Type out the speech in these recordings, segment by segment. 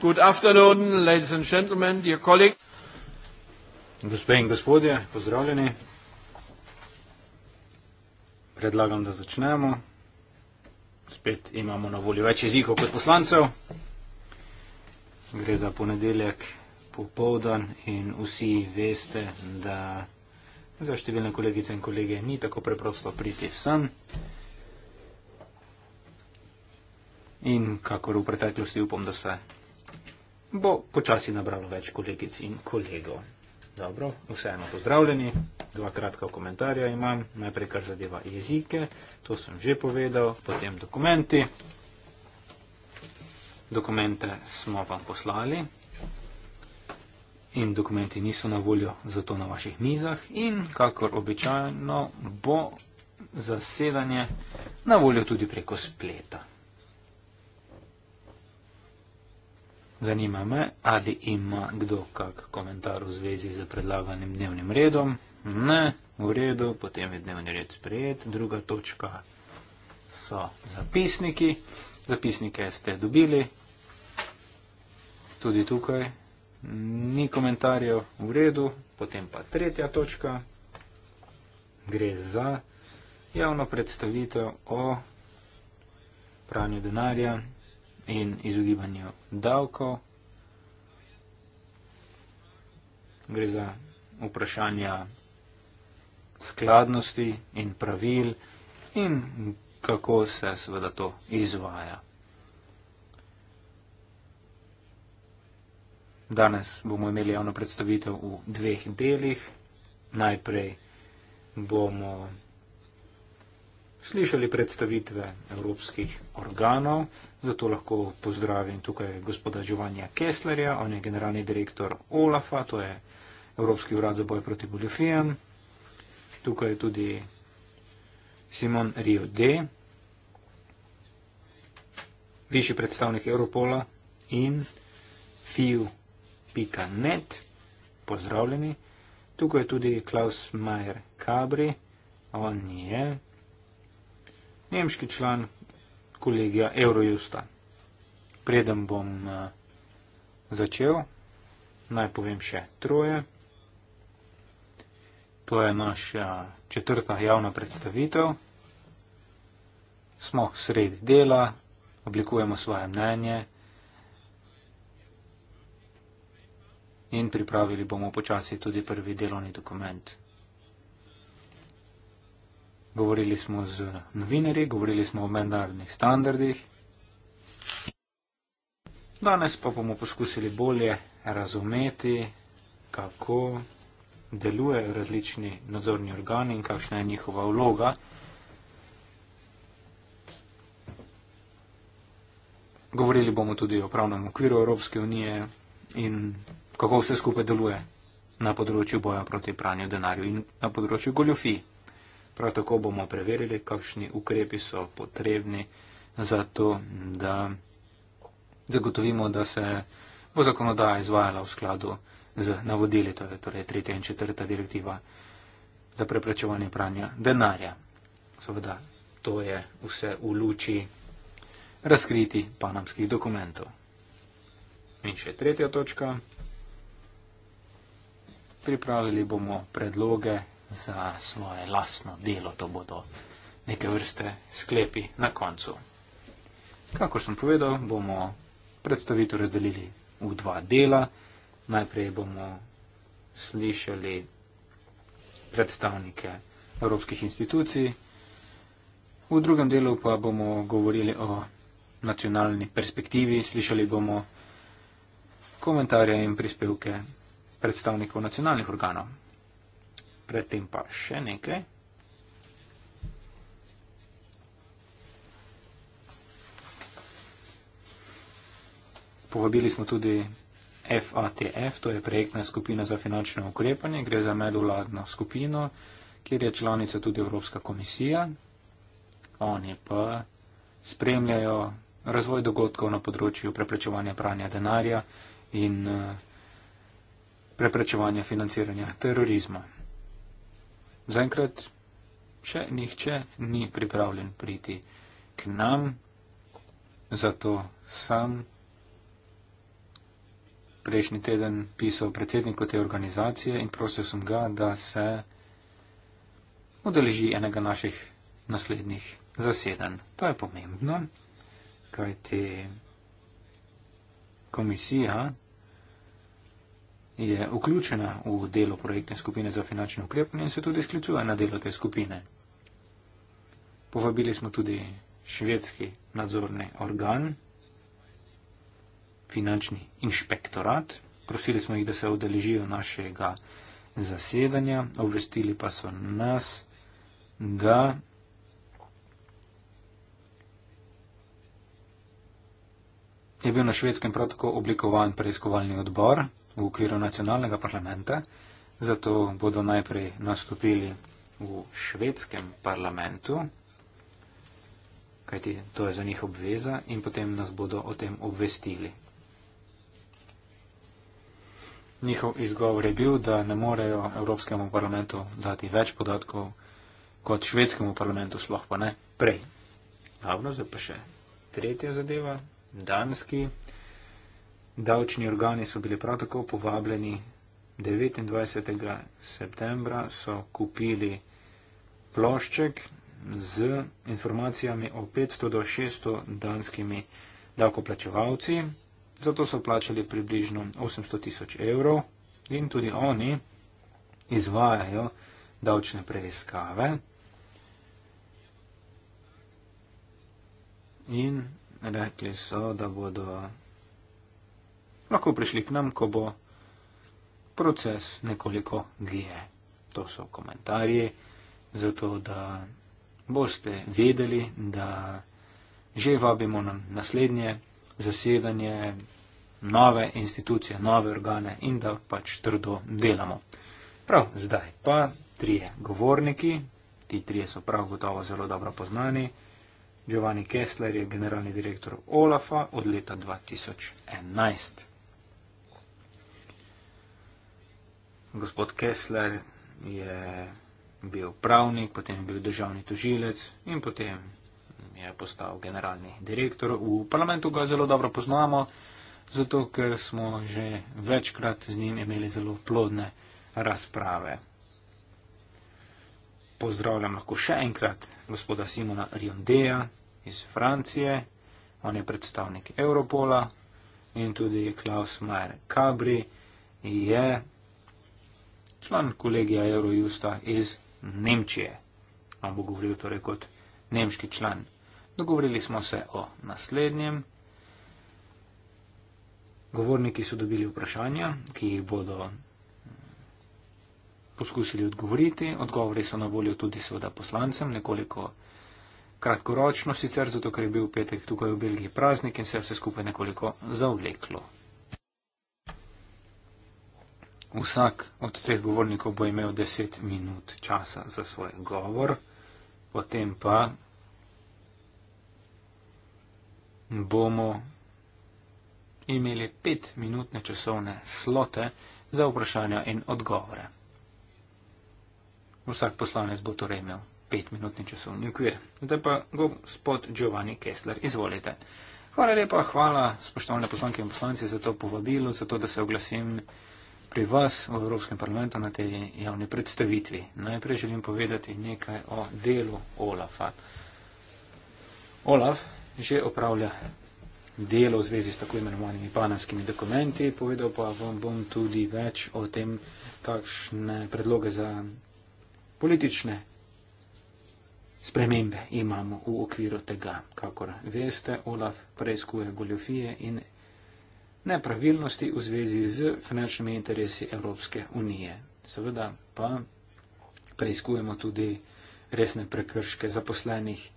Good afternoon, ladies and gentlemen, dear colleagues. Gospe in gospodje, pozdravljeni. Predlagam, da začnemo. Spet imamo na voljo več jezikov kot poslancev. Gre za ponedeljek popovdan in vsi veste, da za številne kolegice in kolege ni tako preprosto priti sem. In kakor v preteklosti upam, da se bo počasi nabralo več kolegic in kolegov. Dobro, vseeno pozdravljeni. Dva kratka komentarja imam. Najprej, kar zadeva jezike, to sem že povedal, potem dokumenti. Dokumente smo vam poslali in dokumenti niso na voljo, zato na vaših mizah in kakor običajno bo zasedanje na voljo tudi preko spleta. Zanima me, ali ima kdo kak komentar v zvezi z predlaganim dnevnim redom. Ne, v redu, potem je dnevni red sprejet. Druga točka so zapisniki. Zapisnike ste dobili. Tudi tukaj ni komentarjev v redu. Potem pa tretja točka. Gre za javno predstavitev o pranju denarja in izogibanju davkov. Gre za vprašanja skladnosti in pravil in kako se seveda to izvaja. Danes bomo imeli javno predstavitev v dveh delih. Najprej bomo slišali predstavitve evropskih organov, Zato lahko pozdravim tukaj gospoda Giovanni Kesslerja, on je generalni direktor OLAF-a, to je Evropski urad za boj proti goljofijam. Tukaj je tudi Simon Rio D., višji predstavnik Europola in fiu.net, pozdravljeni. Tukaj je tudi Klaus Mayer Cabri, on je nemški član kolegija Eurojusta. Preden bom eh, začel, naj povem še troje. To je naša eh, četrta javna predstavitev. Smo sredi dela, oblikujemo svoje mnenje in pripravili bomo počasi tudi prvi delovni dokument govorili smo z novinarji, govorili smo o mednarodnih standardih. Danes pa bomo poskusili bolje razumeti, kako delujejo različni nadzorni organi in kakšna je njihova vloga. Govorili bomo tudi o pravnem okviru Evropske unije in kako vse skupaj deluje na področju boja proti pranju denarju in na področju goljofij. Prav tako bomo preverili, kakšni ukrepi so potrebni za to, da zagotovimo, da se bo zakonodaja izvajala v skladu z navodili, to je torej tretja in četrta direktiva za preprečevanje pranja denarja. Seveda, to je vse v luči razkriti panamskih dokumentov. In še tretja točka. Pripravili bomo predloge za svoje lasno delo. To bodo neke vrste sklepi na koncu. Kakor sem povedal, bomo predstavitev razdelili v dva dela. Najprej bomo slišali predstavnike evropskih institucij, v drugem delu pa bomo govorili o nacionalni perspektivi, slišali bomo komentarje in prispevke predstavnikov nacionalnih organov predtem pa še nekaj. Povabili smo tudi FATF, to je projektna skupina za finančno ukrepanje, gre za medvladno skupino, kjer je članica tudi Evropska komisija. Oni pa spremljajo razvoj dogodkov na področju preprečevanja pranja denarja in eh, preprečevanja financiranja terorizma. Zaenkrat še nihče ni pripravljen priti k nam, zato sam prejšnji teden pisal predsedniku te organizacije in prosil sem ga, da se udeleži enega naših naslednjih zasedanj. To je pomembno, kajti komisija je vključena v delo projektne skupine za finančno ukrepanje in se tudi sklicuje na delo te skupine. Povabili smo tudi švedski nadzorni organ, finančni inšpektorat. Prosili smo jih, da se odeležijo našega zasedanja, obvestili pa so nas, da je bil na švedskem prav tako oblikovan preiskovalni odbor v okviru nacionalnega parlamenta, zato bodo najprej nastopili v švedskem parlamentu, kajti to je za njih obveza in potem nas bodo o tem obvestili. Njihov izgovor je bil, da ne morejo Evropskemu parlamentu dati več podatkov kot švedskemu parlamentu, sploh pa ne prej. Ravno zdaj pa še tretja zadeva. Danski Davčni organi so bili prav tako povabljeni. 29. septembra so kupili plošček z informacijami o 500 do 600 danskimi davkoplačevalci. Zato so plačali približno 800 tisoč evrov in tudi oni izvajajo davčne preiskave. In rekli so, da bodo lahko prišli k nam, ko bo proces nekoliko dlje. To so komentarji, zato da boste vedeli, da že vabimo na naslednje zasedanje, nove institucije, nove organe in da pač trdo delamo. Prav, zdaj pa trije govorniki, ti trije so prav gotovo zelo dobro poznani. Giovanni Kessler je generalni direktor OLAFA od leta 2011. Gospod Kessler je bil pravnik, potem je bil državni tožilec in potem je postal generalni direktor. V parlamentu ga zelo dobro poznamo, zato ker smo že večkrat z njim imeli zelo plodne razprave. Pozdravljam lahko še enkrat gospoda Simona Riondeja iz Francije, on je predstavnik Europola in tudi Klaus Mayer Cabri je član kolegija Eurojusta iz Nemčije. On bo govoril torej kot nemški član. Dogovorili smo se o naslednjem. Govorniki so dobili vprašanja, ki jih bodo poskusili odgovoriti. Odgovori so na voljo tudi seveda poslancem, nekoliko kratkoročno sicer, zato ker je bil petek tukaj v Belgiji praznik in se je vse skupaj nekoliko zavleklo. Vsak od treh govornikov bo imel deset minut časa za svoj govor, potem pa bomo imeli petminutne časovne slote za vprašanja in odgovore. Vsak poslanec bo torej imel petminutni časovni ukvir. Zdaj pa gospod Giovanni Kessler, izvolite. Hvala lepa, hvala spoštovane poslanke in poslanci za to povabilo, za to, da se oglasim pri vas v Evropskem parlamentu na tej javni predstavitvi. Najprej želim povedati nekaj o delu Olafa. Olaf že opravlja delo v zvezi s tako imenovanimi panamskimi dokumenti, povedal pa vam bom tudi več o tem, kakšne predloge za politične spremembe imamo v okviru tega. Kakor veste, Olaf preizkuje goljofije in nepravilnosti v zvezi z finančnimi interesi Evropske unije. Seveda pa preizkujemo tudi resne prekrške zaposlenih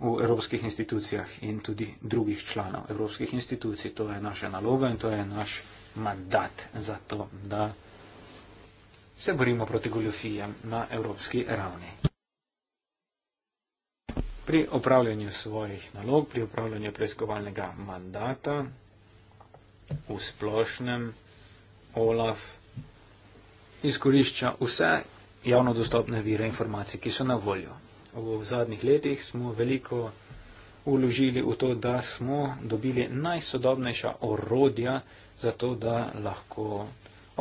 v evropskih institucijah in tudi drugih članov evropskih institucij. To je naša naloga in to je naš mandat za to, da se borimo proti goljofijam na evropski ravni. Pri opravljanju svojih nalog, pri opravljanju preiskovalnega mandata v splošnem Olaf izkorišča vse javno dostopne vire informacij, ki so na voljo. V zadnjih letih smo veliko uložili v to, da smo dobili najsodobnejša orodja za to, da lahko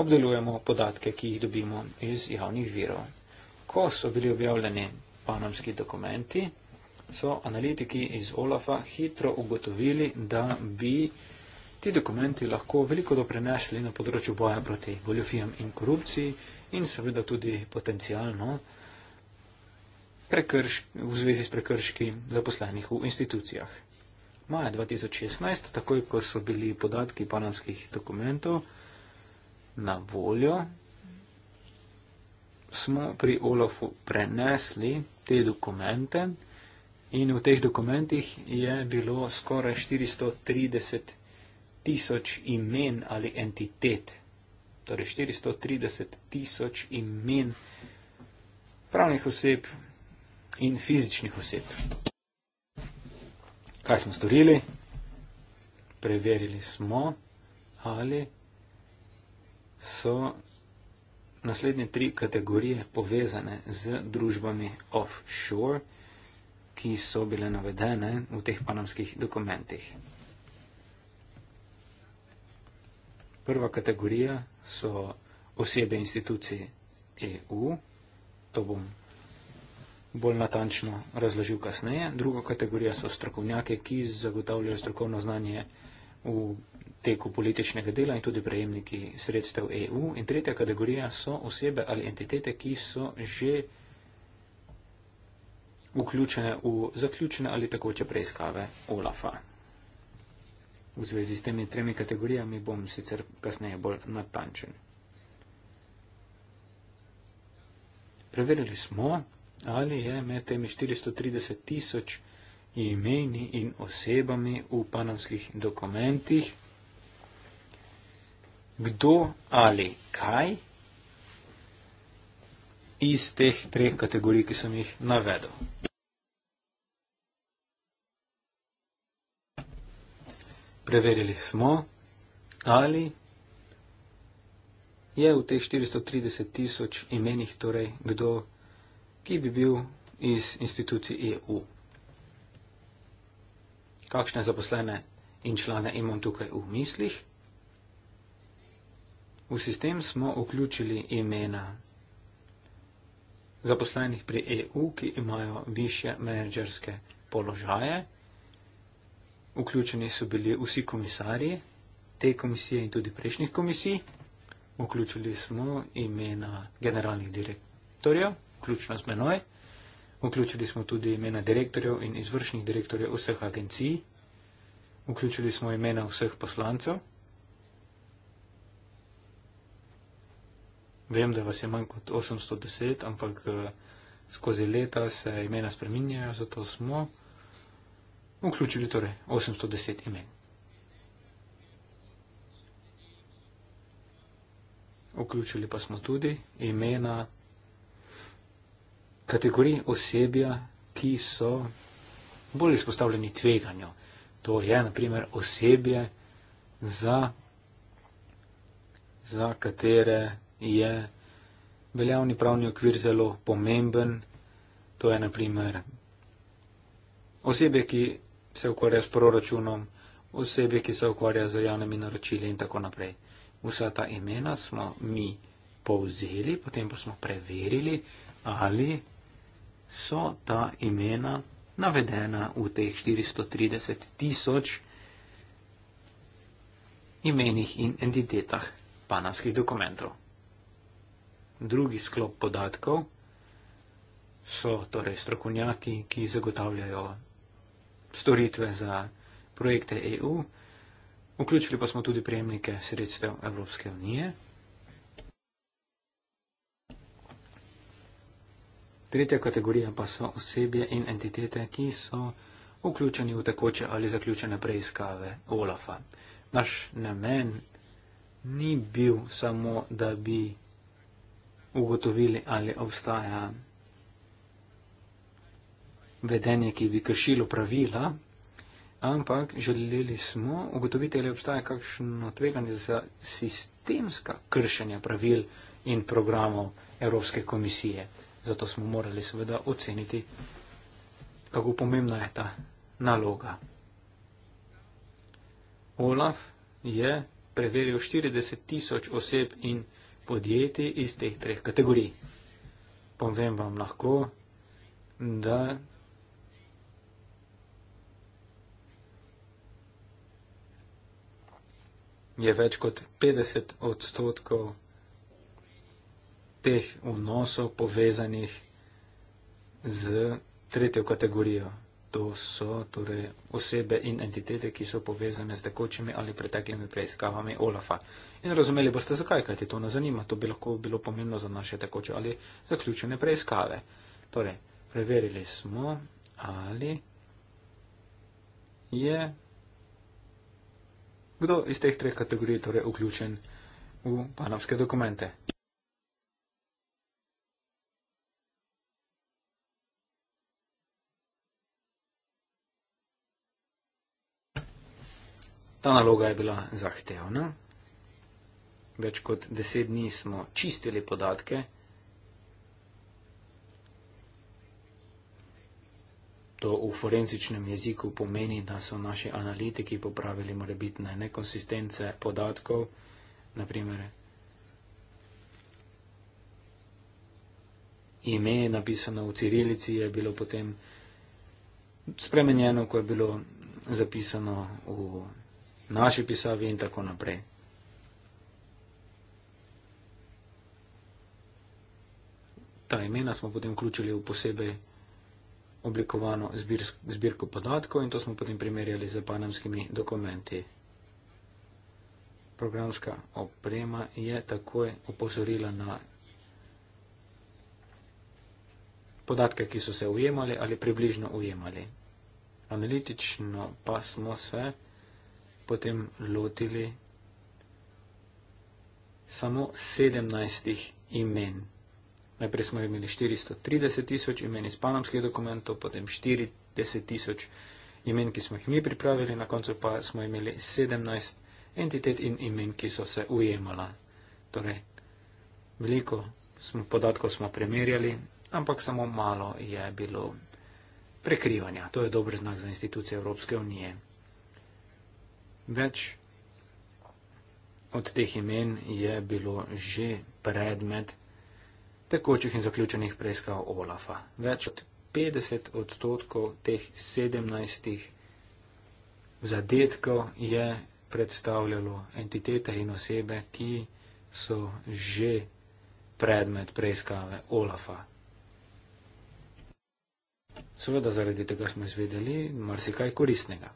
obdelujemo podatke, ki jih dobimo iz javnih virov. Ko so bili objavljeni panamski dokumenti, so analitiki iz Olafa hitro ugotovili, da bi Ti dokumenti lahko veliko doprinesli na področju boja proti goljofijam in korupciji in seveda tudi potencijalno prekrš, v zvezi s prekrški zaposlenih v institucijah. Maja 2016, takoj ko so bili podatki panamskih dokumentov na voljo, smo pri Olofu prenesli te dokumente in v teh dokumentih je bilo skoraj 430 tisoč imen ali entitet. Torej 430 tisoč imen pravnih oseb in fizičnih oseb. Kaj smo storili? Preverili smo, ali so naslednje tri kategorije povezane z družbami offshore, ki so bile navedene v teh panamskih dokumentih. Prva kategorija so osebe institucije EU, to bom bolj natančno razložil kasneje. Druga kategorija so strokovnjake, ki zagotavljajo strokovno znanje v teku političnega dela in tudi prejemniki sredstev EU. In tretja kategorija so osebe ali entitete, ki so že vključene v zaključene ali takoče preiskave OLAFA. V zvezi s temi tremi kategorijami bom sicer kasneje bolj natančen. Preverili smo, ali je med temi 430 tisoč imeni in osebami v panamskih dokumentih kdo ali kaj iz teh treh kategorij, ki sem jih navedel. Preverili smo, ali je v teh 430 tisoč imenih torej kdo, ki bi bil iz institucij EU. Kakšne zaposlene in člane imam tukaj v mislih? V sistem smo vključili imena zaposlenih pri EU, ki imajo više menedžerske položaje. Vključeni so bili vsi komisarji te komisije in tudi prejšnjih komisij. Vključili smo imena generalnih direktorjev, vključno z menoj. Vključili smo tudi imena direktorjev in izvršnih direktorjev vseh agencij. Vključili smo imena vseh poslancev. Vem, da vas je manj kot 810, ampak eh, skozi leta se imena spreminjajo, zato smo vključili torej 810 imen. Vključili pa smo tudi imena kategorij osebja, ki so bolj izpostavljeni tveganju. To je naprimer osebje, za, za katere je veljavni pravni okvir zelo pomemben. To je naprimer osebe, ki se ukvarja s proračunom, osebi, ki se ukvarja z javnimi naročili in tako naprej. Vsa ta imena smo mi povzeli, potem pa smo preverili, ali so ta imena navedena v teh 430 tisoč imenih in entitetah panamskih dokumentov. Drugi sklop podatkov so torej strokovnjaki, ki zagotavljajo storitve za projekte EU. Vključili pa smo tudi prejemnike sredstev Evropske unije. Tretja kategorija pa so osebje in entitete, ki so vključeni v tekoče ali zaključene preiskave OLAFA. Naš namen ni bil samo, da bi ugotovili, ali obstaja vedenje, ki bi kršilo pravila, ampak želeli smo ugotoviti, ali obstaja kakšno tveganje za sistemska kršenja pravil in programov Evropske komisije. Zato smo morali seveda oceniti, kako pomembna je ta naloga. Olaf je preveril 40 tisoč oseb in podjetij iz teh treh kategorij. Povem vam lahko, da je več kot 50 odstotkov teh vnosov povezanih z tretjo kategorijo. To so torej osebe in entitete, ki so povezane z tekočimi ali preteklimi preiskavami OLAFA. In razumeli boste, zakaj, kajti to nas zanima. To bi lahko bilo pomembno za naše tekoče ali zaključene preiskave. Torej, preverili smo, ali je kdo iz teh treh kategorij je torej vključen v panamske dokumente. Ta naloga je bila zahtevna. Več kot deset dni smo čistili podatke. To v forenzičnem jeziku pomeni, da so naši analitiki popravili morebitne nekonsistence podatkov, naprimer ime napisano v cirilici je bilo potem spremenjeno, ko je bilo zapisano v naši pisavi in tako naprej. Ta imena smo potem vključili v posebej oblikovano zbirko podatkov in to smo potem primerjali z panamskimi dokumenti. Programska oprema je takoj opozorila na podatke, ki so se ujemali ali približno ujemali. Analitično pa smo se potem lotili samo 17 imen. Najprej smo imeli 430 tisoč imen iz panamskih dokumentov, potem 40 tisoč imen, ki smo jih mi pripravili, na koncu pa smo imeli 17 entitet in imen, ki so se ujemala. Torej, veliko smo, podatkov smo primerjali, ampak samo malo je bilo prekrivanja. To je dober znak za institucije Evropske unije. Več od teh imen je bilo že predmet tekočih in zaključenih preiskav OLAFA. Več kot 50 odstotkov teh 17 zadetkov je predstavljalo entitete in osebe, ki so že predmet preiskave OLAFA. Seveda zaradi tega smo izvedeli marsikaj koristnega.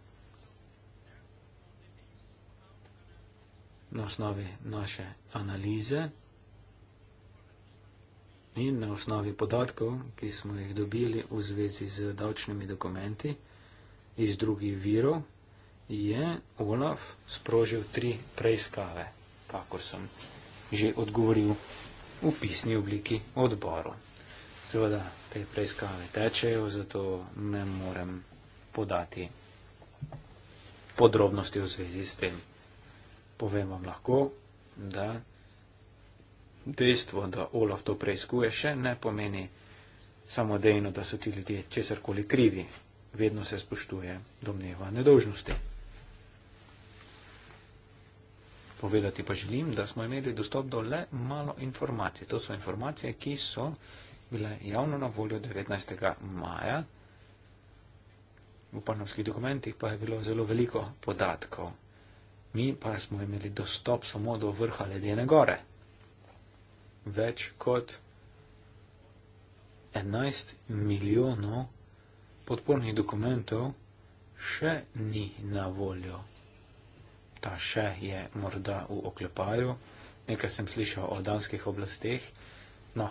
Na osnovi naše analize In na osnovi podatkov, ki smo jih dobili v zvezi z davčnimi dokumenti iz drugih virov, je Olaf sprožil tri preiskave, kakor sem že odgovoril v pisni obliki odboru. Seveda, te preiskave tečejo, zato ne morem podati podrobnosti v zvezi s tem. Povem vam lahko, da dejstvo, da Olaf to preizkuje, še ne pomeni samodejno, da so ti ljudje česarkoli krivi. Vedno se spoštuje domneva nedožnosti. Povedati pa želim, da smo imeli dostop do le malo informacij. To so informacije, ki so bile javno na voljo 19. maja. V panovskih dokumentih pa je bilo zelo veliko podatkov. Mi pa smo imeli dostop samo do vrha ledene gore več kot 11 milijonov podpornih dokumentov še ni na voljo. Ta še je morda v oklepaju, nekaj sem slišal o danskih oblasteh. No,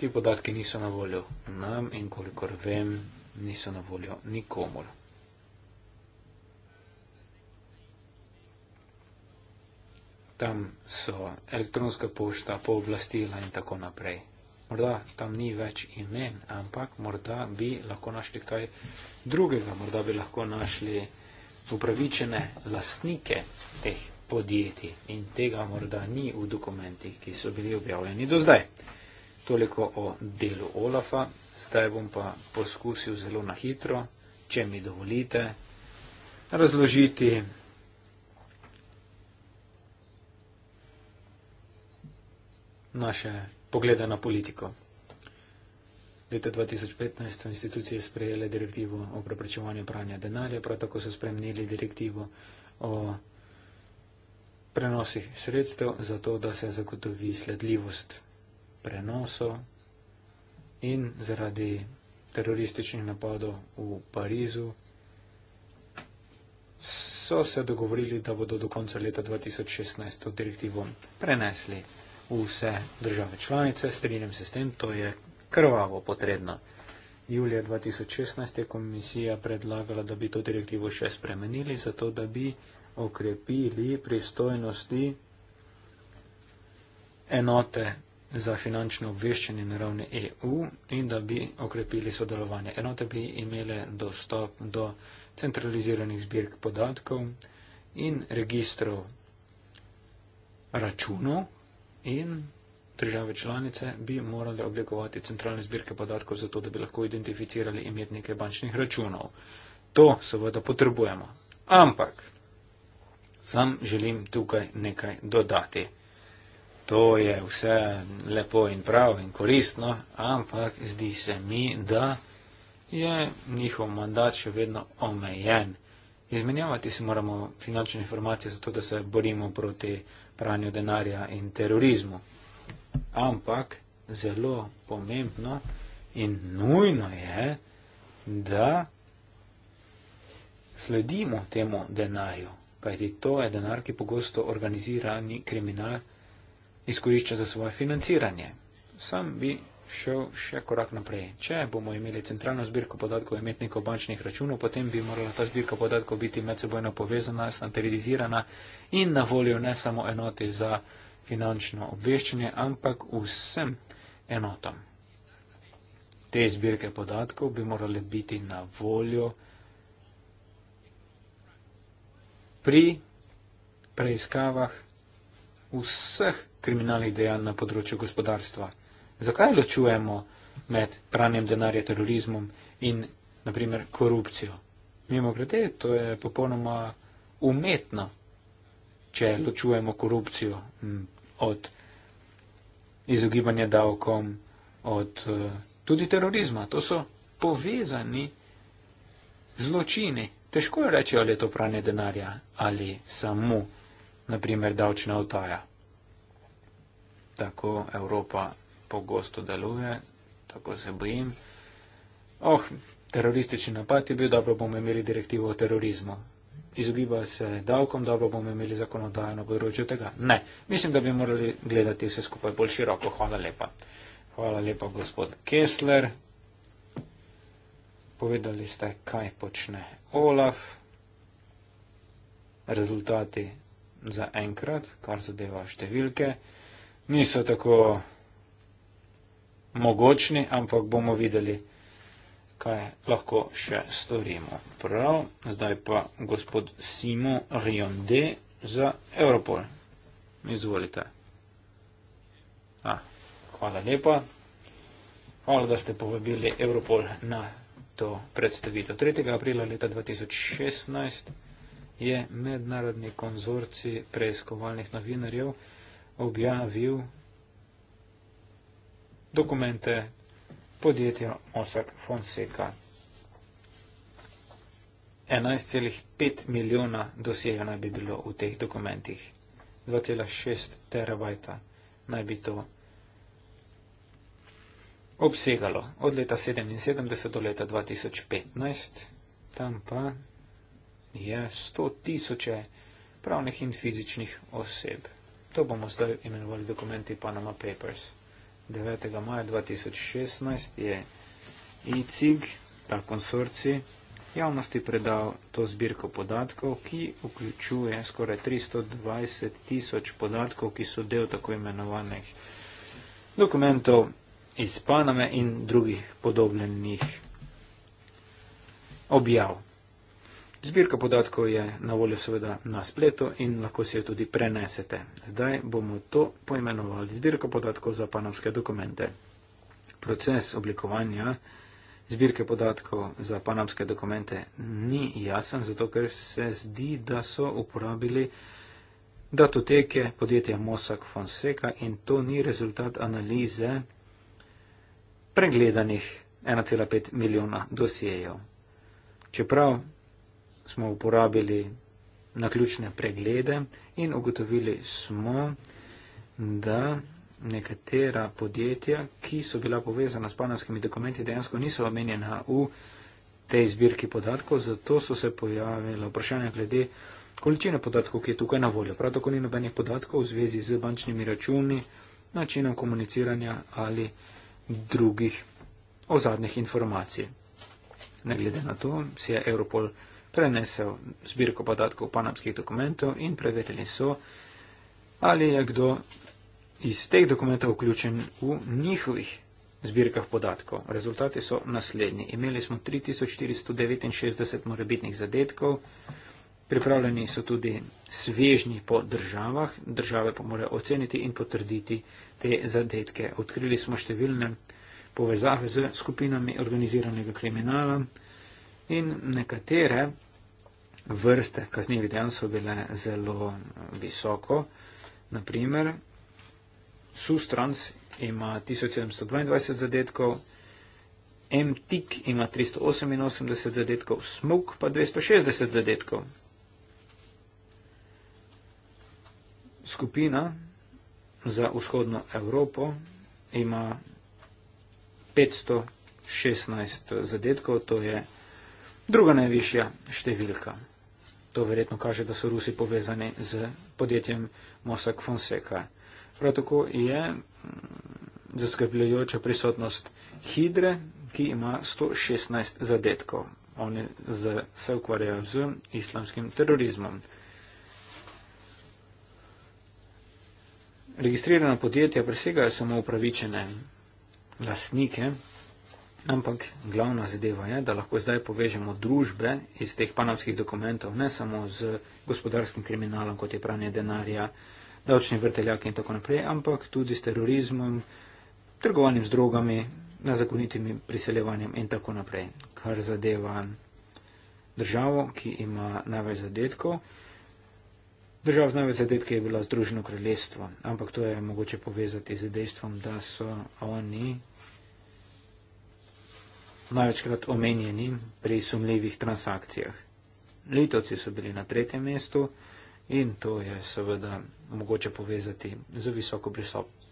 ti podatki niso na voljo nam in kolikor vem, niso na voljo nikomor. tam so elektronska pošta, pooblastila in tako naprej. Morda tam ni več imen, ampak morda bi lahko našli kaj drugega, morda bi lahko našli upravičene lastnike teh podjetij in tega morda ni v dokumentih, ki so bili objavljeni do zdaj. Toliko o delu Olafa, zdaj bom pa poskusil zelo na hitro, če mi dovolite, razložiti naše poglede na politiko. Leta 2015 so institucije sprejele direktivo o preprečevanju pranja denarja, prav tako so spremenili direktivo o prenosih sredstev, zato da se zagotovi sledljivost prenosov in zaradi terorističnih napadov v Parizu so se dogovorili, da bodo do konca leta 2016 to direktivo prenesli vse države članice. Strinjam se s tem, to je krvavo potrebno. Julija 2016 je komisija predlagala, da bi to direktivo še spremenili, zato da bi okrepili pristojnosti enote za finančno obveščanje na ravni EU in da bi okrepili sodelovanje. Enote bi imele dostop do centraliziranih zbirk podatkov in registrov računov, in države članice bi morali oblikovati centralne zbirke podatkov, zato da bi lahko identificirali imetnike bančnih računov. To seveda potrebujemo. Ampak, sam želim tukaj nekaj dodati. To je vse lepo in prav in koristno, ampak zdi se mi, da je njihov mandat še vedno omejen. Izmenjavati si moramo finančne informacije, zato da se borimo proti pranju denarja in terorizmu. Ampak zelo pomembno in nujno je, da sledimo temu denarju, kajti to je denar, ki pogosto organizirani kriminal izkorišča za svoje financiranje. Sam bi šel še korak naprej. Če bomo imeli centralno zbirko podatkov imetnikov bančnih računov, potem bi morala ta zbirka podatkov biti medsebojno povezana, standardizirana in na voljo ne samo enoti za finančno obveščanje, ampak vsem enotam. Te zbirke podatkov bi morale biti na voljo pri preiskavah vseh kriminalnih dejanj na področju gospodarstva. Zakaj ločujemo med pranjem denarja terorizmom in, naprimer, korupcijo? Mimo grede, to je popolnoma umetno, če ločujemo korupcijo od izogibanja davkom, od eh, tudi terorizma. To so povezani zločini. Težko je reči, ali je to pranje denarja ali samo, naprimer, davčna otaja. Tako Evropa pogosto deluje, tako se bojim. Oh, teroristični napad je bil, dobro bomo imeli direktivo o terorizmu. Izogiba se davkom, dobro bomo imeli zakonodajo na področju tega. Ne, mislim, da bi morali gledati vse skupaj bolj široko. Hvala lepa. Hvala lepa, gospod Kessler. Povedali ste, kaj počne Olaf. Rezultati za enkrat, kar zadeva številke, niso tako mogočni, ampak bomo videli, kaj lahko še storimo. Prav, zdaj pa gospod Simo Rionde za Europol. Izvolite. A, hvala lepa. Hvala, da ste povabili Europol na to predstavitev. 3. aprila leta 2016 je mednarodni konzorci preiskovalnih novinarjev objavil dokumente podjetja Osak Fonseca. 11,5 milijona dosjejev naj bi bilo v teh dokumentih. 2,6 terabajta naj bi to obsegalo od leta 1977 do leta 2015. Tam pa je 100 tisoče pravnih in fizičnih oseb. To bomo zdaj imenovali dokumenti Panama Papers. 9 maja 2016 je ICIG, ta konsorcij, javnosti predal to zbirko podatkov, ki vključuje skoraj 320 tisoč podatkov, ki so del tako imenovanih dokumentov iz Paname in drugih podobnih objav. Zbirka podatkov je na voljo seveda na spletu in lahko si jo tudi prenesete. Zdaj bomo to poimenovali zbirka podatkov za panamske dokumente. Proces oblikovanja zbirke podatkov za panamske dokumente ni jasen, zato ker se zdi, da so uporabili datoteke podjetja Mossack Fonseca in to ni rezultat analize pregledanih 1,5 milijona dosijejev. Čeprav smo uporabili na ključne preglede in ugotovili smo, da nekatera podjetja, ki so bila povezana s panamskimi dokumenti, dejansko niso omenjena v tej zbirki podatkov, zato so se pojavila vprašanja glede količine podatkov, ki je tukaj na voljo. Prav tako ni nobenih podatkov v zvezi z bančnimi računi, načinom komuniciranja ali drugih o zadnjih informacij. Ne glede na to, si je Europol prenesel zbirko podatkov panamskih dokumentov in preverili so, ali je kdo iz teh dokumentov vključen v njihovih zbirkah podatkov. Rezultati so naslednji. Imeli smo 3469 morebitnih zadetkov, pripravljeni so tudi svežni po državah, države pa morajo oceniti in potrditi te zadetke. Odkrili smo številne povezave z skupinami organiziranega kriminala in nekatere vrste kaznjivih dejanj so bile zelo visoko. Naprimer, Sustrans ima 1722 zadetkov, MTIK ima 388 zadetkov, Smuk pa 260 zadetkov. Skupina za vzhodno Evropo ima 516 zadetkov, to je druga najvišja številka. To verjetno kaže, da so Rusi povezani z podjetjem Mossack Fonseca. Prav tako je mm, zaskrbljujoča prisotnost Hidre, ki ima 116 zadetkov. Oni se ukvarjajo z islamskim terorizmom. Registrirana podjetja presegajo samo upravičene lasnike, Ampak glavna zadeva je, da lahko zdaj povežemo družbe iz teh panamskih dokumentov, ne samo z gospodarskim kriminalom, kot je pranje denarja, davčni vrteljaki in tako naprej, ampak tudi s terorizmom, trgovanjem z drogami, nezakonitimi priseljevanjem in tako naprej, kar zadeva državo, ki ima največ zadetkov. Država z največ zadetkov je bila Združeno kraljestvo, ampak to je mogoče povezati z dejstvom, da so oni največkrat omenjeni pri sumljivih transakcijah. Litovci so bili na tretjem mestu in to je seveda mogoče povezati z visoko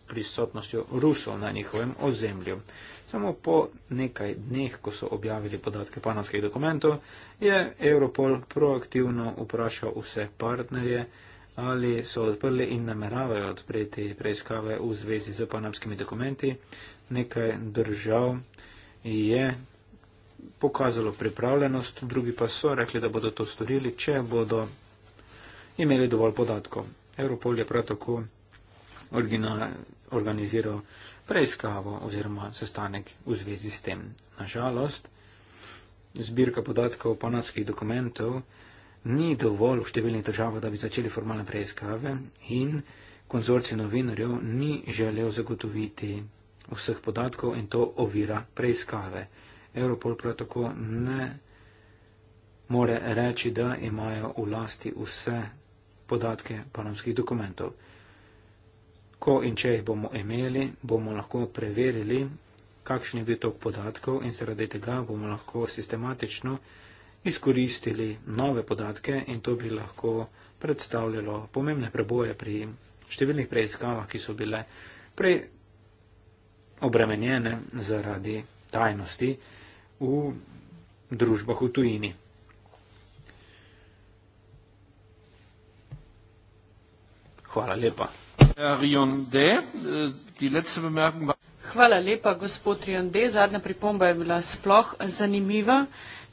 prisotnostjo Rusov na njihovem ozemlju. Samo po nekaj dneh, ko so objavili podatke panovskih dokumentov, je Europol proaktivno vprašal vse partnerje, ali so odprli in nameravajo odpreti preiskave v zvezi z panamskimi dokumenti. Nekaj držav je pokazalo pripravljenost, drugi pa so rekli, da bodo to storili, če bodo imeli dovolj podatkov. Europol je prav tako organiziral preiskavo oziroma sestanek v zvezi s tem. Nažalost, zbirka podatkov panatskih dokumentov ni dovolj v številnih državah, da bi začeli formalne preiskave in konzorcij novinarjev ni želel zagotoviti vseh podatkov in to ovira preiskave. Europol prav tako ne more reči, da imajo v lasti vse podatke panamskih dokumentov. Ko in če jih bomo imeli, bomo lahko preverili, kakšen je bil tok podatkov in zaradi tega bomo lahko sistematično izkoristili nove podatke in to bi lahko predstavljalo pomembne preboje pri številnih preiskavah, ki so bile prej obremenjene zaradi tajnosti v družbah v tujini. Hvala lepa. Eh, Hvala lepa, gospod Rionde. Zadnja pripomba je bila sploh zanimiva,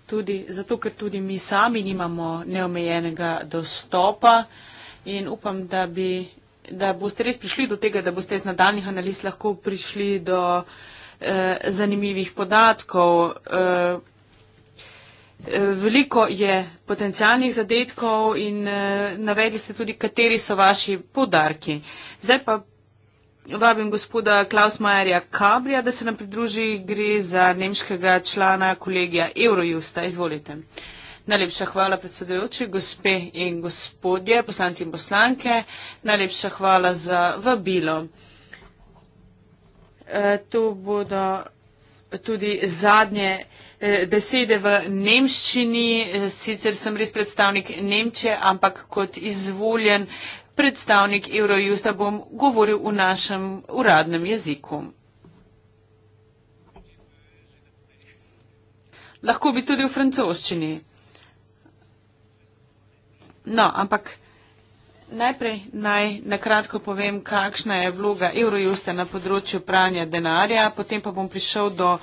tudi zato, ker tudi mi sami nimamo neomejenega dostopa in upam, da bi da boste res prišli do tega, da boste iz nadaljnih analiz lahko prišli do eh, zanimivih podatkov. Eh, eh Veliko je potencijalnih zadetkov in eh, navedli ste tudi, kateri so vaši podarki. Zdaj pa vabim gospoda Klaus Majerja Kabrija, da se nam pridruži. Gre za nemškega člana kolegija Eurojusta. Izvolite. Uh, Najlepša hvala predsedujoči, gospe in gospodje, poslanci in poslanke. Najlepša hvala za vabilo. E, to bodo tudi zadnje e, besede v nemščini. E, sicer sem res predstavnik Nemče, ampak kot izvoljen predstavnik Eurojusta bom govoril v našem uradnem jeziku. Lahko bi tudi v francoščini. No, ampak najprej naj nakratko povem, kakšna je vloga Eurojusta na področju pranja denarja, potem pa bom prišel do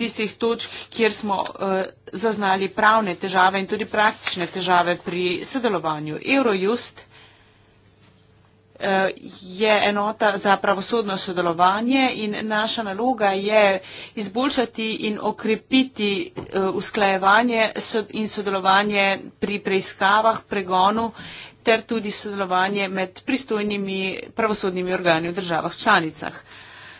tistih točk, kjer smo uh, zaznali pravne težave in tudi praktične težave pri sodelovanju. Eurojust uh, je enota za pravosodno sodelovanje in naša naloga je izboljšati in okrepiti eh, usklajevanje in sodelovanje pri preiskavah, pregonu ter tudi sodelovanje med pristojnimi pravosodnimi organi v državah članicah.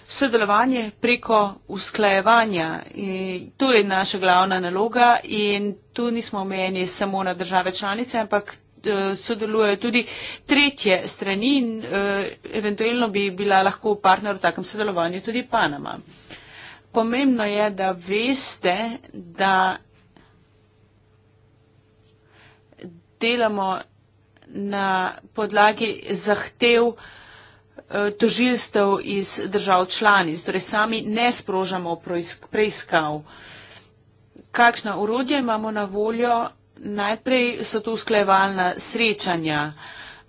Sodelovanje preko usklajevanja, eh, to je naša glavna naloga in tu nismo omenjeni samo na države članice, ampak Eh, sodelujejo tudi tretje strani in eh, eventualno bi bila lahko partner v takem sodelovanju tudi Panama. Pomembno je, da veste, da delamo na podlagi zahtev eh, tožilstev iz držav članic, torej sami ne sprožamo preiskav. Kakšna urodja imamo na voljo? najprej so to usklejevalna srečanja.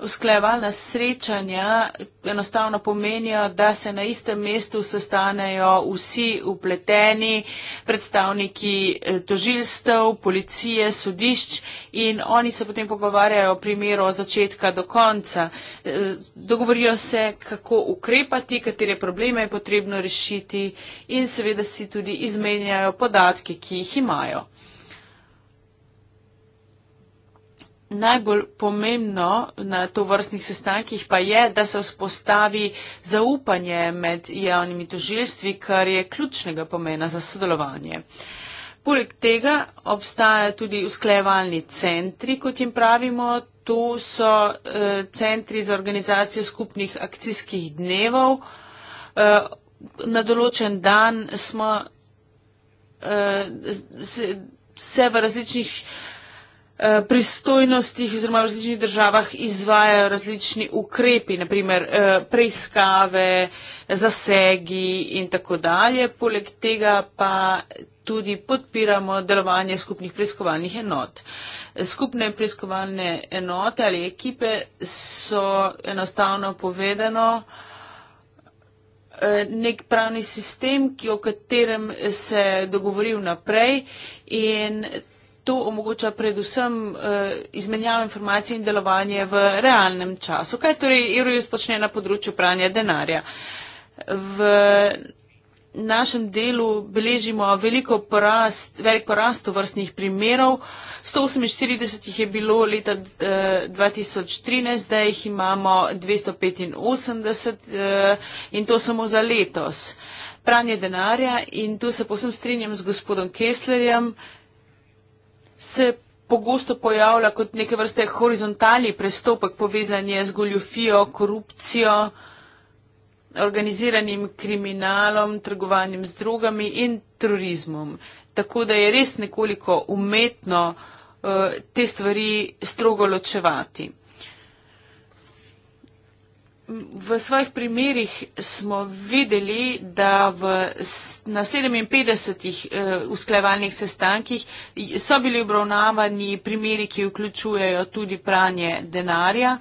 Usklejevalna srečanja enostavno pomenijo, da se na istem mestu sestanejo vsi upleteni predstavniki eh, tožilstv, policije, sodišč in oni se potem pogovarjajo o primeru od začetka do konca. Eh, dogovorijo se, kako ukrepati, katere probleme je potrebno rešiti in seveda si tudi izmenjajo podatke, ki jih imajo. najbolj pomembno na to vrstnih sestankih pa je, da se vzpostavi zaupanje med javnimi tožilstvi, kar je ključnega pomena za sodelovanje. Poleg tega obstajajo tudi usklejevalni centri, kot jim pravimo. Tu so eh, centri za organizacijo skupnih akcijskih dnevov. Eh, na določen dan smo eh, se, se v različnih eh, Eh, pristojnostih oziroma v različnih državah izvajajo različni ukrepi, naprimer eh, preiskave, zasegi in tako dalje. Poleg tega pa tudi podpiramo delovanje skupnih preiskovalnih enot. Skupne preiskovalne enote ali ekipe so enostavno povedano eh, nek pravni sistem, ki, o katerem se dogovoril naprej in to omogoča predvsem uh, izmenjavo informacij in delovanje v realnem času. Kaj torej Eurojust počne na področju pranja denarja? V našem delu beležimo veliko porast, velik porast vrstnih primerov. 148 jih je bilo leta 2013, eh, zdaj jih imamo 285 eh, in to samo za letos. Pranje denarja in tu se posem strinjam z gospodom Keslerjem, se pogosto pojavlja kot neke vrste horizontalni prestopek povezanje z goljofijo, korupcijo, organiziranim kriminalom, trgovanjem z drogami in terorizmom. Tako da je res nekoliko umetno uh, te stvari strogo ločevati v svojih primerjih smo videli, da v, na 57 eh, usklevalnih sestankih so bili obravnavani primeri, ki vključujejo tudi pranje denarja.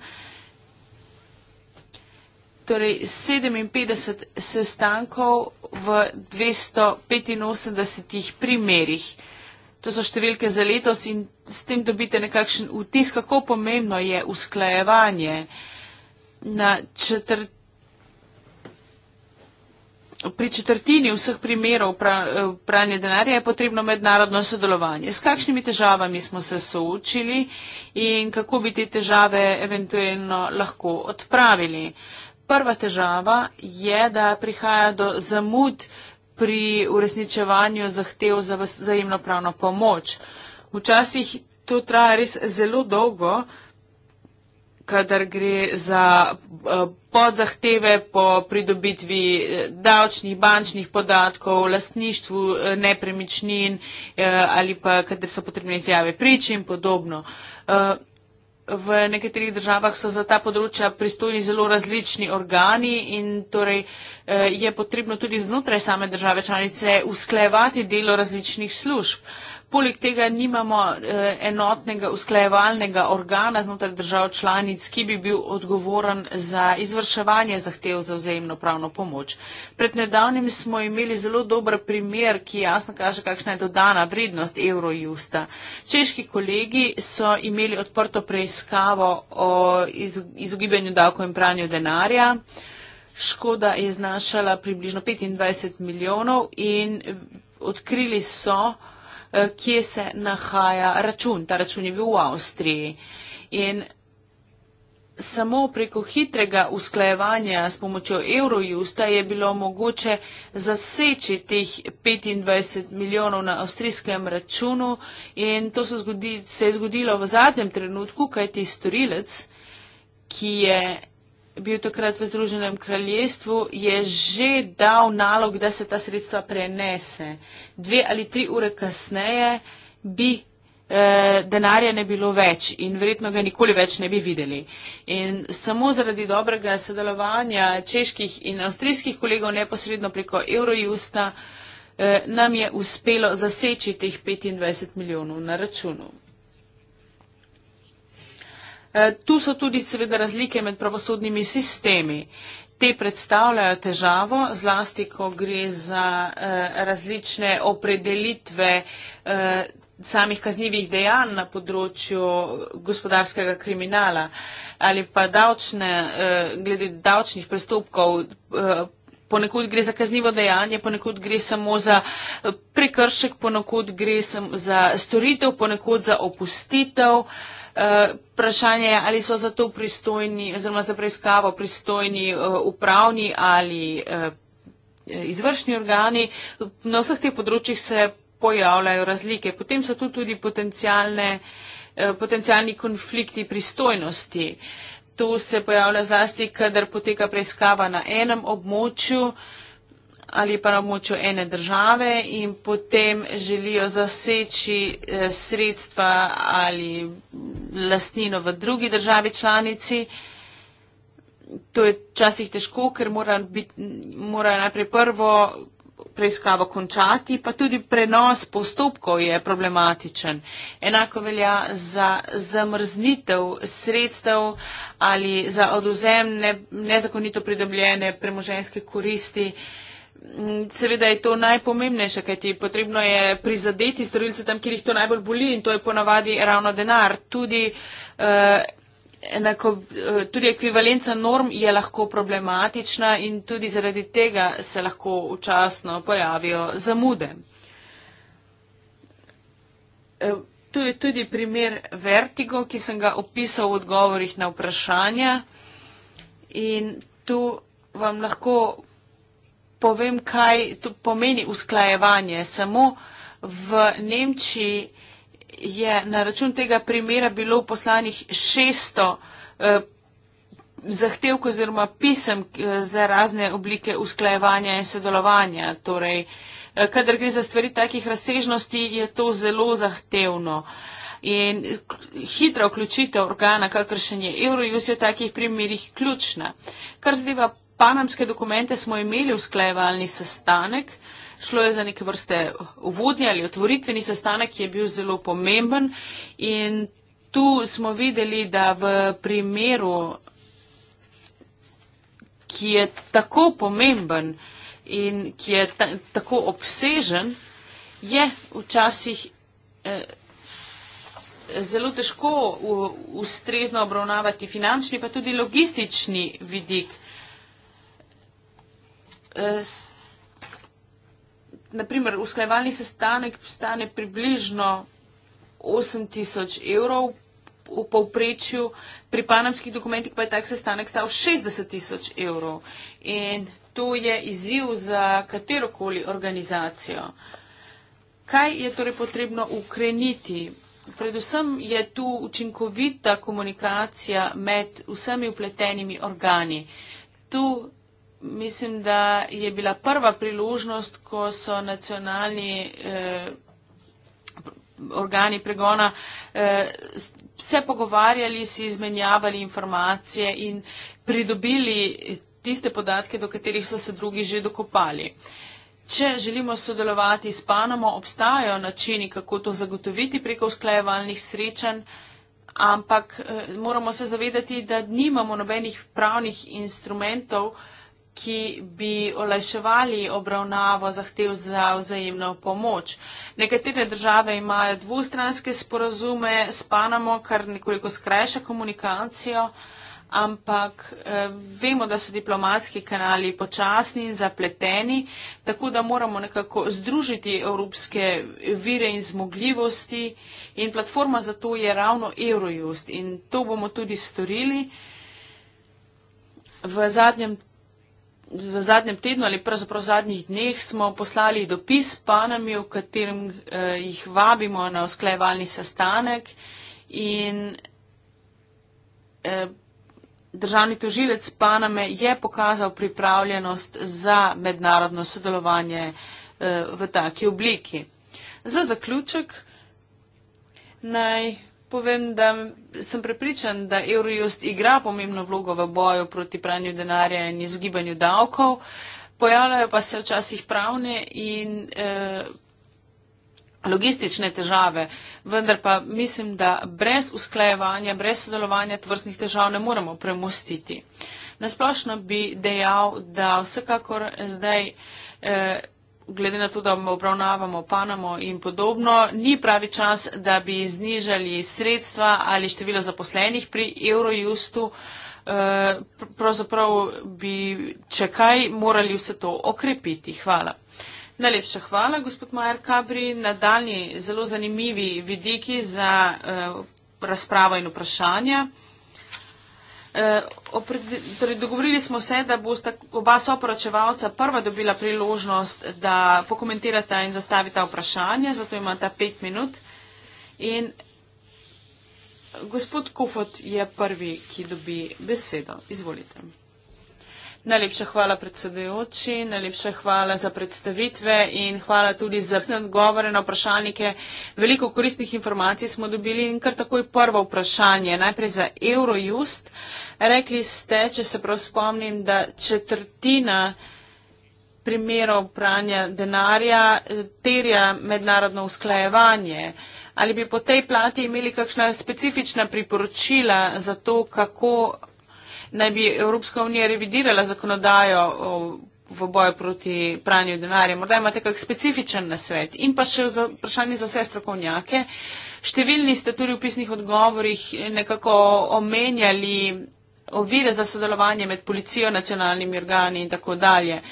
Torej 57 sestankov v 285 primerjih. To so številke za letos in s tem dobite nekakšen vtis, kako pomembno je usklajevanje. Uh, na četrt. Pri četrtini vseh primerov pra, eh, pranja denarja je potrebno mednarodno sodelovanje. S kakšnimi težavami smo se soočili in kako bi te težave eventualno lahko odpravili? Prva težava je, da prihaja do zamud pri uresničevanju zahtev za vzajemno pravno pomoč. Včasih to traja res zelo dolgo kadar gre za eh, podzahteve po pridobitvi eh, davčnih, bančnih podatkov, lastništvu eh, nepremičnin ali pa kadar so potrebne izjave priči in podobno. V nekaterih državah so za ta področja pristojni zelo različni organi in torej je potrebno tudi znotraj same države članice usklejevati delo različnih služb. Poleg tega nimamo eh, enotnega usklajevalnega organa znotraj držav članic, ki bi bil odgovoren za izvrševanje zahtev za vzajemno pravno pomoč. Pred nedavnim smo imeli zelo dober primer, ki jasno kaže, kakšna je dodana vrednost Eurojusta. Češki kolegi so imeli odprto preiskavo o izogibanju davkov in pranju denarja. Škoda je znašala približno 25 milijonov in odkrili so, Eh, kje se nahaja račun. Ta račun je bil v Avstriji. In samo preko hitrega usklajevanja s pomočjo Eurojusta je bilo mogoče zaseči teh 25 milijonov na avstrijskem računu in to se, zgodi, se je zgodilo v zadnjem trenutku, kajti storilec, ki je bil takrat v Združenem kraljestvu, je že dal nalog, da se ta sredstva prenese. Dve ali tri ure kasneje bi eh, denarja ne bilo več in verjetno ga nikoli več ne bi videli. In samo zaradi dobrega sodelovanja čeških in avstrijskih kolegov neposredno preko Eurojusta eh, nam je uspelo zaseči teh 25 milijonov na računu. Eh, tu so tudi seveda razlike med pravosodnimi sistemi. Te predstavljajo težavo, zlasti ko gre za eh, različne opredelitve eh, samih kaznjivih dejanj na področju gospodarskega kriminala ali pa davčne, glede davčnih prestopkov. Ponekud gre za kaznivo dejanje, ponekud gre samo za prekršek, ponekud gre za storitev, ponekud za opustitev vprašanje je, ali so za to pristojni oziroma za preiskavo pristojni eh, upravni ali eh, izvršni organi. Na vseh teh področjih se pojavljajo razlike. Potem so tu tudi potencijalni eh, konflikti pristojnosti. To se pojavlja zlasti, kadar poteka preiskava na enem območju ali pa na območju ene države in potem želijo zaseči eh, sredstva ali lastnino v drugi državi članici. To je časih težko, ker mora, biti, mora najprej prvo preiskavo končati, pa tudi prenos postopkov je problematičen. Enako velja za zamrznitev sredstev ali za oduzem ne, nezakonito pridobljene premoženske koristi. Uh, Seveda je to najpomembnejše, kajti potrebno je prizadeti storilce tam, kjer jih to najbolj boli in to je ponavadi ravno denar. Tudi, eh, enako, eh, tudi ekvivalenca norm je lahko problematična in tudi zaradi tega se lahko včasno pojavijo zamude. Eh, tu je tudi primer vertigo, ki sem ga opisal v odgovorih na vprašanja. In tu vam lahko povem, kaj to pomeni usklajevanje. Samo v Nemčiji je na račun tega primera bilo poslanih 600 eh, zahtevk oziroma pisem eh, za razne oblike usklajevanja in sodelovanja. Torej, eh, kadar gre za stvari takih razsežnosti, je to zelo zahtevno. In hitra vključitev organa, kakršen je Eurojust, je v takih primerih ključna. Kar zdaj pa panamske dokumente smo imeli usklajevalni sestanek. Šlo je za neke vrste uvodni ali otvoritveni sestanek, ki je bil zelo pomemben. In tu smo videli, da v primeru, ki je tako pomemben in ki je ta, tako obsežen, je včasih. Eh, Zelo težko ustrezno obravnavati finančni, pa tudi logistični vidik Eh, naprimer, usklajevalni sestanek stane približno 8000 evrov v povprečju, pri panamskih dokumentih pa je tak sestanek stal 60 tisoč evrov. In to je izziv za katerokoli organizacijo. Kaj je torej potrebno ukreniti? Predvsem je tu učinkovita komunikacija med vsemi upletenimi organi. Tu mislim, da je bila prva priložnost, ko so nacionalni eh, organi pregona eh, se pogovarjali, si izmenjavali informacije in pridobili tiste podatke, do katerih so se drugi že dokopali. Če želimo sodelovati s Panamo, obstajajo načini, kako to zagotoviti preko usklajevalnih srečanj, ampak eh, moramo se zavedati, da nimamo nobenih pravnih instrumentov, eh, ki bi olajševali obravnavo zahtev za vzajemno pomoč. Nekatere države imajo dvustranske sporazume s Panamo, kar nekoliko skrajša komunikacijo, ampak eh, vemo, da so diplomatski kanali počasni in zapleteni, tako da moramo nekako združiti evropske vire in zmogljivosti in platforma za to je ravno Eurojust in to bomo tudi storili. V zadnjem v zadnjem tednu ali pravzaprav v zadnjih dneh smo poslali dopis panami, v katerem eh, jih vabimo na usklajevalni sestanek in eh, državni tožilec paname je pokazal pripravljenost za mednarodno sodelovanje eh, v taki obliki. Za zaključek naj povem, da sem prepričan, da Eurojust igra pomembno vlogo v boju proti pranju denarja in izogibanju davkov. Pojavljajo pa se včasih pravne in eh, logistične težave, vendar pa mislim, da brez usklajevanja, brez sodelovanja tvrstnih težav ne moremo premostiti. Nasplošno bi dejal, da vsekakor zdaj. Eh, glede na to, da obravnavamo Panamo in podobno, ni pravi čas, da bi znižali sredstva ali število zaposlenih pri Eurojustu. Eh, pravzaprav bi, če kaj, morali vse to okrepiti. Hvala. Najlepša hvala, gospod Majer Kabri. Nadaljni zelo zanimivi vidiki za eh, razpravo in vprašanja. Eh, torej, dogovorili smo se, da bosta oba soporočevalca prva dobila priložnost, da pokomentirata in zastavita vprašanje, zato imata pet minut. In gospod Kofot je prvi, ki dobi besedo. Izvolite. Najlepša hvala predsedujoči, najlepša hvala za predstavitve in hvala tudi za vse odgovore na vprašalnike. Veliko koristnih informacij smo dobili in kar takoj prvo vprašanje. Najprej za Eurojust. Rekli ste, če se prav spomnim, da četrtina primerov pranja denarja eh, terja mednarodno usklajevanje. Ali bi po tej plati imeli kakšna specifična priporočila za to, kako naj bi Evropska unija revidirala zakonodajo v boju proti pranju denarja. Morda imate kak specifičen nasvet. In pa še za vprašanje za vse strokovnjake. Številni ste tudi v pisnih odgovorih nekako omenjali ovire za sodelovanje med policijo, nacionalnimi organi in tako dalje. Eh,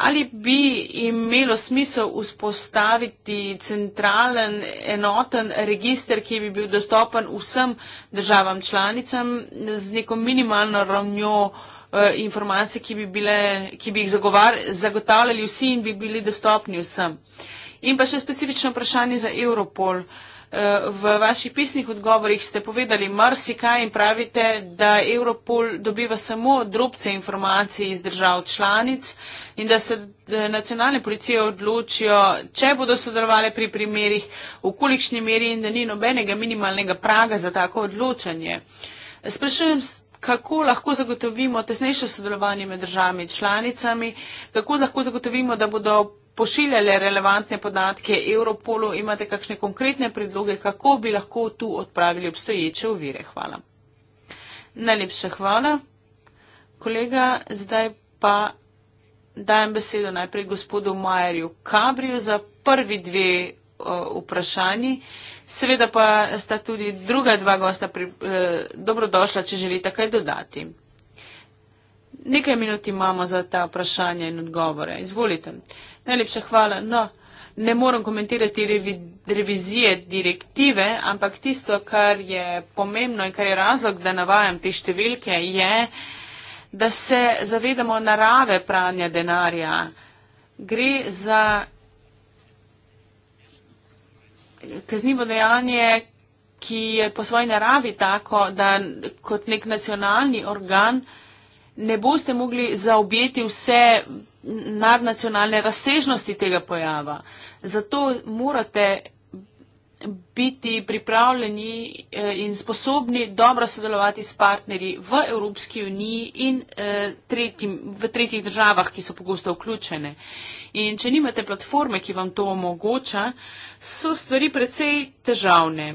ali bi imelo smisel vzpostaviti centralen, enoten register, ki bi bil dostopen vsem državam članicam z neko minimalno ravnjo eh, informacij, ki bi, bile, ki bi jih zagotavljali vsi in bi bili dostopni vsem? In pa še specifično vprašanje za Europol. Uh, Eh, v vaših pisnih odgovorih ste povedali marsikaj in pravite, da Europol dobiva samo drobce informacij iz držav članic in da se eh, nacionalne policije odločijo, če bodo sodelovali pri primerih, v kolikšni meri in da ni nobenega minimalnega praga za tako odločanje. Sprašujem, kako lahko zagotovimo tesnejše sodelovanje med državami članicami, kako lahko zagotovimo, da bodo pošiljale relevantne podatke Europolu. Imate kakšne konkretne predloge, kako bi lahko tu odpravili obstoječe uvire? Hvala. Najlepša hvala. Kolega, zdaj pa dajem besedo najprej gospodu Majerju Kabriju za prvi dve vprašanji. Seveda pa sta tudi druga dva gosta pri, eh, dobrodošla, če želite kaj dodati. Nekaj minut imamo za ta vprašanja in odgovore. Izvolite. Eh, Najlepša hvala. No, ne moram komentirati revi, revizije direktive, ampak tisto, kar je pomembno in kar je razlog, da navajam te številke, je, da se zavedamo narave pranja denarja. Gre za kaznivo dejanje, ki je po svoji naravi tako, da kot nek nacionalni organ ne boste mogli zaobjeti vse nadnacionalne razsežnosti tega pojava. Zato morate biti pripravljeni eh, in sposobni dobro sodelovati s partnerji v Evropski uniji in eh, tretjim, v tretjih državah, ki so pogosto vključene. In če nimate platforme, ki vam to omogoča, so stvari precej težavne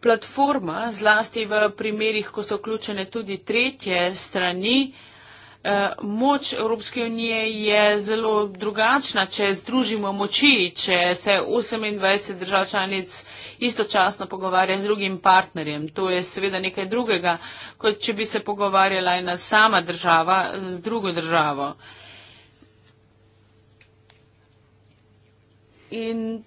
platforma, zlasti v primerih, ko so vključene tudi tretje strani. Eh, moč Evropske unije je zelo drugačna, če združimo moči, če se 28 držav članic istočasno pogovarja z drugim partnerjem. To je seveda nekaj drugega, kot če bi se pogovarjala ena sama država z drugo državo. In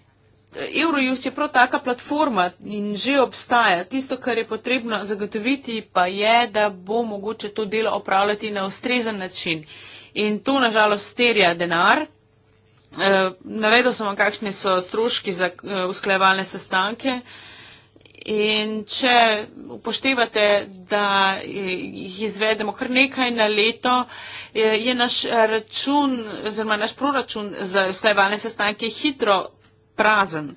Eurojust je prav taka platforma in že obstaja. Tisto, kar je potrebno zagotoviti, pa je, da bo mogoče to delo opravljati na ustrezen način. In to nažalost terja denar. Eh, navedel sem vam, kakšni so stroški za eh, usklajevalne sestanke. In če upoštevate, da eh, jih izvedemo kar nekaj na leto, je naš račun, oziroma naš proračun za usklajevalne sestanke hitro prazen.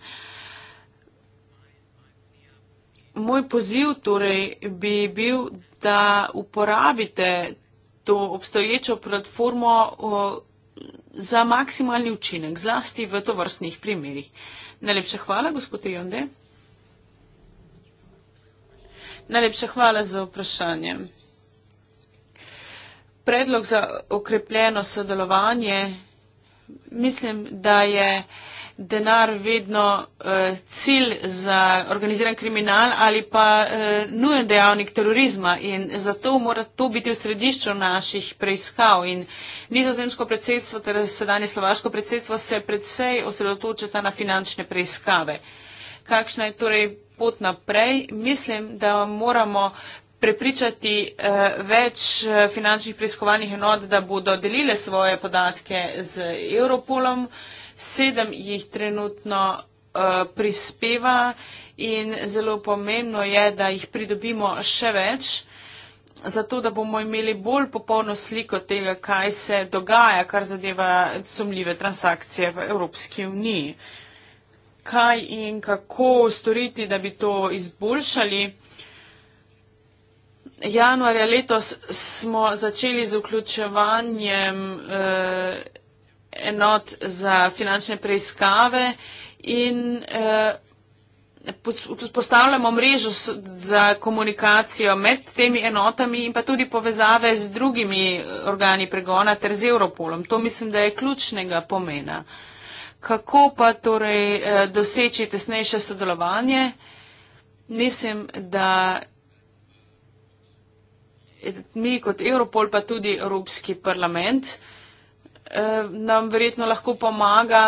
Moj poziv torej bi bil, da uporabite to obstoječo platformo za maksimalni učinek, zlasti v tovrstnih primerih. Najlepša hvala, gospod Jonde. Najlepša hvala za vprašanje. Predlog za okrepljeno sodelovanje, mislim, da je denar vedno eh, cilj za organiziran kriminal ali pa eh, nujen dejavnik terorizma in zato mora to biti v središču naših preiskav. In nizozemsko predsedstvo ter sedanje slovaško predsedstvo se predvsej osredotočata na finančne preiskave. Kakšna je torej pot naprej? Mislim, da moramo prepričati eh, več eh, finančnih preiskovalnih enot, da bodo delile svoje podatke z Europolom. Eh, sedem jih trenutno uh, prispeva in zelo pomembno je, da jih pridobimo še več, zato da bomo imeli bolj popolno sliko tega, kaj se dogaja, kar zadeva sumljive transakcije v Evropski uniji. Kaj in kako storiti, da bi to izboljšali? Januarja letos smo začeli z vključevanjem eh, enot za finančne preiskave in eh, vzpostavljamo mrežo za komunikacijo med temi enotami in pa tudi povezave z drugimi eh, organi pregona ter z Europolom. To mislim, da je ključnega pomena. Kako pa torej eh, doseči tesnejše sodelovanje? Mislim, da mi kot Europol pa tudi Evropski parlament eh, nam verjetno lahko pomaga,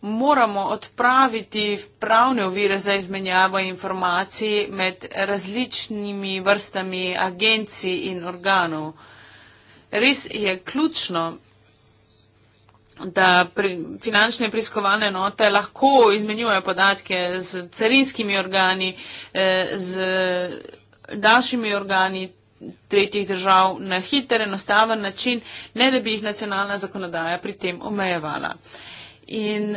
moramo odpraviti pravne ovire za izmenjavo informacij med različnimi vrstami agencij in organov. Res je ključno, da pri, finančne preiskovalne note lahko izmenjujejo podatke z carinskimi organi, eh, z davčnimi organi, tretjih držav na hiter, enostaven način, ne da bi jih nacionalna zakonodaja pri tem omejevala. In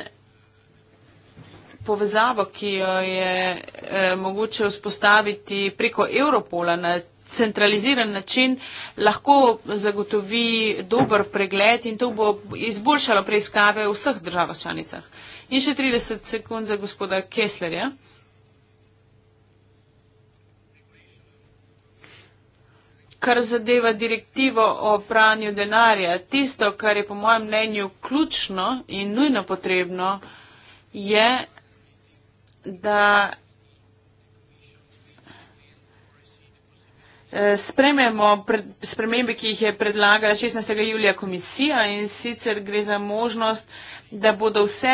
povezavo, ki jo je eh, mogoče vzpostaviti preko Europola na centraliziran način, lahko zagotovi dober pregled in to bo izboljšalo preiskave v vseh državah članicah. In še 30 sekund za gospoda Kesslerja. Ja? kar zadeva direktivo o pranju denarja, tisto, kar je po mojem mnenju ključno in nujno potrebno, je, da eh, sprememo spremembe, ki jih je predlagala 16. julija komisija in sicer gre za možnost, da bodo vse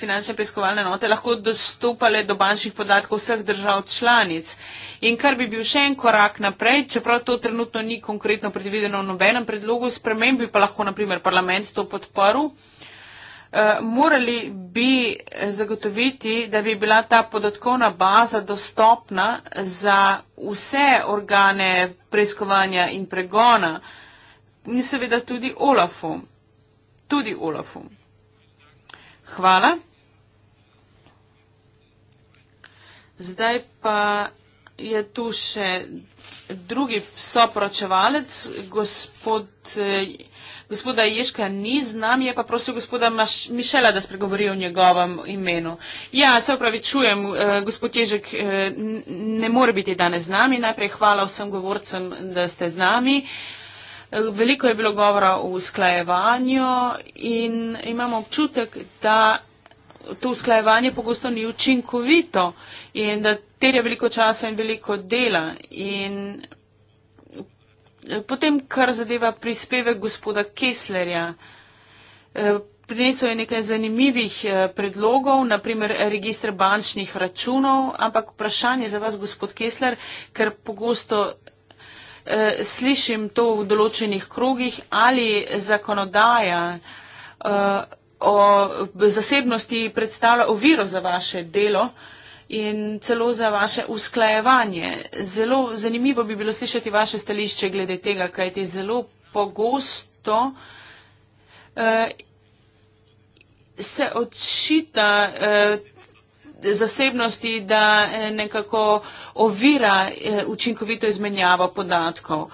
finančne preiskovalne note lahko dostopale do bančnih podatkov vseh držav članic. In kar bi bil še en korak naprej, čeprav to trenutno ni konkretno predvideno v nobenem predlogu sprememb, bi pa lahko naprimer parlament to podporil. Eh, morali bi zagotoviti, da bi bila ta podatkovna baza dostopna za vse organe preiskovanja in pregona in seveda tudi Olafu. Tudi Olafu hvala. Zdaj pa je tu še drugi soporočevalec, gospod, eh, gospoda Ješka ni z nami, je pa prosil gospoda Mišela, da spregovori o njegovem imenu. Ja, se upravičujem, eh, gospod Ježek eh, ne more biti danes z nami. Najprej hvala vsem govorcem, da ste z nami. Uh, Veliko je bilo govora o usklajevanju in imamo občutek, da to usklajevanje pogosto ni učinkovito in da terja veliko časa in veliko dela. In eh, potem, kar zadeva prispevek gospoda Keslerja, eh, prinesel je nekaj zanimivih eh, predlogov, naprimer registr bančnih računov, ampak vprašanje za vas, gospod Kesler, ker pogosto Eh, slišim to v določenih krogih, ali zakonodaja eh, o zasebnosti predstavlja oviro za vaše delo in celo za vaše usklajevanje. Zelo zanimivo bi bilo slišati vaše stališče glede tega, kajti zelo pogosto eh, se odšita zasebnosti, da eh, nekako ovira eh, učinkovito izmenjavo podatkov.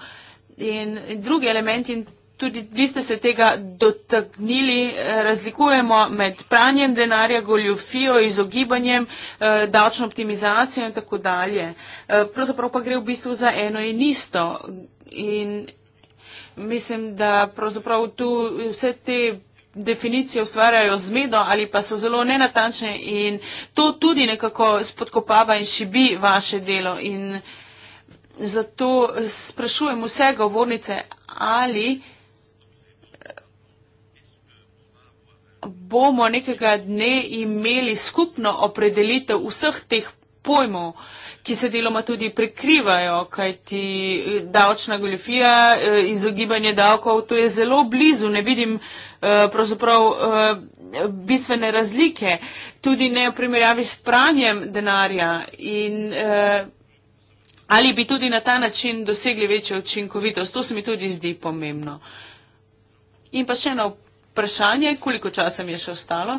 In drugi element, in tudi vi ste se tega dotaknili, eh, razlikujemo med pranjem denarja, goljofijo, izogibanjem, davčno optimizacijo in tako dalje. Pravzaprav pa gre v bistvu za eno in isto. In mislim, da pravzaprav tu vse te definicije ustvarjajo zmedo ali pa so zelo nenatančne in to tudi nekako spodkopava in šibi vaše delo. In zato sprašujem vse govornice, ali bomo nekega dne imeli skupno opredelitev vseh teh pojmov, ki se deloma tudi prekrivajo, kajti eh, davčna goljofija, eh, izogibanje davkov, to je zelo blizu, ne vidim eh, pravzaprav bistvene razlike, tudi ne v primerjavi s pranjem denarja. In, Ali bi tudi na ta način dosegli večjo učinkovitost? To se mi tudi zdi pomembno. In pa še eno vprašanje, koliko časa mi je še ostalo?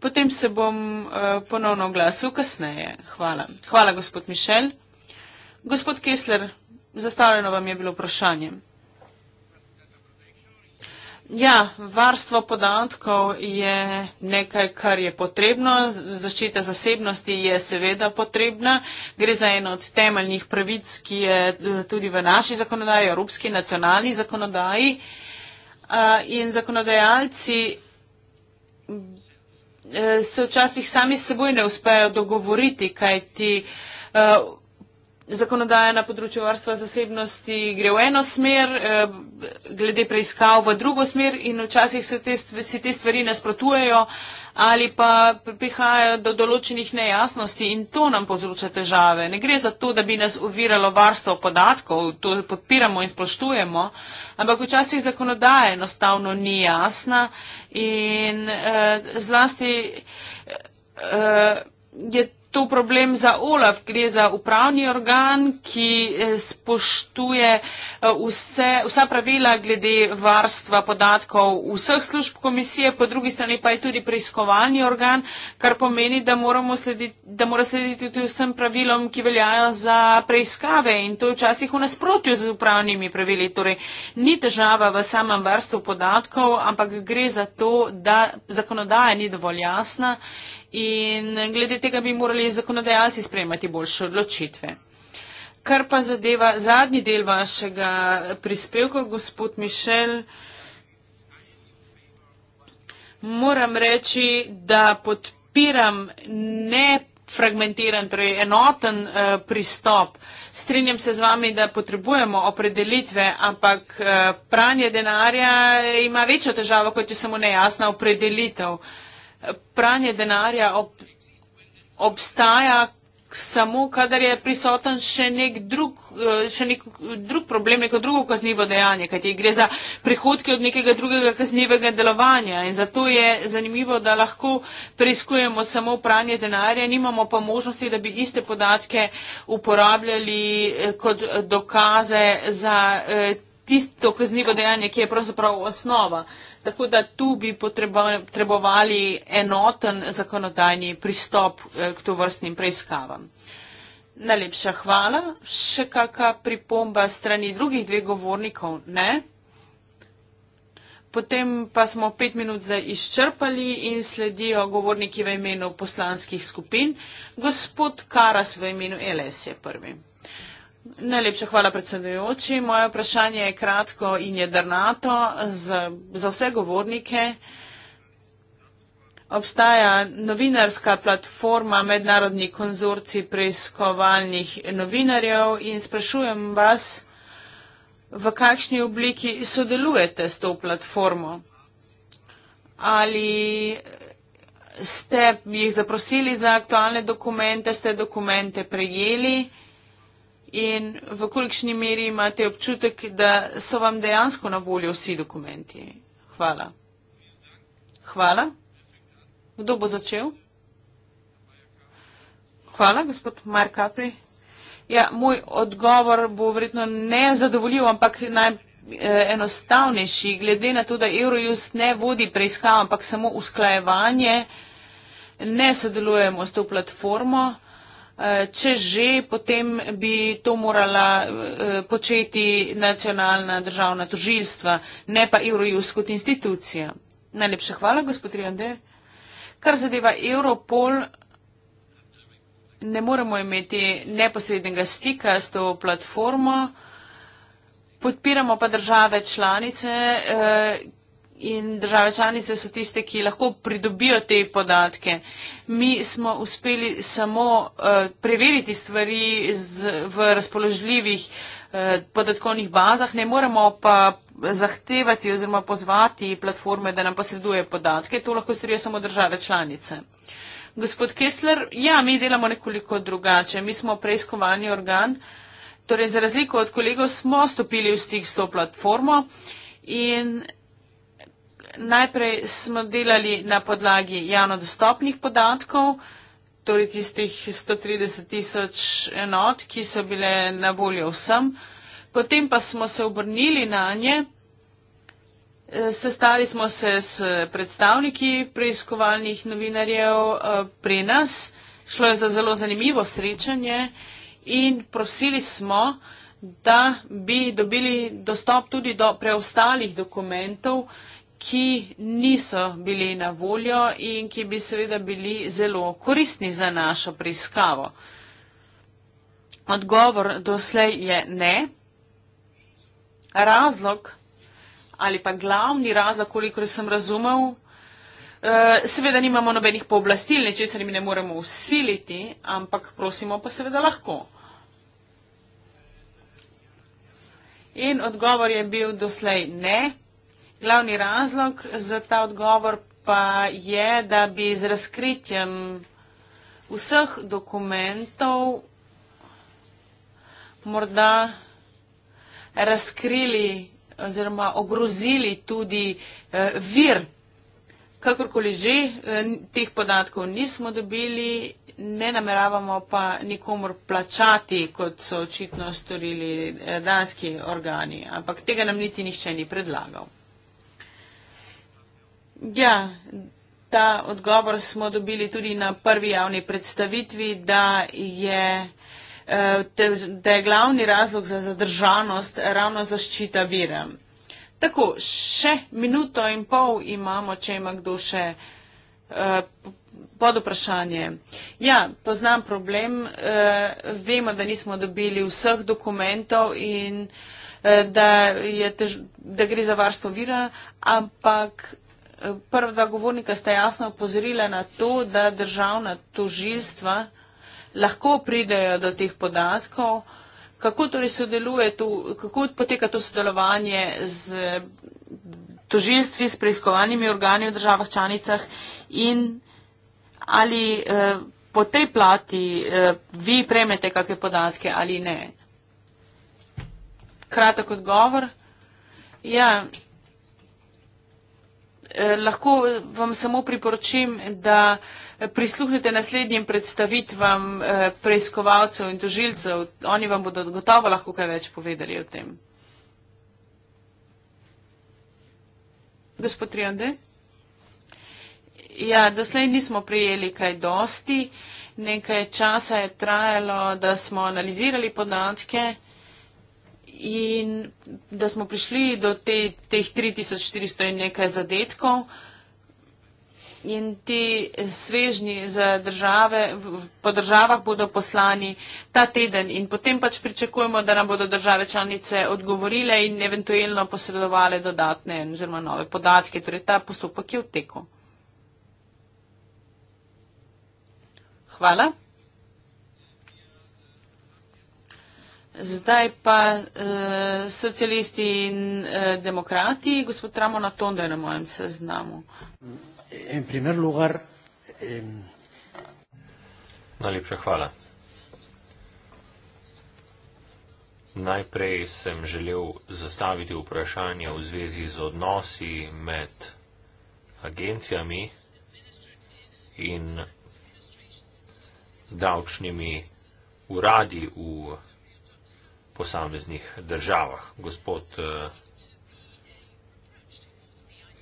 Potem se bom uh, ponovno oglasil kasneje. Hvala. Hvala, gospod Mišel. Gospod Kessler, zastavljeno vam je bilo vprašanje. Ja, varstvo podatkov je nekaj, kar je potrebno. Zaščita zasebnosti je seveda potrebna. Gre za eno od temeljnih pravic, ki je eh, tudi v naši zakonodaji, evropski nacionalni zakonodaji. Eh, in zakonodajalci Eh, se včasih sami s seboj ne uspejo dogovoriti, kaj ti. Uh, eh, zakonodaja na področju varstva zasebnosti gre v eno smer, eh, glede preiskav v drugo smer in včasih se te, si te stvari nasprotujejo ali pa prihajajo do določenih nejasnosti in to nam povzroča težave. Ne gre za to, da bi nas uviralo varstvo podatkov, to podpiramo in spoštujemo, ampak včasih zakonodaja enostavno ni jasna in eh, zlasti eh, je to problem za OLAF, gre za upravni organ, ki eh, spoštuje eh, vse, vsa pravila glede varstva podatkov vseh služb komisije, po drugi strani pa je tudi preiskovalni organ, kar pomeni, da, slediti, da mora slediti tudi vsem pravilom, ki veljajo za preiskave in to je včasih v nasprotju z upravnimi pravili. Torej, ni težava v samem varstvu podatkov, ampak gre za to, da zakonodaja ni dovolj jasna in glede tega bi morali zakonodajalci sprejemati boljše odločitve. Kar pa zadeva zadnji del vašega prispevka, gospod Mišel, moram reči, da podpiram ne fragmentiran, torej enoten uh, pristop. Strinjam se z vami, da potrebujemo opredelitve, ampak uh, pranje denarja ima večjo težavo, kot je samo nejasna opredelitev. Uh, pranje denarja ob, obstaja samo, kadar je prisoten še nek drug, eh, še nek drug problem, neko drugo kaznivo dejanje, kajti gre za prihodke od nekega drugega kaznivega delovanja. In zato je zanimivo, da lahko preiskujemo samo pranje denarja, nimamo pa možnosti, da bi iste podatke uporabljali eh, kot dokaze za. Eh, tisto kaznivo dejanje, ki je pravzaprav osnova. Tako da tu bi potrebovali enoten zakonodajni pristop eh, k to vrstnim preiskavam. Najlepša hvala. Še kakšna pripomba strani drugih dveh govornikov? Ne. Potem pa smo pet minut zdaj izčrpali in sledijo govorniki v imenu poslanskih skupin. Gospod Karas v imenu LS je prvi. Najlepša hvala predsedujoči. Moje vprašanje je kratko in jedrnato za, za vse govornike. Obstaja novinarska platforma Mednarodni konzorci preiskovalnih novinarjev in sprašujem vas, v kakšni obliki sodelujete s to platformo. Ali ste jih zaprosili za aktualne dokumente, ste dokumente prejeli? in v kolikšni meri imate občutek, da so vam dejansko na voljo vsi dokumenti. Hvala. Hvala. Kdo bo začel? Hvala, gospod Mark Capri. Ja, moj odgovor bo verjetno ne zadovoljiv, ampak naj eh, enostavnejši, glede na to, da Eurojust ne vodi preiskav, ampak samo usklajevanje, ne sodelujemo s to platformo. Eh, če že, potem bi to morala eh, početi nacionalna državna tožilstva, ne pa Eurojust kot institucija. Najlepša hvala, gospod Rijande. Kar zadeva Europol, ne moremo imeti neposrednega stika s to platformo, podpiramo pa države članice, eh, in države članice so tiste, ki lahko pridobijo te podatke. Mi smo uspeli samo uh, preveriti stvari z, v razpoložljivih uh, podatkovnih bazah, ne moremo pa zahtevati oziroma pozvati platforme, da nam posreduje podatke. To lahko storijo samo države članice. Gospod Kessler, ja, mi delamo nekoliko drugače. Mi smo preiskovalni organ. Torej, za razliko od kolegov smo stopili v stik s to platformo in najprej smo delali na podlagi javno dostopnih podatkov, torej tistih 130 tisoč enot, ki so bile na voljo vsem. Potem pa smo se obrnili na nje, e, sestali smo se s predstavniki preiskovalnih novinarjev e, pri nas, šlo je za zelo zanimivo srečanje in prosili smo, da bi dobili dostop tudi do preostalih dokumentov, ki niso bili na voljo in ki bi seveda bili zelo koristni za našo preiskavo. Odgovor doslej je ne. Razlog ali pa glavni razlog, koliko sem razumel, eh, seveda nimamo nobenih pooblastil, nečesar mi ne moremo usiliti, ampak prosimo pa seveda lahko. In odgovor je bil doslej ne. Glavni razlog za ta odgovor pa je, da bi z razkritjem vseh dokumentov morda razkrili oziroma ogrozili tudi eh, vir. Kakorkoli že, eh, teh podatkov nismo dobili, ne nameravamo pa nikomor plačati, kot so očitno storili eh, danski organi, ampak tega nam niti nišče ni predlagal. Ja, ta odgovor smo dobili tudi na prvi javni predstavitvi, da je, eh, te, da je glavni razlog za zadržanost ravno zaščita vira. Tako, še minuto in pol imamo, če ima kdo še eh, pod vprašanje. Ja, poznam problem, eh, vemo, da nismo dobili vseh dokumentov in da, je tež, da gre za varstvo vira, ampak prva dva govornika sta jasno opozorila na to, da državna tožilstva lahko pridejo do teh podatkov, kako torej sodeluje tu, kako poteka to sodelovanje z tožilstvi, s preiskovanimi organi v državah članicah in ali eh, po tej plati eh, vi premete kakve podatke ali ne. Kratek odgovor. Ja, Eh, lahko vam samo priporočim, da prisluhnite naslednjim predstavitvam eh, preiskovalcev in tožilcev. Oni vam bodo gotovo lahko kaj več povedali o tem. Gospod Triande? Ja, doslej nismo prijeli kaj dosti. Nekaj časa je trajalo, da smo analizirali podatke in da smo prišli do te, teh 3400 in nekaj zadetkov. In ti svežni države, po državah bodo poslani ta teden in potem pač pričakujemo, da nam bodo države članice odgovorile in eventuelno posredovale dodatne oziroma nove podatke. Torej ta postopek je v teku. Hvala. Zdaj pa eh, socialisti in eh, demokrati, gospod Ramon Atonda je na mojem seznamu. En primer, Lugar. Najlepša hvala. Najprej sem želel zastaviti vprašanje v zvezi z odnosi med agencijami in davčnimi uradi v posameznih državah. Gospod eh,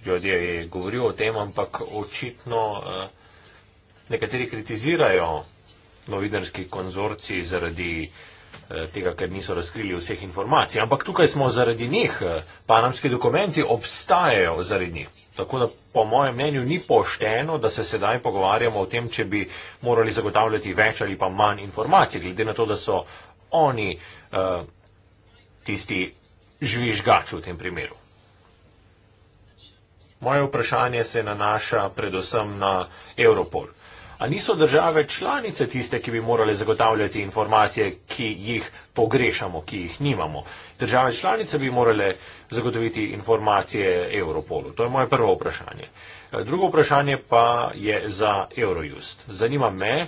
Jodje je govoril o tem, ampak očitno eh, nekateri kritizirajo novinarski konzorci zaradi eh, tega, ker niso razkrili vseh informacij. Ampak tukaj smo zaradi njih, panamski dokumenti obstajajo zaradi njih. Tako da po mojem mnenju ni pošteno, da se sedaj pogovarjamo o tem, če bi morali zagotavljati več ali pa manj informacij, glede na to, da so oni uh, tisti žvižgač v tem primeru. Moje vprašanje se nanaša predvsem na Europol. A niso države članice tiste, ki bi morale zagotavljati informacije, ki jih pogrešamo, ki jih nimamo? Države članice bi morale zagotoviti informacije Europolu. To je moje prvo vprašanje. Eh, drugo vprašanje pa je za Eurojust. Zanima me,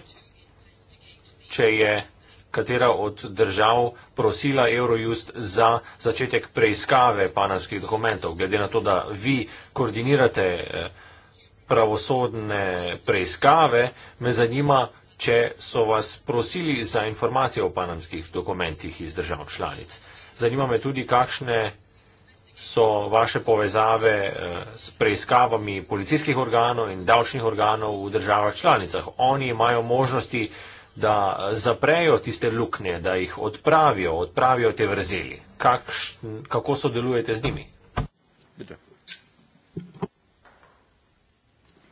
če je katera od držav prosila Eurojust za začetek preiskave panamskih dokumentov, glede na to, da vi koordinirate eh, pravosodne preiskave, me zanima, če so vas prosili za informacije o panamskih dokumentih iz držav članic. Zanima me tudi, kakšne so vaše povezave eh, s preiskavami policijskih organov in davčnih organov v državah članicah. Oni imajo možnosti, da zaprejo tiste luknje, da jih odpravijo, odpravijo te vrzeli. Kakš, kako sodelujete z njimi?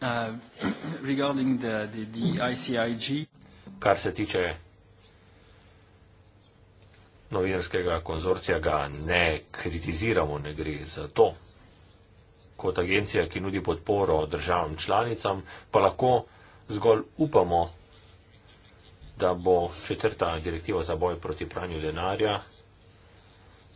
Uh, regarding the, the, the ICIG. Kar se tiče novinarskega konzorcija, ga ne kritiziramo, ne gre za to. Kot agencija, ki nudi podporo državam članicam, pa lahko zgolj upamo, da bo četrta direktiva za boj proti pranju denarja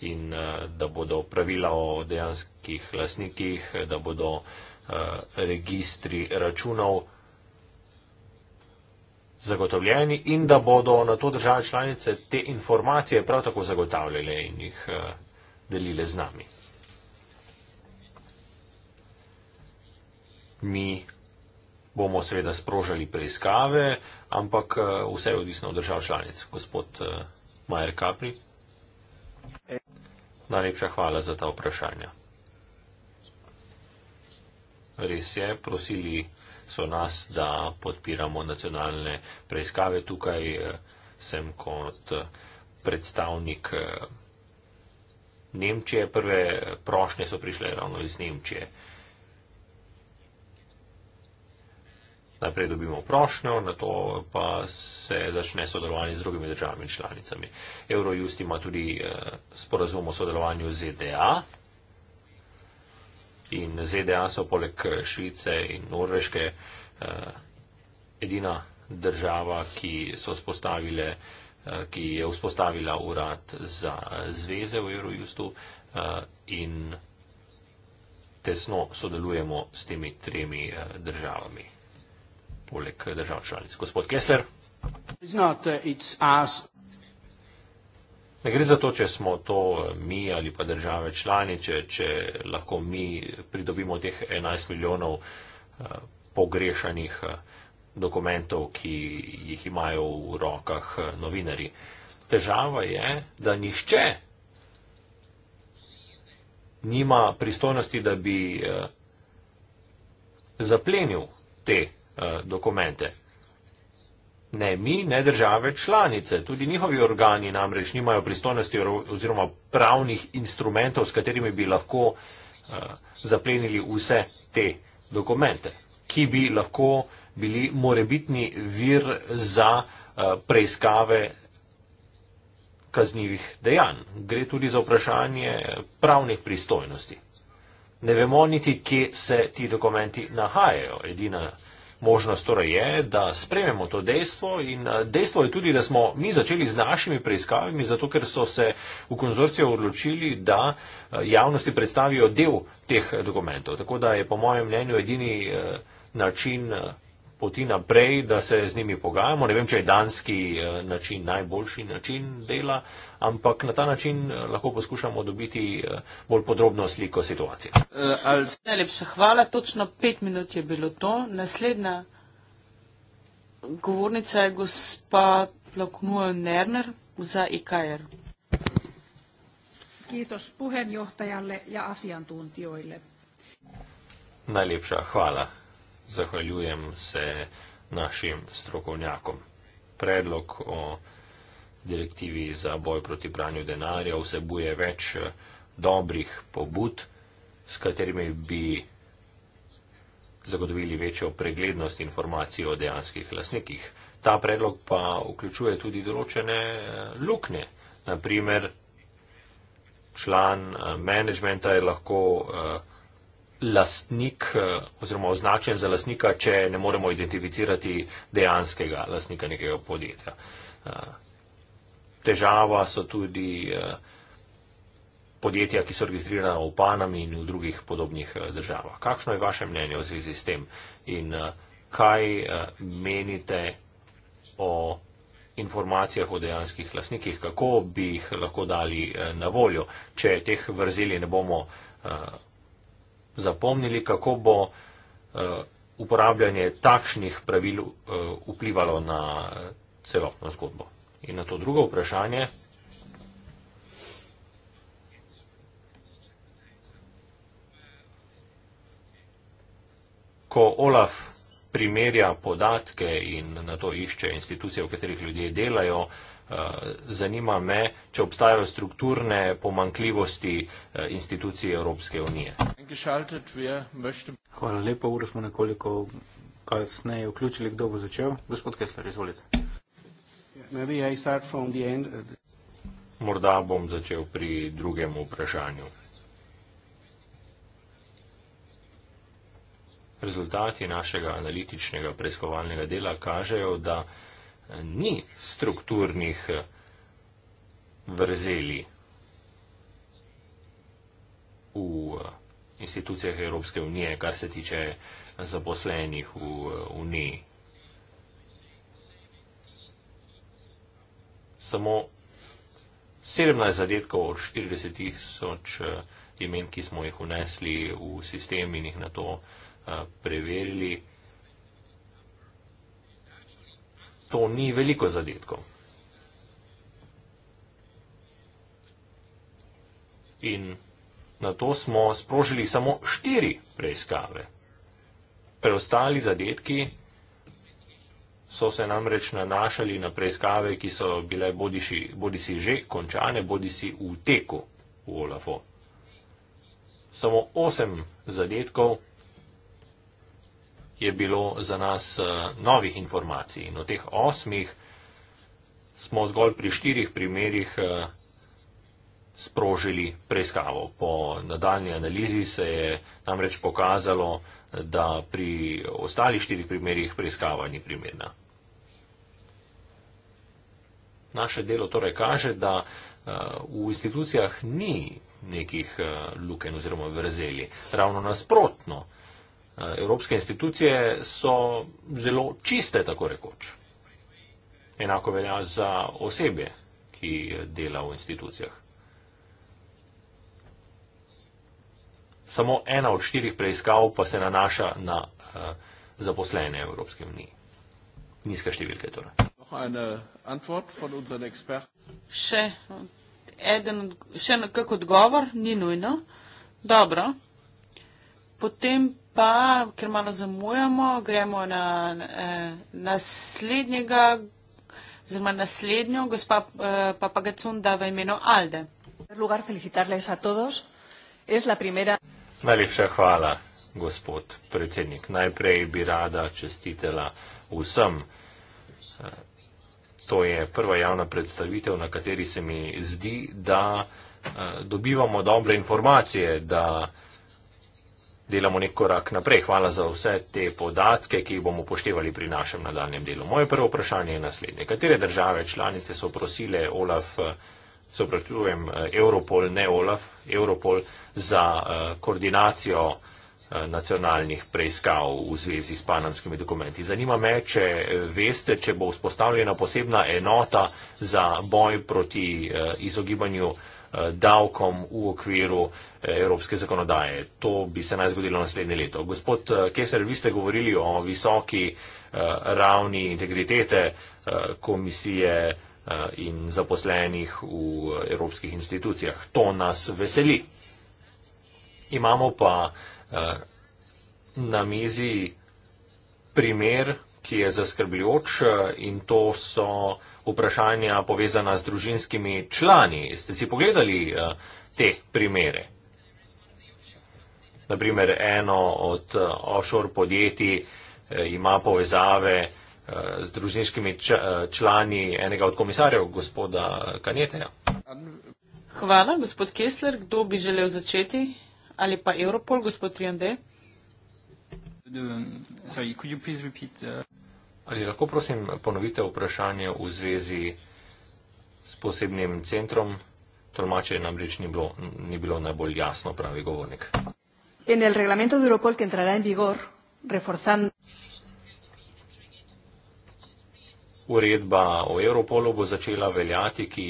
in eh, da bodo pravila o dejanskih lasnikih, da bodo eh, registri računov zagotovljeni in da bodo na to države članice te informacije prav tako zagotavljale in jih eh, delile z nami. Mi bomo seveda sprožali preiskave, ampak eh, vse je odvisno od držav članic. Gospod eh, Majer Kapri. Najlepša hvala za ta vprašanja. Res je, prosili so nas, da podpiramo nacionalne preiskave. Tukaj eh, sem kot predstavnik Nemčije. Prve prošnje so prišle ravno iz Nemčije. Najprej dobimo prošnjo, na to pa se začne sodelovanje z drugimi državami članicami. Eurojust ima tudi eh, sporazum o sodelovanju z ZDA. In ZDA so poleg eh, Švice in Norveške eh, edina država, ki so spostavile ki je vzpostavila urad za zveze v Eurojustu in tesno sodelujemo s temi tremi državami poleg držav članic. Gospod Kessler. Uh, ne gre za to, če smo to uh, mi ali pa države članice, če lahko mi pridobimo teh 11 milijonov uh, pogrešanih dokumentov, ki jih imajo v rokah novinari. Težava je, da nihče nima pristojnosti, da bi zaplenil te Eh, dokumente. Ne mi, ne države članice, tudi njihovi organi namreč nimajo pristojnosti oziroma pravnih instrumentov, s katerimi bi lahko eh, zaplenili vse te dokumente, ki bi lahko bili morebitni vir za eh, preiskave kaznjivih dejanj. Gre tudi za vprašanje pravnih pristojnosti. Ne vemo niti, kje se ti dokumenti nahajajo. Edina Možnost torej je, da sprememo to dejstvo in eh, dejstvo je tudi, da smo mi začeli z našimi preiskavami, zato ker so se v konzorciju odločili, da eh, javnosti predstavijo del teh dokumentov. Tako da je po mojem mnenju edini eh, način poti naprej, da se z njimi pogajamo. Ne vem, če je danski eh, način najboljši način dela, ampak na ta način eh, lahko poskušamo dobiti eh, bolj podrobno sliko situacije. Najlepša hvala, točno pet minut je bilo to. Naslednja govornica je gospa Plaknuo Nerner za IKR. E Kitos puhenjohtajale ja asijantuntijoile. Najlepša hvala zahvaljujem se našim strokovnjakom. Predlog o direktivi za boj proti pranju denarja vsebuje več eh, dobrih pobud, s katerimi bi zagotovili večjo preglednost informacij o dejanskih lasnikih. Ta predlog pa vključuje tudi določene eh, luknje. Naprimer, član eh, menedžmenta je lahko uh, lastnik eh, oziroma označen za lastnika, če ne moremo identificirati dejanskega lastnika nekega podjetja. Eh, težava so tudi eh, podjetja, ki so registrirana v Panami in v drugih podobnih državah. Kakšno je vaše mnenje v zvezi s tem in kaj menite o informacijah o dejanskih lastnikih, kako bi jih lahko dali na voljo, če teh vrzeli ne bomo zapomnili, kako bo eh, uporabljanje takšnih pravil eh, vplivalo na eh, celotno zgodbo. In na to drugo vprašanje. Ko Olaf primerja podatke in na to išče institucije, v katerih ljudje delajo, Eh, zanima me, če obstajajo strukturne pomankljivosti eh, institucij Evropske unije. Hvala lepa, uro smo nekoliko kasneje vključili, kdo bo začel. Gospod Kessler, izvolite. Morda bom začel pri drugem vprašanju. Rezultati našega analitičnega preiskovalnega dela kažejo, da ni strukturnih eh, vrzeli v eh, institucijah Evropske unije, kar se tiče zaposlenih v eh, Uniji. Samo 17 zadetkov od 40 tisoč imen, ki smo jih vnesli v sistem in jih na to preverili. to ni veliko zadetkov. In na to smo sprožili samo štiri preiskave. Preostali zadetki so se namreč nanašali na preiskave, ki so bile bodiši, bodisi že končane, bodisi v teku v Olafo. Samo osem zadetkov je bilo za nas eh, novih informacij. In od teh osmih smo zgolj pri štirih primerjih eh, sprožili preiskavo. Po nadaljni analizi se je namreč pokazalo, da pri ostalih štirih primerjih preiskava ni primerna. Naše delo torej kaže, da eh, v institucijah ni nekih luken oziroma vrzeli. Ravno nasprotno. Eh, evropske institucije so zelo čiste, tako rekoč. Enako velja za osebje, ki dela v institucijah. Samo ena od štirih preiskav pa se nanaša na uh, zaposlene Evropske unije. Nizka številka je torej. Še, eden, še kak odgovor, ni nujno. Dobro. Potem pa, ker malo zamujamo, gremo na eh, naslednjega, oziroma naslednjo, gospa eh, Papagacunda v imenu Alde. Najlepša hvala, gospod predsednik. Najprej bi rada čestitela vsem. Eh, to je prva javna predstavitev, na kateri se mi zdi, da eh, dobivamo dobre informacije, da delamo nek korak naprej. Hvala za vse te podatke, ki jih bomo upoštevali pri našem nadaljem delu. Moje prvo vprašanje je naslednje. Katere države članice so prosile Olaf, se opravičujem, Europol, ne Olaf, Europol za eh, koordinacijo eh, nacionalnih preiskav v zvezi s panamskimi dokumenti. Zanima me, če eh, veste, če bo vzpostavljena posebna enota za boj proti izogibanju Eh, davkom v okviru eh, evropske zakonodaje. To bi se naj zgodilo naslednje leto. Gospod eh, Keser, vi ste govorili o visoki ravni integritete komisije in zaposlenih v evropskih institucijah. To nas veseli. Imamo pa na mizi primer ki je zaskrbljujoč eh, in to so vprašanja povezana z družinskimi člani. Ste si pogledali eh, te primere? Naprimer, eno od eh, offshore podjetij ima povezave z družinskimi člani enega od komisarjev, gospoda Kaneteja. Hvala, gospod Kessler. Kdo bi želel začeti? Ali pa Europol, gospod Triande? Um, sorry, could you please repeat? Uh, Ali lahko prosim ponovite vprašanje v zvezi s posebnim centrom? Tolmače nam reč ni bilo, ni bilo najbolj jasno, pravi govornik. En el reglamento de Europol, ki entrará en vigor, reforzando... uredba o Europolu bo začela veljati, ki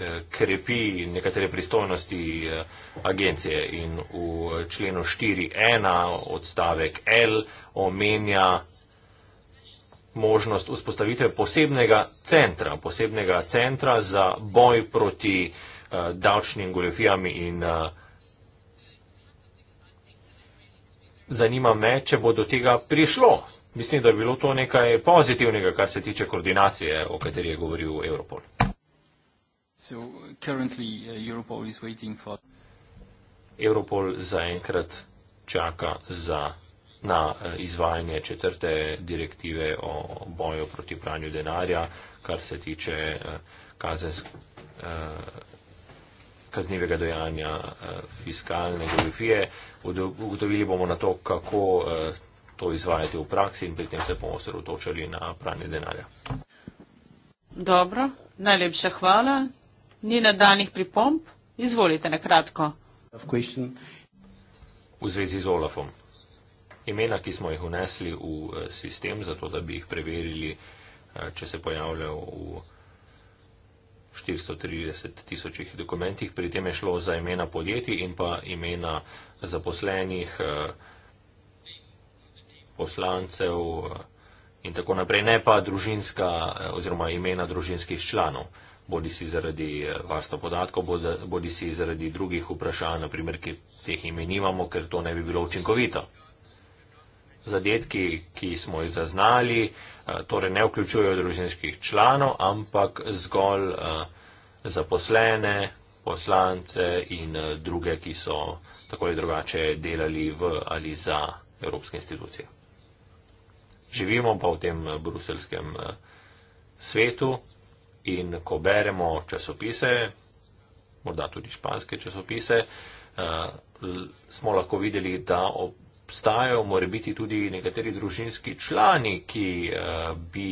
eh, krepi nekatere pristojnosti eh, agencije in v eh, členu 4.1 odstavek L omenja možnost vzpostavitve posebnega centra, posebnega centra za boj proti davčnim goljofijami in Zanima me, če bo do tega prišlo, Mislim, da je bilo to nekaj pozitivnega, kar se tiče koordinacije, o kateri je govoril Europol. So, currently, uh, Europol, for... Europol zaenkrat čaka za, na uh, izvajanje četrte direktive o boju proti pranju denarja, kar se tiče uh, kazensk, uh, kaznivega dojanja uh, fiskalne goljofije. Ugotovili bomo na to, kako. Uh, to izvajati v praksi in pri tem se bomo osredotočili na pranje denarja. Dobro, najlepša hvala. Ni nadaljnih pripomp? Izvolite na kratko. V zvezi z Olafom. Imena, ki smo jih unesli v eh, sistem, zato da bi jih preverili, eh, če se pojavljajo v 430 tisočih dokumentih, pri tem je šlo za imena podjetij in pa imena zaposlenih. Eh, poslancev eh, in tako naprej, ne pa družinska eh, oziroma imena družinskih članov, bodi si zaradi eh, varstva podatkov, bodi si zaradi drugih vprašanj, naprimer, ki teh imen nimamo, ker to ne bi bilo učinkovito. Zadetki, ki smo jih zaznali, torej ne vključujejo družinskih članov, ampak zgolj zaposlene, poslance in druge, ki so tako ali drugače delali v ali za Evropske institucije živimo pa v tem eh, bruselskem eh, svetu in ko beremo časopise, morda tudi španske časopise, eh, smo lahko videli, da obstajajo more biti tudi nekateri družinski člani, ki bi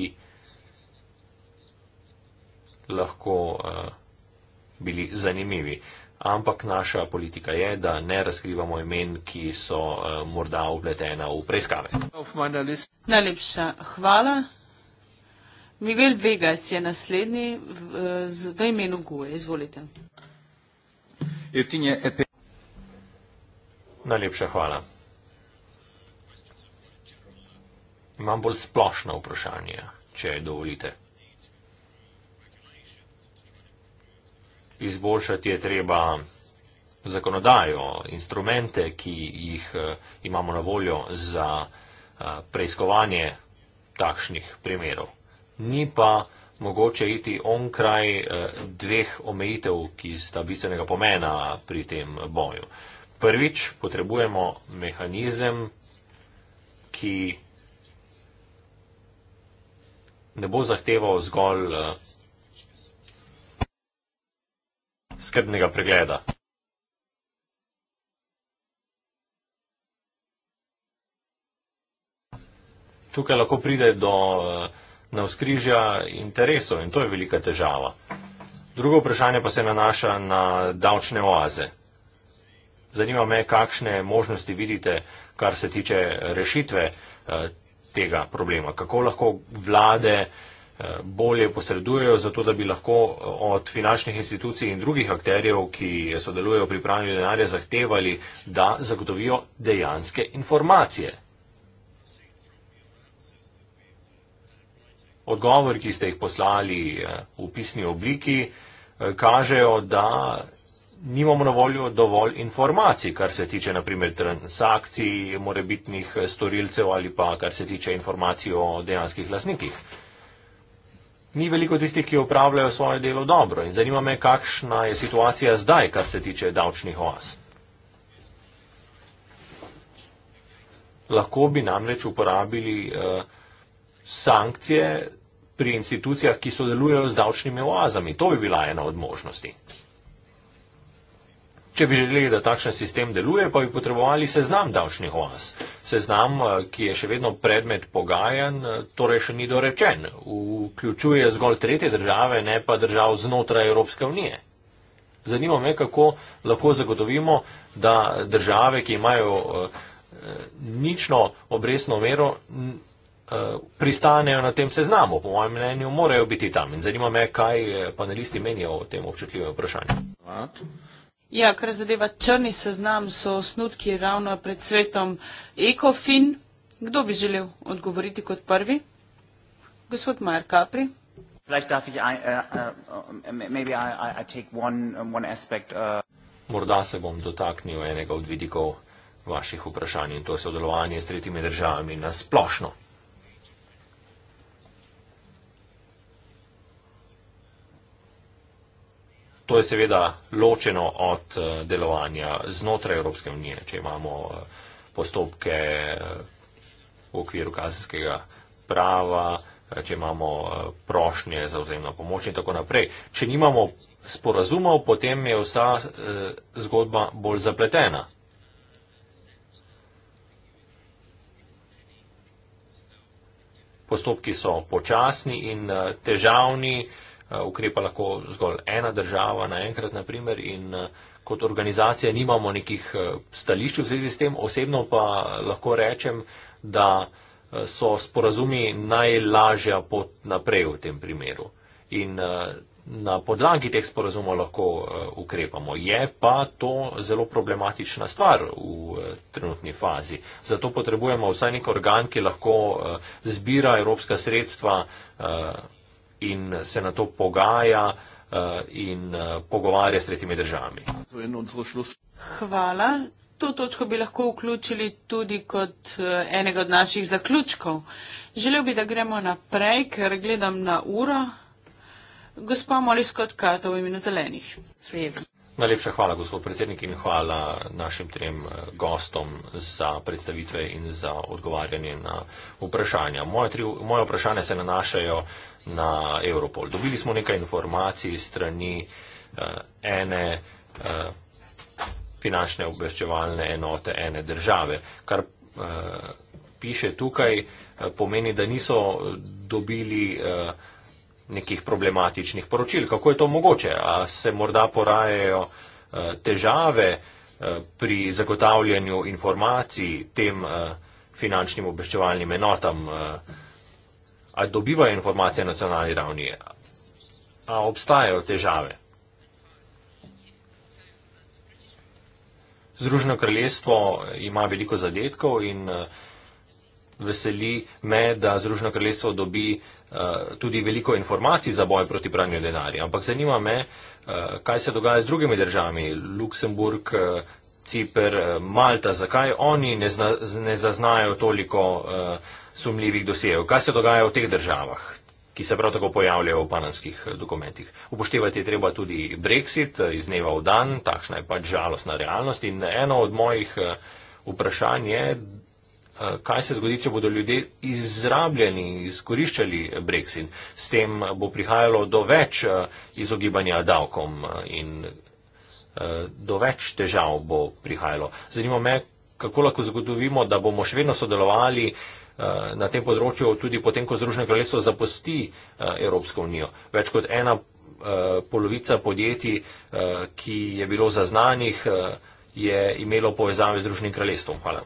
lahko bili zanimivi. Ampak naša politika je, da ne razkrivamo imen, ki so uh, morda upletena v preiskave. Najlepša hvala. Miguel Vegas je naslednji v, eh, v imenu Gue. Izvolite. Najlepša hvala. Imam bolj splošno vprašanje, če dovolite. izboljšati je treba zakonodajo, instrumente, ki jih eh, imamo na voljo za eh, preiskovanje takšnih primerov. Ni pa mogoče iti onkraj eh, dveh omejitev, ki sta bistvenega pomena pri tem boju. Prvič potrebujemo mehanizem, ki ne bo zahteval zgolj skrbnega pregleda. Tukaj lahko pride do eh, navskrižja interesov in to je velika težava. Drugo vprašanje pa se nanaša na davčne oaze. Zanima me, kakšne možnosti vidite, kar se tiče rešitve eh, tega problema. Kako lahko vlade bolje posredujejo, zato da bi lahko od finančnih institucij in drugih akterjev, ki sodelujejo pri pranju denarja, zahtevali, da zagotovijo dejanske informacije. Odgovori, ki ste jih poslali eh, v pisni obliki, eh, kažejo, da nimamo na voljo dovolj informacij, kar se tiče naprimer transakcij, morebitnih storilcev ali pa kar se tiče informacij o dejanskih lasnikih ni veliko tistih, ki upravljajo svoje delo dobro. In zanima me, kakšna je situacija zdaj, kar se tiče davčnih oas. Lahko bi namreč uporabili uh, sankcije pri institucijah, ki sodelujejo z davčnimi oazami. To bi bila ena od možnosti. Če bi želeli, da takšen sistem deluje, pa bi potrebovali seznam davčnih oaz. Seznam, eh, ki je še vedno predmet pogajan, eh, torej še ni dorečen. Vključuje zgolj tretje države, ne pa držav znotraj Evropske unije. Zanima me, kako lahko zagotovimo, da države, ki imajo eh, nično obresno mero, pristanejo na tem seznamu. Po mojem mnenju, morajo biti tam. In zanima me, kaj panelisti menijo o tem občutljivem vprašanju. Hvala. Ja, kar zadeva črni seznam, so osnutki ravno pred svetom ECOFIN. Kdo bi želel odgovoriti kot prvi? Gospod Majer Kapri. Morda se bom dotaknil enega od vidikov vaših vprašanj in to je sodelovanje s tretjimi državami na splošno. To je seveda ločeno od eh, delovanja znotraj Evropske unije, če imamo eh, postopke eh, v okviru kazenskega prava, če imamo prošnje za vzajemno pomoč in tako naprej. Če nimamo sporazumov, potem je vsa zgodba bolj zapletena. Postopki so počasni in težavni. Eh, ukrepa lahko zgolj ena država naenkrat, naprimer, in eh, kot organizacija nimamo nekih eh, stališč v zvezi s tem. Osebno pa lahko rečem, da so sporazumi najlažja pot naprej v tem primeru. In na podlagi teh sporazumov lahko ukrepamo. Je pa to zelo problematična stvar v trenutni fazi. Zato potrebujemo vsaj nek organ, ki lahko zbira evropska sredstva in se na to pogaja eh, in eh, pogovarja s tretjimi državami. Hvala. To točko bi lahko vključili tudi kot eh, enega od naših zaključkov. Želel bi, da gremo naprej, ker gledam na uro. Gospa Molis Kotka, to v imenu zelenih. Three. Najlepša hvala, gospod predsednik, in hvala našim trem eh, gostom za predstavitve in za odgovarjanje na vprašanja. Moje, tri, moje vprašanje se nanašajo na Europol. Dobili smo nekaj informacij strani uh, ene uh, finančne obveščevalne enote ene države. Kar uh, piše tukaj, uh, pomeni, da niso dobili. Uh, nekih problematičnih poročil. Kako je to mogoče? A se morda porajajo e, težave e, pri zagotavljanju informacij tem e, finančnim obveščevalnim enotam? Ali dobivajo informacije na nacionalni ravni? A obstajajo težave? Združeno kraljestvo ima veliko zadetkov in veseli me, da Združeno kraljestvo dobi Eh, tudi veliko informacij za boj proti pranju denarja. Ampak zanima me, eh, kaj se dogaja z drugimi državami, Luksemburg, eh, Cipr, Malta, zakaj oni ne, zna, ne zaznajo toliko sumljivih dosejev. Kaj se dogaja v teh državah, ki se prav tako pojavljajo v panamskih dokumentih. Upoštevati je treba tudi Brexit iz dneva v dan, takšna je pač žalostna realnost. In eno od mojih vprašanj je, Eh, kaj se zgodi, če bodo ljudje izrabljeni, izkoriščali Brexit. S tem bo prihajalo do več eh, izogibanja davkom eh, in do več težav bo prihajalo. Zanima me, kako lahko zagotovimo, da bomo še vedno sodelovali na tem področju, tudi potem, ko Združeno kraljestvo zapusti Evropsko unijo. Več kot ena polovica podjetij, ki je bilo zaznanih, je imelo povezave z Združenim kraljestvom. Hvala.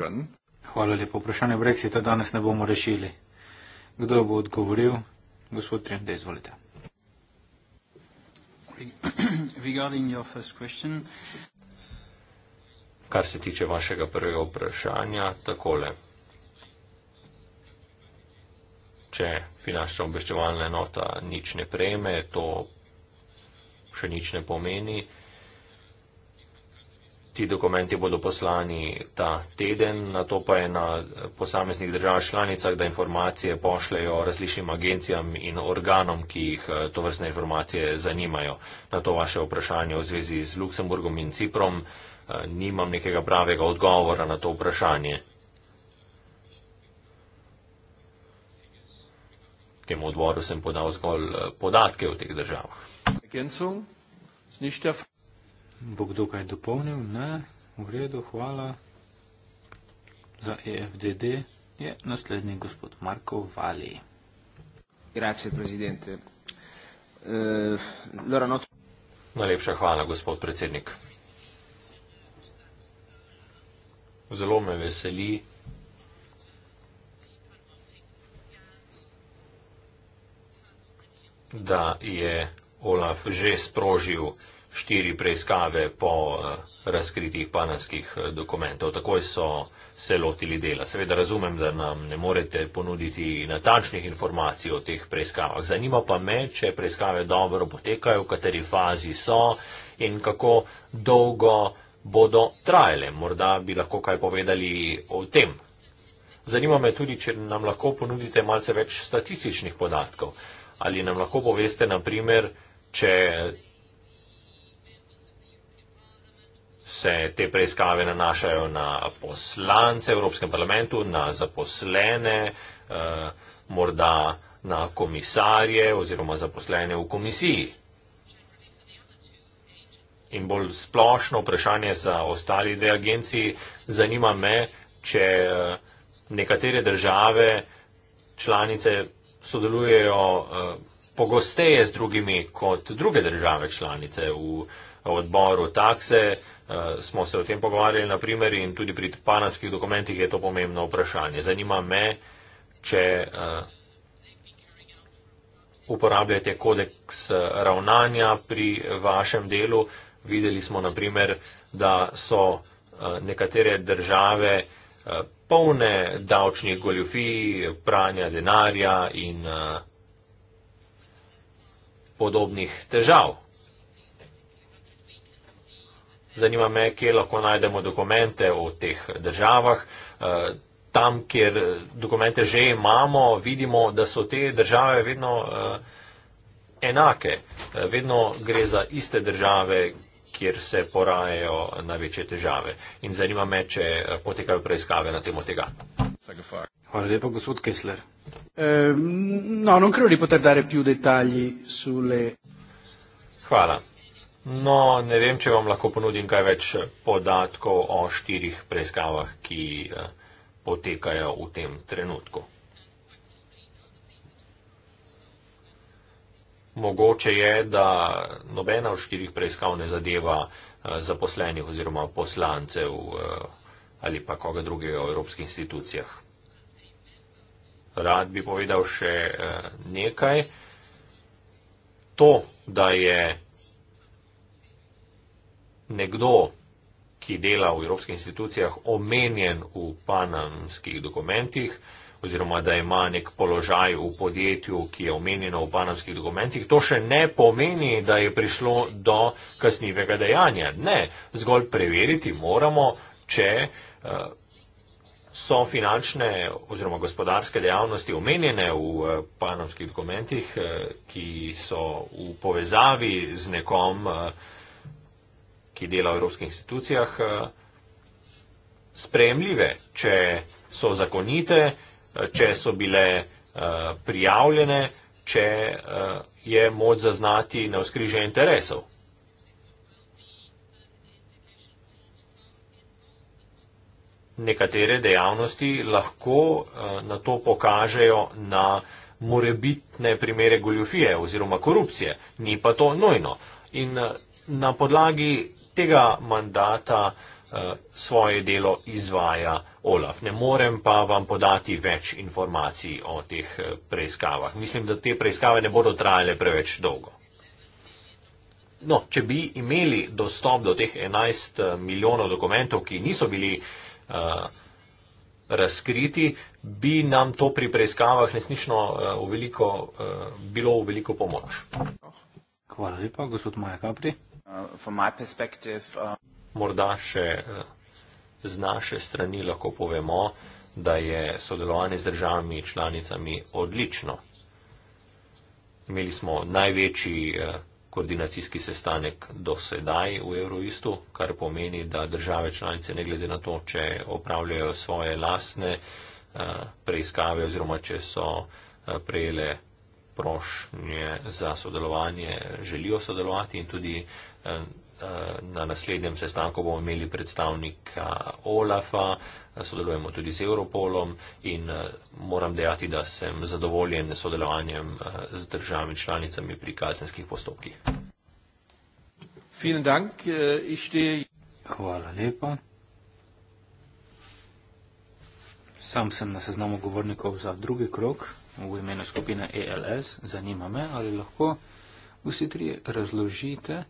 Gun. Hvala lepo. Vprašanje Brexita danes ne bomo rešili. Kdo bo odgovoril? Gospod Trende, izvolite. Kar se tiče vašega prvega vprašanja, takole. Če finančna obveščevalna enota nič ne prejme, to še nič ne pomeni ti dokumenti bodo poslani ta teden, na to pa je na posameznih državah članicah, da informacije pošljajo različnim agencijam in organom, ki jih eh, to vrstne informacije zanimajo. Na to vaše vprašanje v zvezi z Luksemburgom in Ciprom eh, nimam nekega pravega odgovora na to vprašanje. Temu odboru sem podal zgolj eh, podatke o teh državah. Agencijo, bo kdo kaj dopolnil? Ne, v redu, hvala. Za EFDD je naslednji gospod Marko Vali. Grazie, prezidente. Uh, eh, Lora, not... Najlepša hvala, gospod predsednik. Zelo me veseli, da je Olaf že sprožil štiri preiskave po eh, razkritih panamskih eh, dokumentov. Takoj so se lotili dela. Seveda razumem, da nam ne morete ponuditi natančnih informacij o teh preiskavah. Zanima pa me, če preiskave dobro potekajo, v kateri fazi so in kako dolgo bodo trajale. Morda bi lahko kaj povedali o tem. Zanima me tudi, če nam lahko ponudite malce več statističnih podatkov. Ali nam lahko poveste, naprimer, če se te preiskave nanašajo na poslance v Evropskem parlamentu, na zaposlene, eh, morda na komisarje oziroma zaposlene v komisiji. In bolj splošno vprašanje za ostali dve agenciji, zanima me, če eh, nekatere države članice sodelujejo eh, pogosteje z drugimi kot druge države članice v odboru takse, eh, smo se o tem pogovarjali naprimer in tudi pri panamskih dokumentih je to pomembno vprašanje. Zanima me, če eh, uporabljate kodeks eh, ravnanja pri vašem delu. Videli smo naprimer, da so nekatere države polne davčnih goljufij, pranja denarja in podobnih težav, Zanima me, kje lahko najdemo dokumente o teh državah. Eh, tam, kjer eh, dokumente že imamo, vidimo, da so te države vedno eh, enake. Vedno gre za iste države, kjer se porajajo največje težave. In zanima me, če potekajo preiskave na temo tega. Hvala lepa, gospod Kessler. Eh, no, non credo di poter dare più dettagli sulle. Hvala. No, ne vem, če vam lahko ponudim kaj več podatkov o štirih preiskavah, ki eh, potekajo v tem trenutku. Mogoče je, da nobena od štirih preiskav ne zadeva eh, zaposlenih oziroma poslancev eh, ali pa koga drugega v evropskih institucijah. Rad bi povedal še nekaj. To, da je nekdo, ki dela v evropskih institucijah, omenjen v panamskih dokumentih, oziroma da ima nek položaj v podjetju, ki je omenjeno v panamskih dokumentih, to še ne pomeni, da je prišlo do kasnivega dejanja. Ne, zgolj preveriti moramo, če eh, so finančne oziroma gospodarske dejavnosti omenjene v eh, panamskih dokumentih, eh, ki so v povezavi z nekom, ki dela v evropskih institucijah, eh, spremljive, če so zakonite, eh, če so bile eh, prijavljene, če je moč zaznati na vzkriže interesov. Nekatere dejavnosti lahko na to pokažejo na morebitne primere goljufije oziroma korupcije, ni pa to nojno. In na podlagi tega mandata uh, svoje delo izvaja Olaf. Ne morem pa vam podati več informacij o teh eh, preiskavah. Mislim, da te preiskave ne bodo trajale preveč dolgo. No, če bi imeli dostop do teh 11 eh, milijonov dokumentov, ki niso bili uh, razkriti, bi nam to pri preiskavah resnično uh, uh, bilo v veliko pomoč. Hvala lepa, gospod Maja Kapri. Uh, uh, Morda še uh, z naše strani lahko povemo, da je sodelovanje z državami članicami odlično. Imeli smo največji koordinacijski sestanek do sedaj v Euroistu, kar pomeni, da države članice ne glede na to, če opravljajo svoje lasne preiskave oziroma če so prejele prošnje za sodelovanje, želijo sodelovati in tudi Eh, na naslednjem sestanku bomo imeli predstavnika OLAF-a, eh, sodelujemo tudi z Europolom in eh, moram dejati, da sem zadovoljen s sodelovanjem z državami članicami pri kazenskih postopkih. Hvala lepa. Sam sem na seznamu govornikov za drugi krok v imenu skupine ELS. Zanima me, ali lahko vsi tri razložite.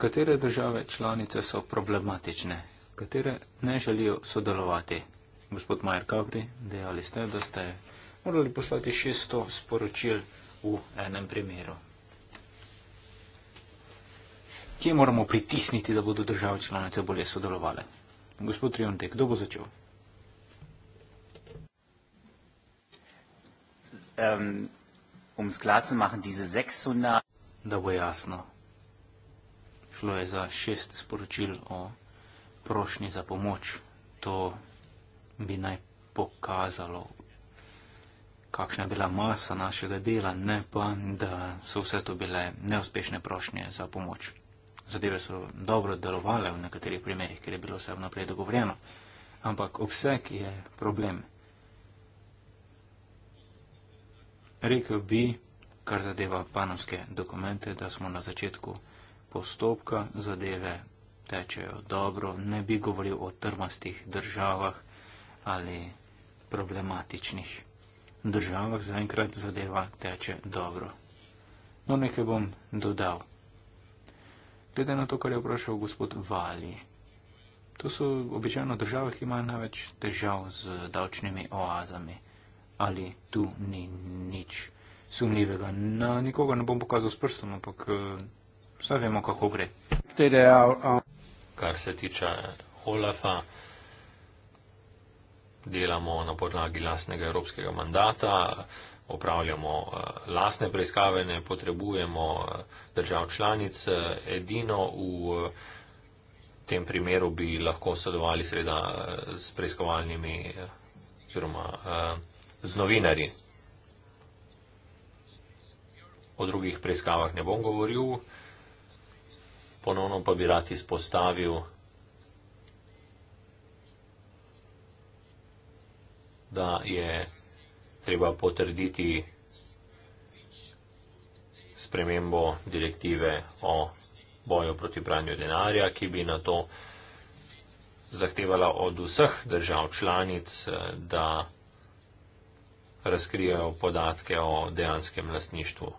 Katere države članice so problematične, katere ne želijo sodelovati? Gospod Majer Kabri, dejali ste, da ste morali poslati 600 sporočil v enem primeru. Kje moramo pritisniti, da bodo države članice bolje sodelovali? Gospod Trionte, kdo bo začel? Um, um sklad se maha, da bo jasno. Šlo je za šest sporočil o prošnji za pomoč. To bi naj pokazalo, kakšna je bila masa našega dela, ne pa, da so vse to bile neuspešne prošnje za pomoč. Zadeve so dobro delovale v nekaterih primerjih, ker je bilo vse vnaprej dogovorjeno. Ampak obseg je problem. Rekel bi, kar zadeva panovske dokumente, da smo na začetku postopka zadeve tečejo dobro, ne bi govoril o trmastih državah ali problematičnih državah, zaenkrat zadeva teče dobro. No, nekaj bom dodal. Glede na to, kar je vprašal gospod Vali, to so običajno države, ki imajo največ težav z davčnimi oazami. Ali tu ni nič sumljivega? Na nikoga ne bom pokazal s prstom, ampak eh, Vse vemo, kako gre. Kar se tiče OLAF-a, delamo na podlagi lastnega evropskega mandata, opravljamo eh, lastne preiskave, ne potrebujemo eh, držav članic. Eh, edino v tem primeru bi lahko sodelovali seveda s preiskovalnimi oziroma z novinarji. O drugih preiskavah ne bom govoril ponovno pa bi rad izpostavil, da je treba potrditi spremembo direktive o boju proti pranju denarja, ki bi na to zahtevala od vseh držav članic, eh, da razkrijejo podatke o dejanskem lasništvu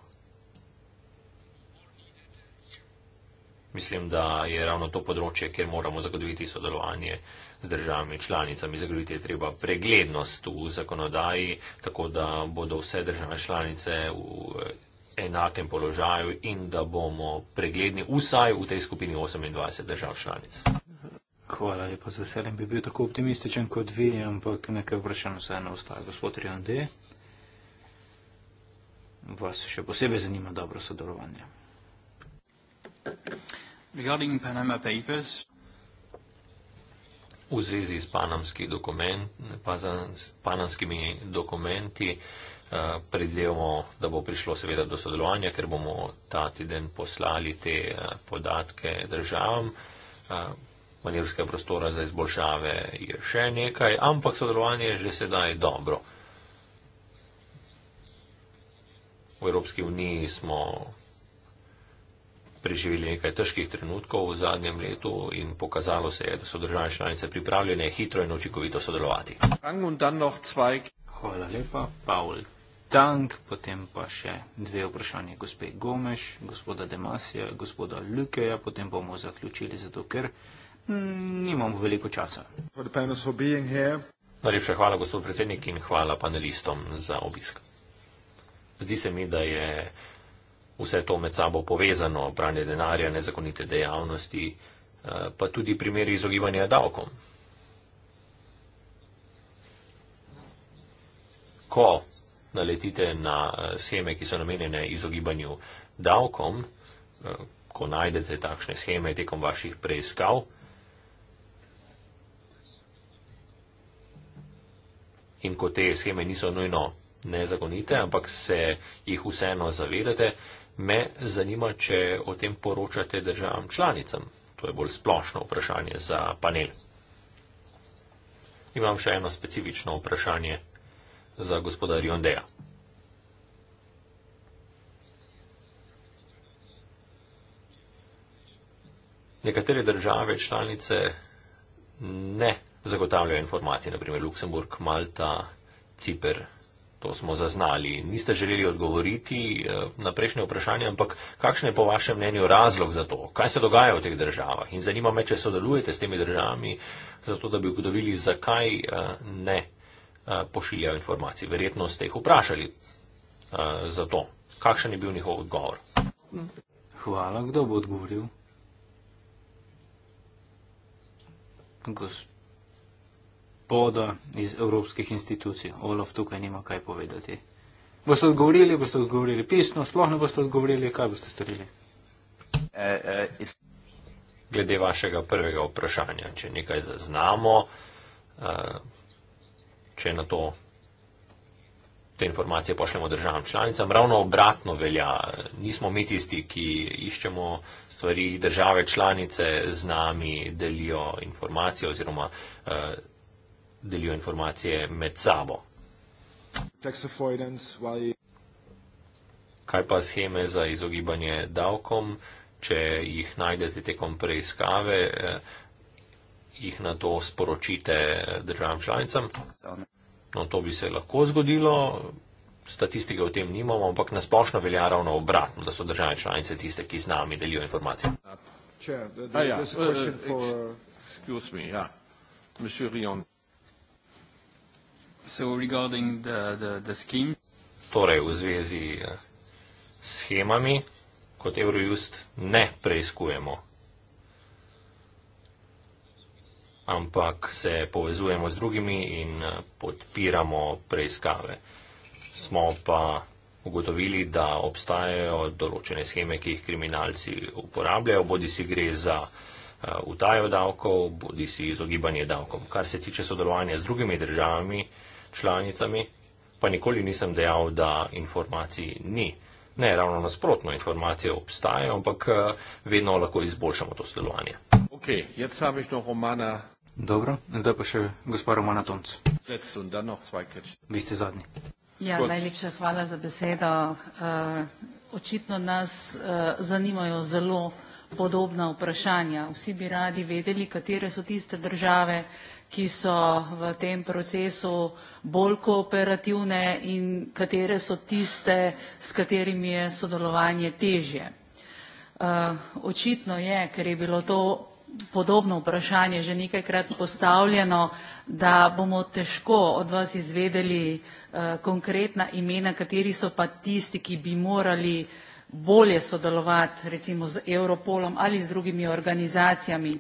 Mislim, da je ravno to področje, kjer moramo zagotoviti sodelovanje z državami članicami. Zagotoviti je treba preglednost v zakonodaji, tako da bodo vse države članice v eh, enakem položaju in da bomo pregledni vsaj v tej skupini 28 držav članic. Hvala lepa za veseljem. Bi bil tako optimističen kot vi, ampak nekaj vprašanj vse na ostaje. Gospod Rionde, vas še posebej zanima dobro sodelovanje. Thank you. Regarding Panama Papers. V zvezi s panamski dokument, panamskimi dokumenti eh, predvidevamo, da bo prišlo seveda do sodelovanja, ker bomo ta teden poslali te eh, podatke državam. Eh, Manjerskega prostora za izboljšave je še nekaj, ampak sodelovanje je že sedaj dobro. V Evropski uniji smo preživeli nekaj težkih trenutkov v zadnjem letu in pokazalo se je, da so države članice pripravljene hitro in očikovito sodelovati. Hvala lepa, Paul Tang, potem pa še dve vprašanje gospe Gomeš, gospoda Demasija, gospoda Lukeja, potem bomo zaključili, zato ker mm, nimamo veliko časa. Najlepša hvala, gospod predsednik, in hvala panelistom za obisk. Zdi se mi, da je vse to med sabo povezano, pranje denarja, nezakonite dejavnosti, eh, pa tudi primeri izogibanja davkom. Ko naletite na eh, scheme, ki so namenjene izogibanju davkom, eh, ko najdete takšne scheme tekom vaših preiskav, in ko te scheme niso nujno nezakonite, ampak se jih vseeno zavedate, Me zanima, če o tem poročate državam članicam. To je bolj splošno vprašanje za panel. Imam še eno specifično vprašanje za gospoda Riondeja. Nekatere države članice ne zagotavljajo informacij, naprimer Luksemburg, Malta, Cipr, to smo zaznali. Niste želeli odgovoriti eh, na prejšnje vprašanje, ampak kakšen je po vašem mnenju razlog za to? Kaj se dogaja v teh državah? In zanima me, če sodelujete s temi državami, zato da bi ugotovili, zakaj eh, ne eh, pošiljajo informacij. Verjetno ste jih vprašali za to. Kakšen je bil njihov odgovor? Hvala, kdo bo odgovoril? Gospod gospoda iz evropskih institucij. Olaf tukaj nima kaj povedati. Boste odgovorili, boste odgovorili pisno, sploh ne boste odgovorili, kaj boste storili. Glede vašega prvega vprašanja, če nekaj zaznamo, eh, če na to te informacije pošljemo državam članicam, ravno obratno velja. Nismo mi tisti, ki iščemo stvari, države članice z nami delijo informacije oziroma eh, delijo informacije med sabo. Kaj pa scheme za izogibanje davkom, če jih najdete tekom preiskave, eh, jih na to sporočite eh, državam članicam? No, to bi se lahko zgodilo, statistike o tem nimamo, ampak na splošno velja ravno obratno, da so države članice tiste, ki z nami delijo informacije. Chair, the, the, ah, yeah. Ja. Uh, uh, for... Excuse me, yeah. Ja. Monsieur Rion. The, the, the torej, v zvezi eh, s schemami kot Eurojust ne preizkujemo, ampak se povezujemo z drugimi in eh, podpiramo preiskave. Smo pa ugotovili, da obstajajo določene scheme, ki jih kriminalci uporabljajo, bodi si gre za eh, utajo davkov, bodi si izogibanje davkom. Kar se tiče sodelovanja z drugimi državami, članicami, pa nikoli nisem dejal, da informacij ni. Ne, ravno nasprotno, informacije obstajajo, ampak eh, vedno lahko izboljšamo to sodelovanje. Okay, Romana... Dobro, zdaj pa še gospod Romana Tonc. Vi ste zadnji. Ja, najlepša hvala za besedo. Uh, očitno nas uh, zanimajo zelo podobna vprašanja. Vsi bi radi vedeli, katere so tiste države, ki so v tem procesu bolj kooperativne in katere so tiste, s katerimi je sodelovanje težje. Eh, očitno je, ker je bilo to podobno vprašanje že nekajkrat postavljeno, da bomo težko od vas izvedeli eh, konkretna imena, kateri so pa tisti, ki bi morali bolje sodelovati recimo z Europolom ali z drugimi organizacijami.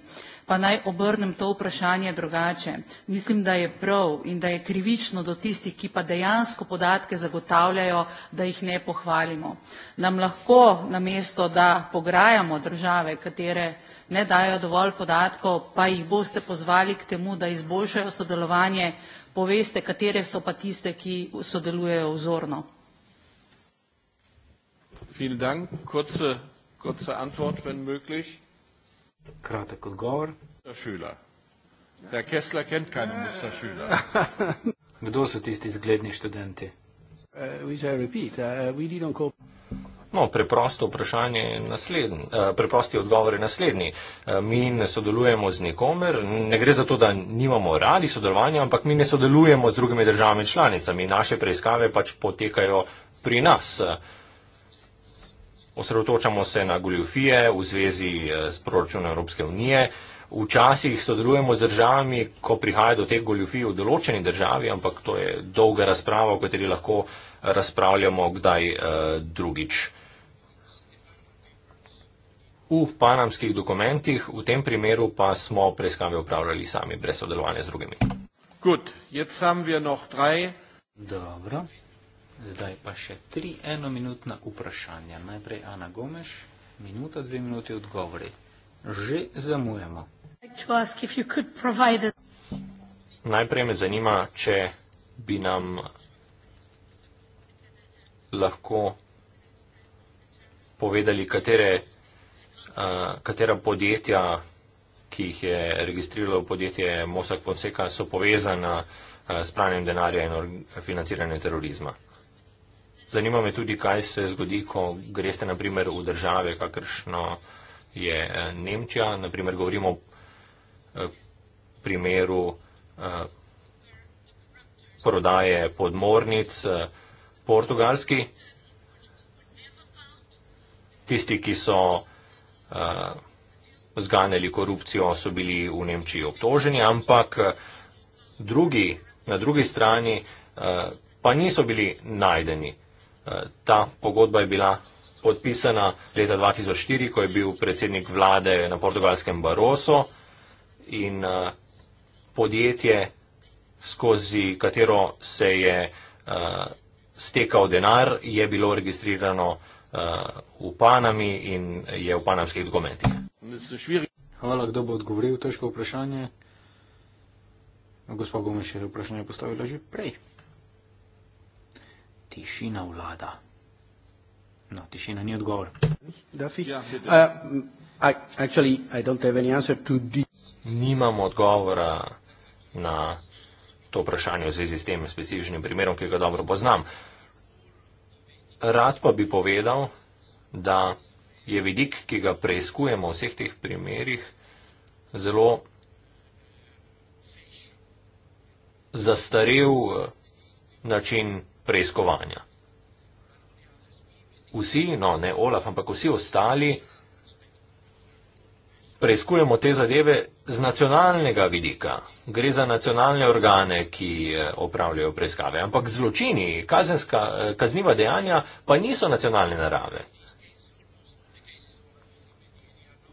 Pa naj obrnem to vprašanje drugače. Mislim, da je prav in da je krivično do tistih, ki pa dejansko podatke zagotavljajo, da jih ne pohvalimo. Nam lahko namesto, da pograjamo države, katere ne dajo dovolj podatkov, pa jih boste pozvali k temu, da izboljšajo sodelovanje, poveste, katere so pa tiste, ki sodelujejo vzorno. Vielen Dank. Kurze, kurze Antwort, wenn möglich. Kratek odgovor. Kdo so tisti zgledni študenti? Uh, uh, uh, no, preprosto vprašanje je naslednje. Preprosti odgovor je naslednji. Mi ne sodelujemo z nikomer, ne gre za to, da nimamo radi sodelovanja, ampak mi ne sodelujemo z drugimi državami članicami. Naše preiskave pač potekajo pri nas. Osredotočamo se na goljofije v zvezi eh, s proračunom Evropske unije. Včasih sodelujemo z državami, ko prihaja do teh goljofij v določeni državi, ampak to je dolga razprava, o kateri lahko razpravljamo kdaj eh, drugič. V panamskih dokumentih, v tem primeru pa smo preiskave upravljali sami, brez sodelovanja z drugimi. Dobro. Zdaj pa še tri enominutna vprašanja. Najprej Ana Gomeš, minuta, dve minuti odgovori. Že zamujamo. Najprej me zanima, če bi nam lahko povedali, katere, uh, katera podjetja, ki jih je registriralo podjetje Mosak Fonseca, so povezana uh, s pranjem denarja in financiranjem terorizma. Zanima me tudi, kaj se zgodi, ko greste naprimer v države, kakršno je eh, Nemčija. Naprimer, govorimo o eh, primeru eh, prodaje podmornic portugalski. Tisti, ki so zganjali korupcijo, so bili v Nemčiji obtoženi, ampak drugi, na drugi strani pa niso bili najdeni. Eh, ta pogodba je bila podpisana leta 2004, ko je bil predsednik vlade na portugalskem Baroso in eh, podjetje, skozi katero se je eh, stekal denar, je bilo registrirano v Panami in je v panamskih dokumentih. Hvala, kdo bo odgovoril težko vprašanje. Gospod Gomes je vprašanje postavila že prej tišina vlada. No, tišina ni odgovor. Ja, äh, Nimam odgovora na to vprašanje v zvezi s tem specifičnim primerom, ki ga dobro poznam. Rad pa bi povedal, da je vidik, ki ga preizkujemo v vseh teh primerjih, zelo zastarev eh, način preiskovanja. Vsi, no ne Olaf, ampak vsi ostali preiskujemo te zadeve z nacionalnega vidika. Gre za nacionalne organe, ki eh, opravljajo preiskave. Ampak zločini, kazenska, eh, kazniva dejanja pa niso nacionalne narave.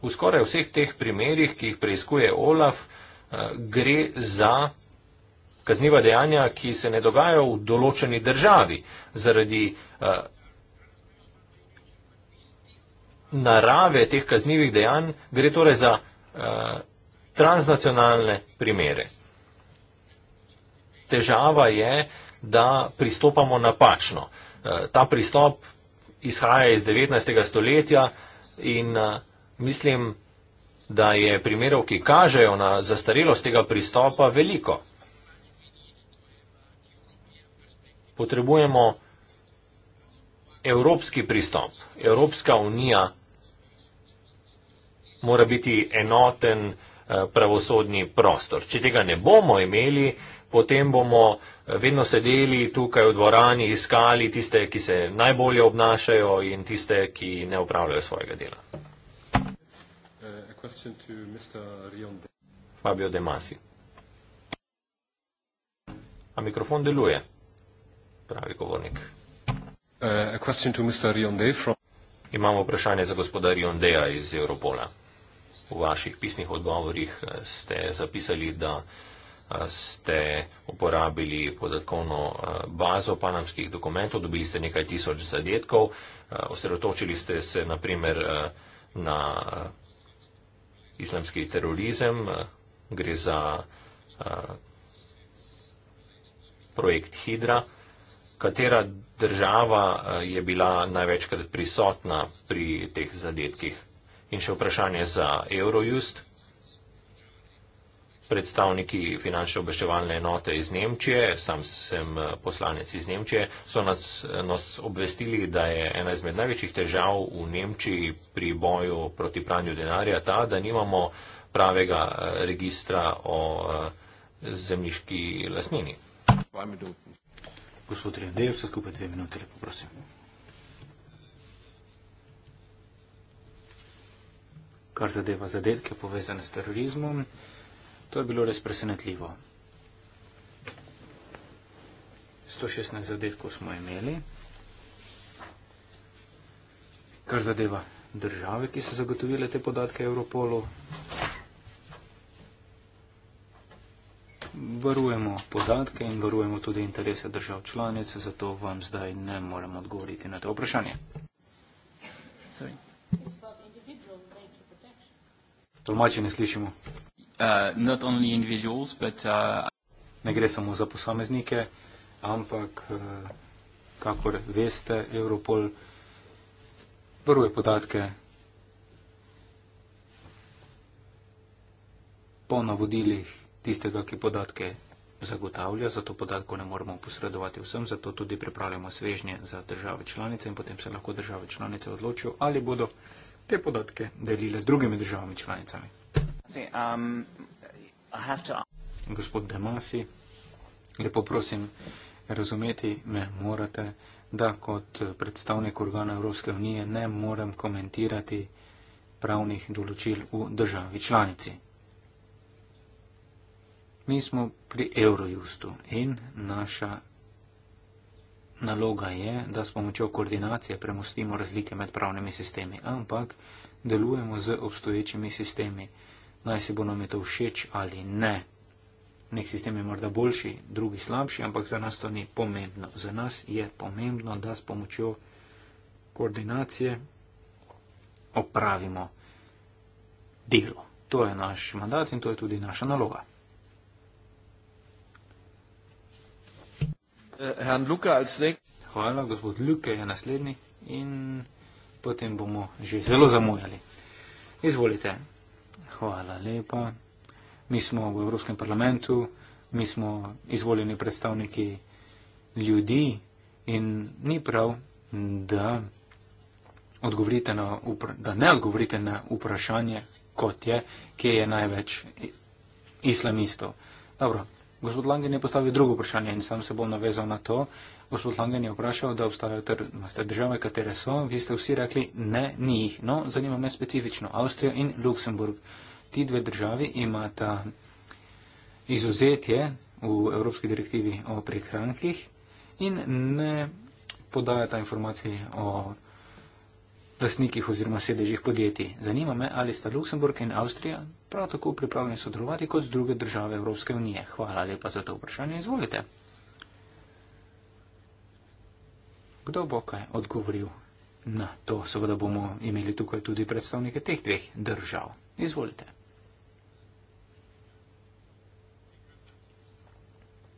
V skoraj vseh teh primerjih, ki jih preiskuje Olaf, eh, gre za kazniva dejanja, ki se ne dogajajo v določeni državi zaradi uh, narave teh kaznivih dejanj, gre torej za uh, transnacionalne primere. Težava je, da pristopamo napačno. Uh, ta pristop izhaja iz 19. stoletja in uh, mislim, da je primerov, ki kažejo na zastarelost tega pristopa, veliko. potrebujemo evropski pristop. Evropska unija mora biti enoten eh, pravosodni prostor. Če tega ne bomo imeli, potem bomo eh, vedno sedeli tukaj v dvorani, iskali tiste, ki se najbolje obnašajo in tiste, ki ne upravljajo svojega dela. Uh, Fabio De Masi. A mikrofon deluje pravi govornik. Uh, Imamo vprašanje za gospoda Riondeja iz Europola. V vaših pisnih odgovorih uh, ste zapisali, da uh, ste uporabili podatkovno uh, bazo panamskih dokumentov, dobili ste nekaj tisoč zadetkov, osredotočili ste se naprimer na islamski terorizem, gre za projekt Hidra katera država eh, je bila največkrat prisotna pri teh zadetkih. In še vprašanje za Eurojust. Predstavniki finančne obveščevalne enote iz Nemčije, sam sem eh, poslanec iz Nemčije, so nas, eh, nas obvestili, da je ena izmed največjih težav v Nemčiji pri boju proti pranju denarja ta, da nimamo pravega registra o zemljiški lasnini. 2 minuti. Gospod Rendej, vse skupaj dve minute, lepo prosim. Kar zadeva zadetke povezane s terorizmom, to je bilo res presenetljivo. 116 zadetkov smo imeli. Kar zadeva države, ki so zagotovile te podatke Europolu, varujemo podatke in varujemo tudi interese držav članic, zato vam zdaj ne morem odgovoriti na to vprašanje. Tolmači ne slišimo. Uh, not only individuals, but, uh... Ne gre samo za posameznike, ampak, uh, kakor veste, Europol varuje podatke po navodilih tistega, ki podatke zagotavlja, zato podatkov ne moremo posredovati vsem, zato tudi pripravljamo svežnje za države članice in potem se lahko države članice odločijo, ali bodo te podatke delile z drugimi državami članicami. See, um, Gospod Demasi, lepo prosim, razumeti me morate, da kot predstavnik organa Evropske unije ne morem komentirati pravnih določil v državi članici. Mi smo pri Eurojustu in naša naloga je, da s pomočjo koordinacije premustimo razlike med pravnimi sistemi, ampak delujemo z obstoječimi sistemi. Naj se bo nam je to všeč ali ne. Nek sistem je morda boljši, drugi slabši, ampak za nas to ni pomembno. Za nas je pomembno, da s pomočjo koordinacije opravimo delo. To je naš mandat in to je tudi naša naloga. Eh, Herrn Luka als Hvala, gospod Luka je naslednji in potem bomo že zelo zamujali. Izvolite. Hvala lepa. Mi smo v Evropskem parlamentu, mi smo izvoljeni predstavniki ljudi in ni prav, da, odgovorite na, da ne odgovorite na vprašanje, kot je, kje je največ islamistov. Dobro, Gospod Langen je postavil drugo vprašanje in sam se bom navezal na to. Gospod Langen je vprašal, da obstajajo trdnostne države, katere so. Vi ste vsi rekli, ne, ni jih. No, zanima me specifično. Avstrija in Luksemburg. Ti dve državi imata izuzetje v Evropski direktivi o prihrankih in ne podajata informacij o prihrankih lasnikih oziroma sedežih podjetij. Zanima me, ali sta Luksemburg in Avstrija prav tako pripravljeni sodelovati kot druge države Evropske unije. Hvala lepa za to vprašanje. Izvolite. Kdo bo kaj odgovoril na to? Seveda bomo imeli tukaj tudi predstavnike teh dveh držav. Izvolite.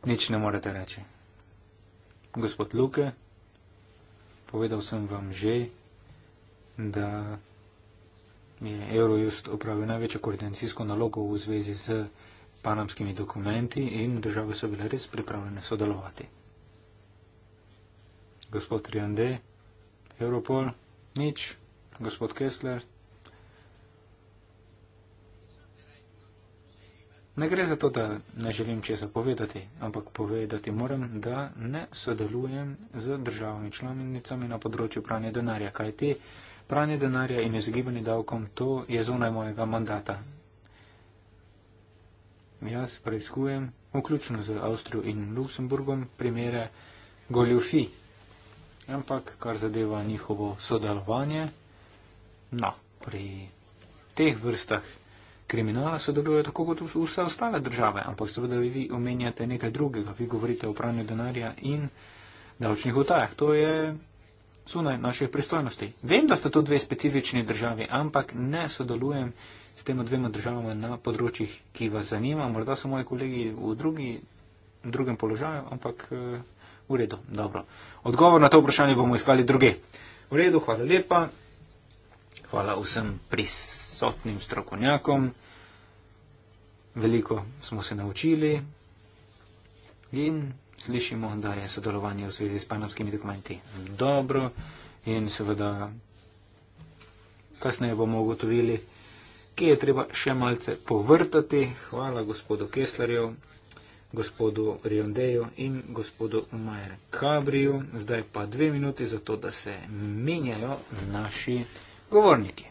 Nič ne morete reči. Gospod Luke, povedal sem vam že, da je Eurojust upravil največjo koordinacijsko nalogo v zvezi z panamskimi dokumenti in države so bile res pripravljene sodelovati. Gospod Triande, Europol, nič, gospod Kessler. Ne gre za to, da ne želim česa povedati, ampak povedati moram, da ne sodelujem z državami članicami na področju pranja denarja, kajti pranje denarja in izogibanje davkom, to je zunaj mojega mandata. Jaz preizkujem, vključno z Avstrijo in Luksemburgom, primere goljufi, ampak kar zadeva njihovo sodelovanje, no, pri teh vrstah kriminala sodeluje tako kot vse ostale države, ampak seveda vi, vi omenjate nekaj drugega, vi govorite o pranju denarja in davčnih utajah. To je zunaj naših pristojnosti. Vem, da sta to dve specifični državi, ampak ne sodelujem s tema dvema državama na področjih, ki vas zanima. Morda so moji kolegi v drugi, drugem položaju, ampak eh, v redu. Dobro. Odgovor na to vprašanje bomo iskali druge. V redu, hvala lepa. Hvala vsem prisotnim strokovnjakom. Veliko smo se naučili. In slišimo, da je sodelovanje v zvezi s panovskimi dokumenti dobro in seveda kasneje bomo ugotovili, kje je treba še malce povrtati. Hvala gospodu Keslerju, gospodu Riondeju in gospodu Majer Kabriju. Zdaj pa dve minuti za to, da se menjajo naši govorniki.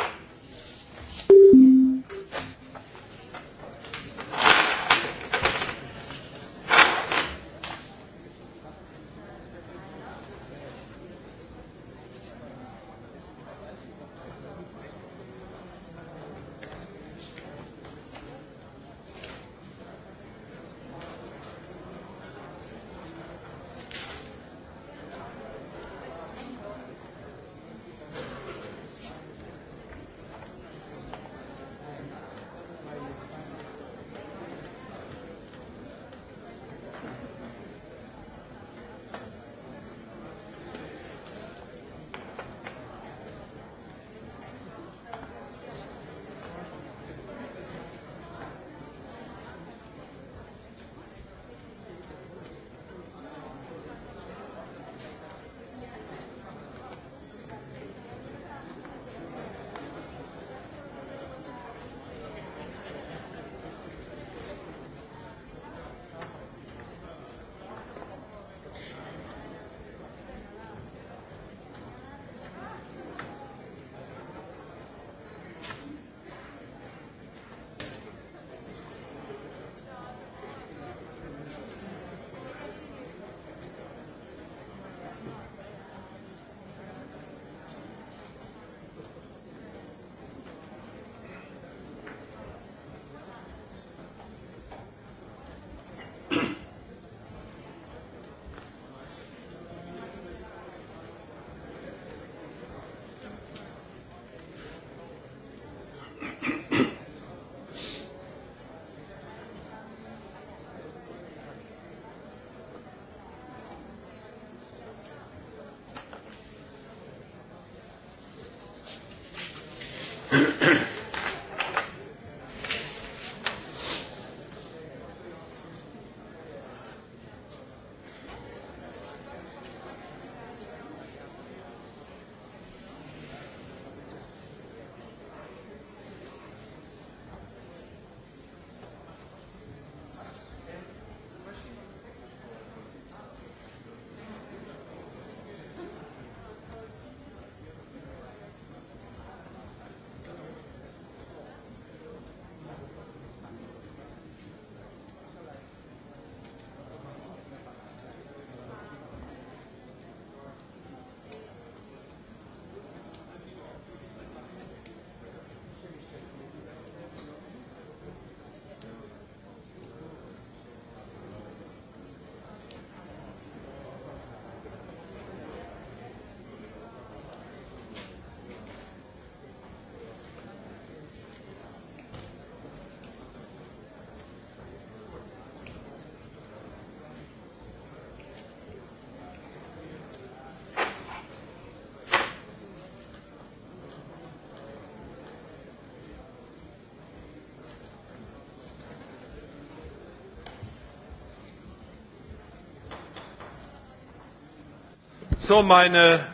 So, meine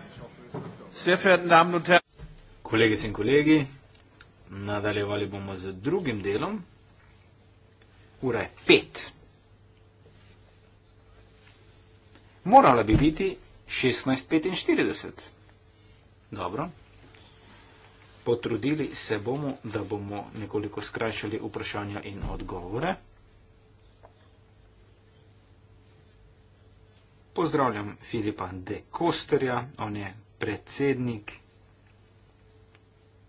sehr verehrten Damen und Herren. Kolegice in kolegi, nadaljevali bomo z drugim delom. Ura je pet. Morala bi biti 16.45. Dobro. Potrudili se bomo, da bomo nekoliko skrajšali vprašanja in odgovore. Pozdravljam Filipa de Kosterja, on je predsednik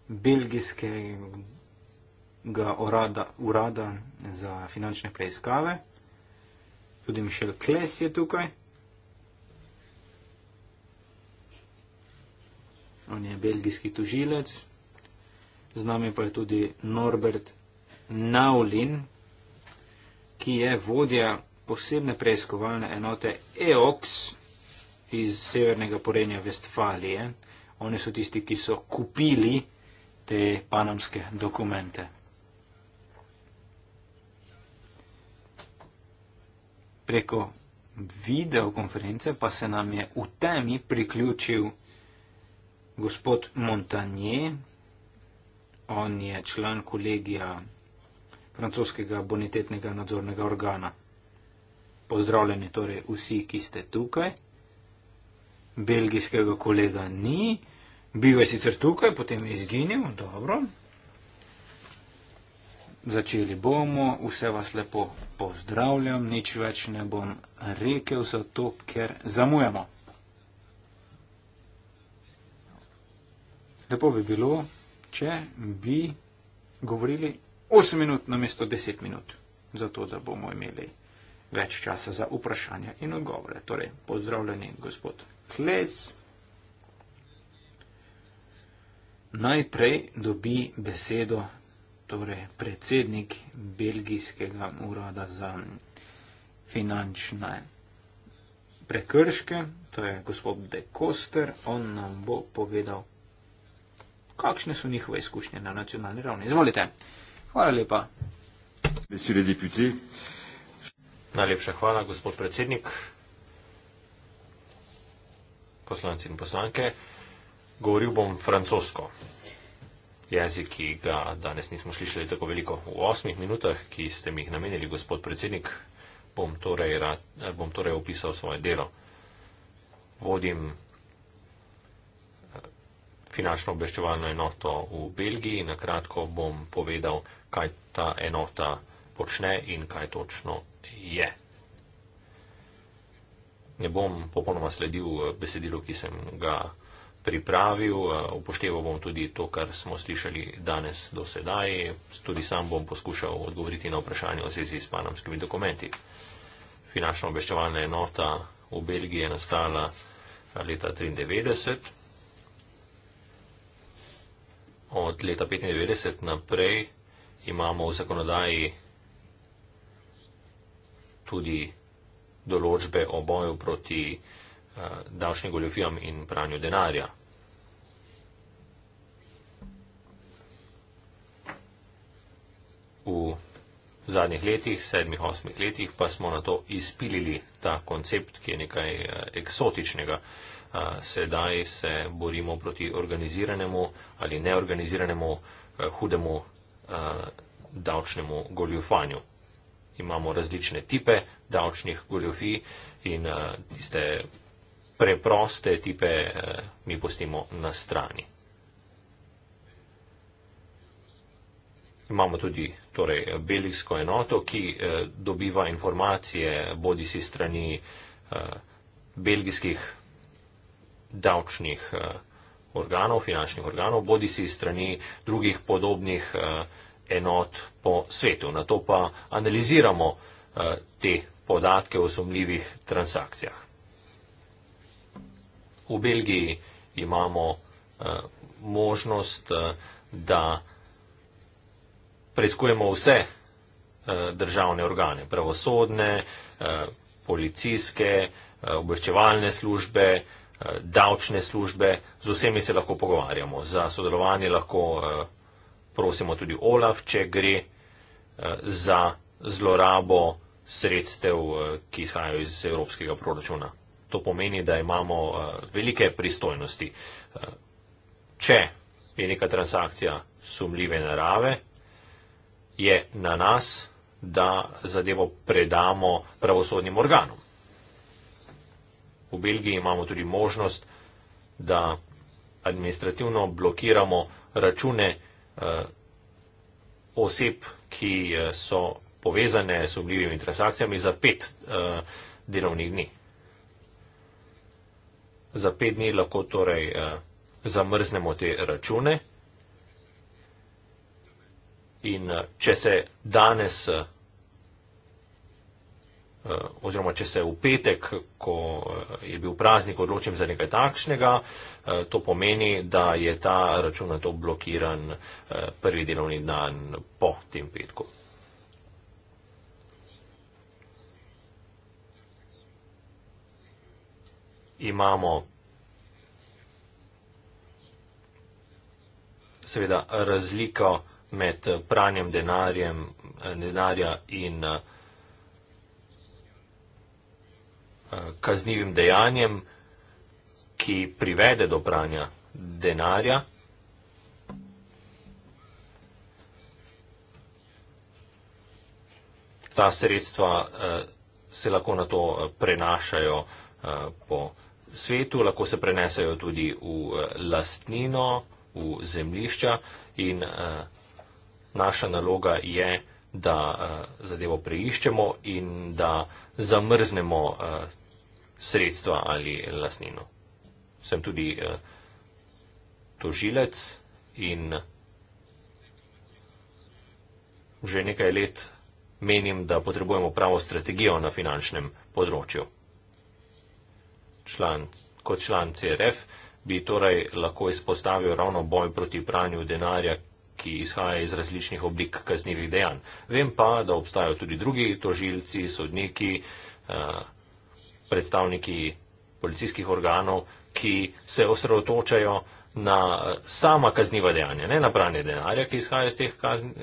belgijskega urada, urada za finančne preiskave. Tudi Mišel Kles je tukaj. On je belgijski tužilec. Z nami pa je tudi Norbert Naulin, ki je vodja posebne preiskovalne enote EOKS iz severnega porenja Vestfalije. Oni so tisti, ki so kupili te panamske dokumente. Preko videokonference pa se nam je v temi priključil gospod Montagnier. On je član kolegija francoskega bonitetnega nadzornega organa pozdravljeni torej vsi, ki ste tukaj. Belgijskega kolega ni, bil je sicer tukaj, potem je izginil, dobro. Začeli bomo, vse vas lepo pozdravljam, nič več ne bom rekel, zato ker zamujamo. Lepo bi bilo, če bi govorili 8 minut namesto 10 minut, zato da bomo imeli več časa za vprašanja in odgovore. Torej, pozdravljeni, gospod Kles. Najprej dobi besedo torej, predsednik Belgijskega urada za finančne prekrške, to je gospod De Koster. On nam bo povedal, kakšne so njihove izkušnje na nacionalni ravni. Izvolite. Hvala lepa. Messieurs les députés, Najlepša hvala, gospod predsednik, poslanci in poslanke. Govoril bom francosko, jezik, ki ga danes nismo slišali tako veliko v osmih minutah, ki ste mi jih namenili, gospod predsednik, bom torej, rad, eh, bom torej opisal svoje delo. Vodim eh, finančno obveščevalno enoto v Belgiji in na kratko bom povedal, kaj ta enota počne in kaj točno je. Ne bom popolnoma sledil eh, besedilu, ki sem ga pripravil, eh, upošteval bom tudi to, kar smo slišali danes do sedaj, tudi sam bom poskušal odgovoriti na vprašanje o zvezi s panamskimi dokumenti. Finančna obveščevalna enota v Belgiji je nastala eh, leta 1993. Od leta 1995 naprej imamo v zakonodaji tudi določbe o boju proti eh, davčnim goljofijam in pranju denarja. V zadnjih letih, sedmih, osmih letih pa smo na to izpilili ta koncept, ki je nekaj eh, eksotičnega. Eh, sedaj se borimo proti organiziranemu ali neorganiziranemu hudemu davčnemu goljofanju imamo različne tipe davčnih goljofij in eh, tiste preproste tipe eh, mi postimo na strani. Imamo tudi torej, belijsko enoto, ki eh, dobiva informacije bodi si strani eh, belgijskih davčnih eh, organov, finančnih organov, bodi si strani drugih podobnih eh, enot po svetu. Na to pa analiziramo eh, te podatke o sumljivih transakcijah. V Belgiji imamo eh, možnost, eh, da preizkujemo vse državne organe, pravosodne, policijske, obveščevalne službe, davčne službe, z vsemi se lahko pogovarjamo. Za sodelovanje lahko prosimo tudi Olaf, če gre eh, za zlorabo sredstev, eh, ki izhajajo iz evropskega proračuna. To pomeni, da imamo eh, velike pristojnosti. Če je neka transakcija sumljive narave, je na nas, da zadevo predamo pravosodnim organom. V Belgiji imamo tudi možnost, da administrativno blokiramo račune, uh, oseb, ki eh, so povezane s obljivimi transakcijami za pet uh, delovnih dni. Za pet dni lahko torej uh, zamrznemo te račune in uh, če se danes uh, Eh, oziroma če se v petek, ko eh, je bil praznik, odločim za nekaj takšnega, eh, to pomeni, da je ta račun na to blokiran prvi delovni dan po tem petku. Imamo seveda razliko med pranjem denarjem, denarja in denarjem. Eh, kaznjivim dejanjem, ki privede do pranja denarja. Ta sredstva eh, se lahko na to eh, prenašajo po svetu, lahko se prenesajo tudi v lastnino, v zemlišča in naša naloga je, da eh, zadevo preiščemo in da zamrznemo eh, sredstva ali lasnino. Sem tudi eh, tožilec in že nekaj let menim, da potrebujemo pravo strategijo na finančnem področju. Član, kot član CRF bi torej lahko izpostavil ravno boj proti pranju denarja, ki izhaja iz različnih oblik kaznjivih dejanj. Vem pa, da obstajajo tudi drugi tožilci, sodniki, eh, predstavniki policijskih organov, ki se osredotočajo na eh, sama kazniva dejanja, ne na branje denarja, ki izhaja iz teh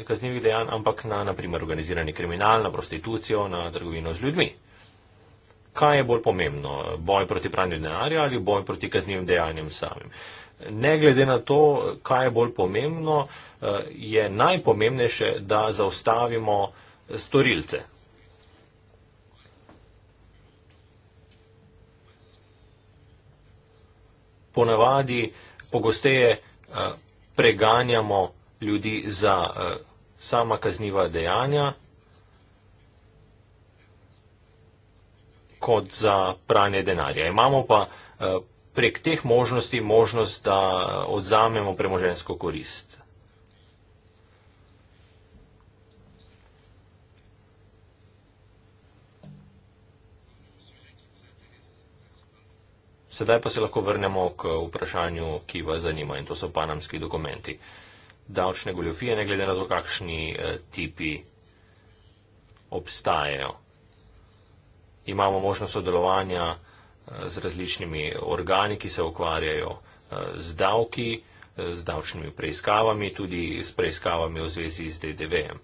kaznjivih dejanj, ampak na, na primer, organizirani kriminal, na prostitucijo, na trgovino z ljudmi. Kaj je bolj pomembno, boj proti pranju denarja ali boj proti kaznjivim dejanjem samim? Uh, ne glede na to, kaj je bolj pomembno, eh, je najpomembnejše, da zaustavimo storilce. Ponavadi pogosteje eh, preganjamo ljudi za eh, sama kazniva dejanja, kot za pranje denarja. Imamo pa prek teh možnosti možnost, da odzamemo premožensko korist. Sedaj pa se lahko vrnemo k vprašanju, ki vas zanima in to so panamski dokumenti. Davčne goljofije, ne glede na to, kakšni eh, tipi obstajajo. Imamo možnost sodelovanja z različnimi organi, ki se ukvarjajo eh, z davki, eh, z davčnimi preiskavami, tudi s preiskavami v zvezi z DDV-jem.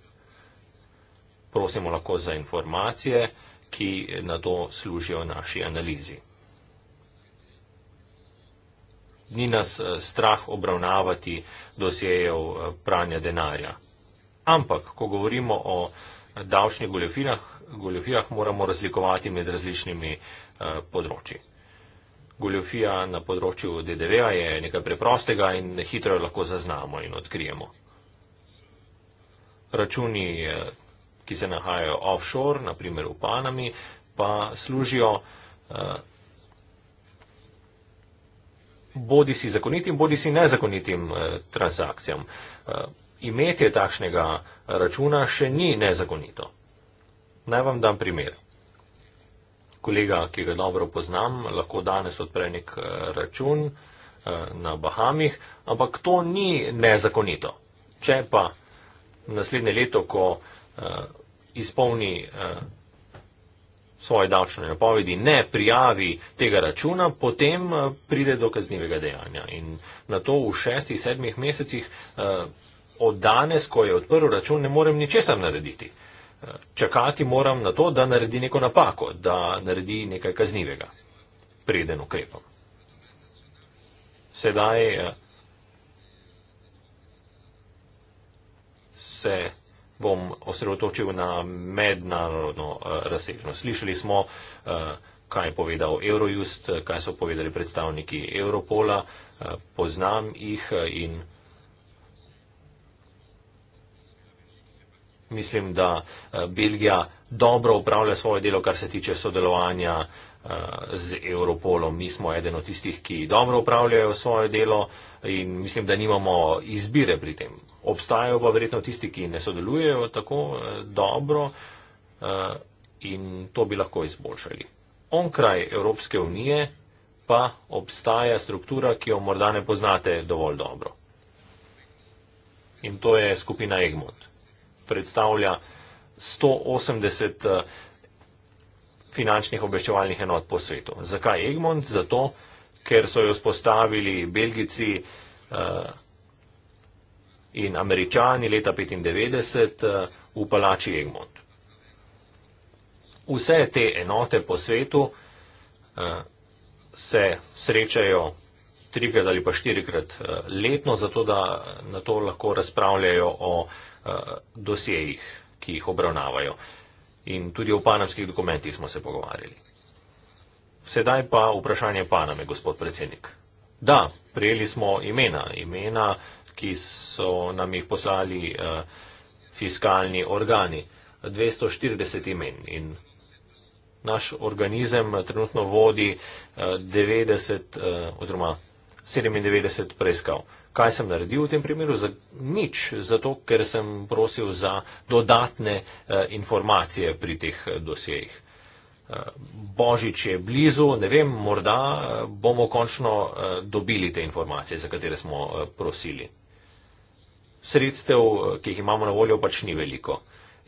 Prosimo lahko za informacije, ki na to služijo naši analizi. Ni nas eh, strah obravnavati dosjejev pranja denarja. Ampak, ko govorimo o davčnih goljofijah, moramo razlikovati med različnimi Eh, področji. Goljofija na področju DDV-a je nekaj preprostega in hitro jo lahko zaznamo in odkrijemo. Računi, eh, ki se nahajajo offshore, naprimer v Panami, pa služijo eh, bodi si zakonitim, bodi si nezakonitim transakcijam. Imetje takšnega računa še ni nezakonito. Naj vam dam primer kolega, ki ga dobro poznam, lahko danes odpre nek eh, račun eh, na Bahamih, ampak to ni nezakonito. Če pa naslednje leto, ko eh, izpolni svoje davčne napovedi, ne prijavi tega računa, potem pride do kaznivega dejanja. In na to v šestih, sedmih mesecih od danes, ko je odprl račun, ne morem ničesar narediti. Čakati moram na to, da naredi neko napako, da naredi nekaj kaznivega, preden ukrepam. Sedaj eh, se bom osredotočil na mednarodno eh, razsežnost. Slišali smo, eh, kaj je povedal Eurojust, kaj so povedali predstavniki Europola, poznam jih in. mislim, da eh, Belgija dobro upravlja svoje delo, kar se tiče sodelovanja eh, z Europolom. Mi smo eden od tistih, ki dobro upravljajo svoje delo in mislim, da nimamo izbire pri tem. Obstajajo pa verjetno tisti, ki ne sodelujejo tako eh, dobro in to bi lahko izboljšali. Onkraj Evropske unije pa obstaja struktura, ki jo morda ne poznate dovolj dobro. In to je skupina Egmont predstavlja 180 eh, finančnih obveščevalnih enot po svetu. Zakaj Egmont? Zato, ker so jo spostavili Belgici eh, in Američani leta 1995 eh, v palači Egmont. Vse te enote po svetu se srečajo trikrat ali pa štirikrat letno, zato da na to lahko razpravljajo o Eh, dosjejih, ki jih obravnavajo. In tudi o panamskih dokumentih smo se pogovarjali. Sedaj pa vprašanje Paname, gospod predsednik. Da, prijeli smo imena, imena, ki so nam jih poslali uh, fiskalni organi. 240 imen in naš organizem trenutno vodi uh, 90 uh, oziroma 97 preiskav. Uh, Kaj sem naredil v tem primeru? Za, nič, zato ker sem prosil za dodatne uh, informacije pri teh eh, dosejih. Eh, Božič je blizu, ne vem, morda bomo končno dobili te informacije, za katere smo prosili. Sredstev, ki jih imamo na voljo, pač ni veliko.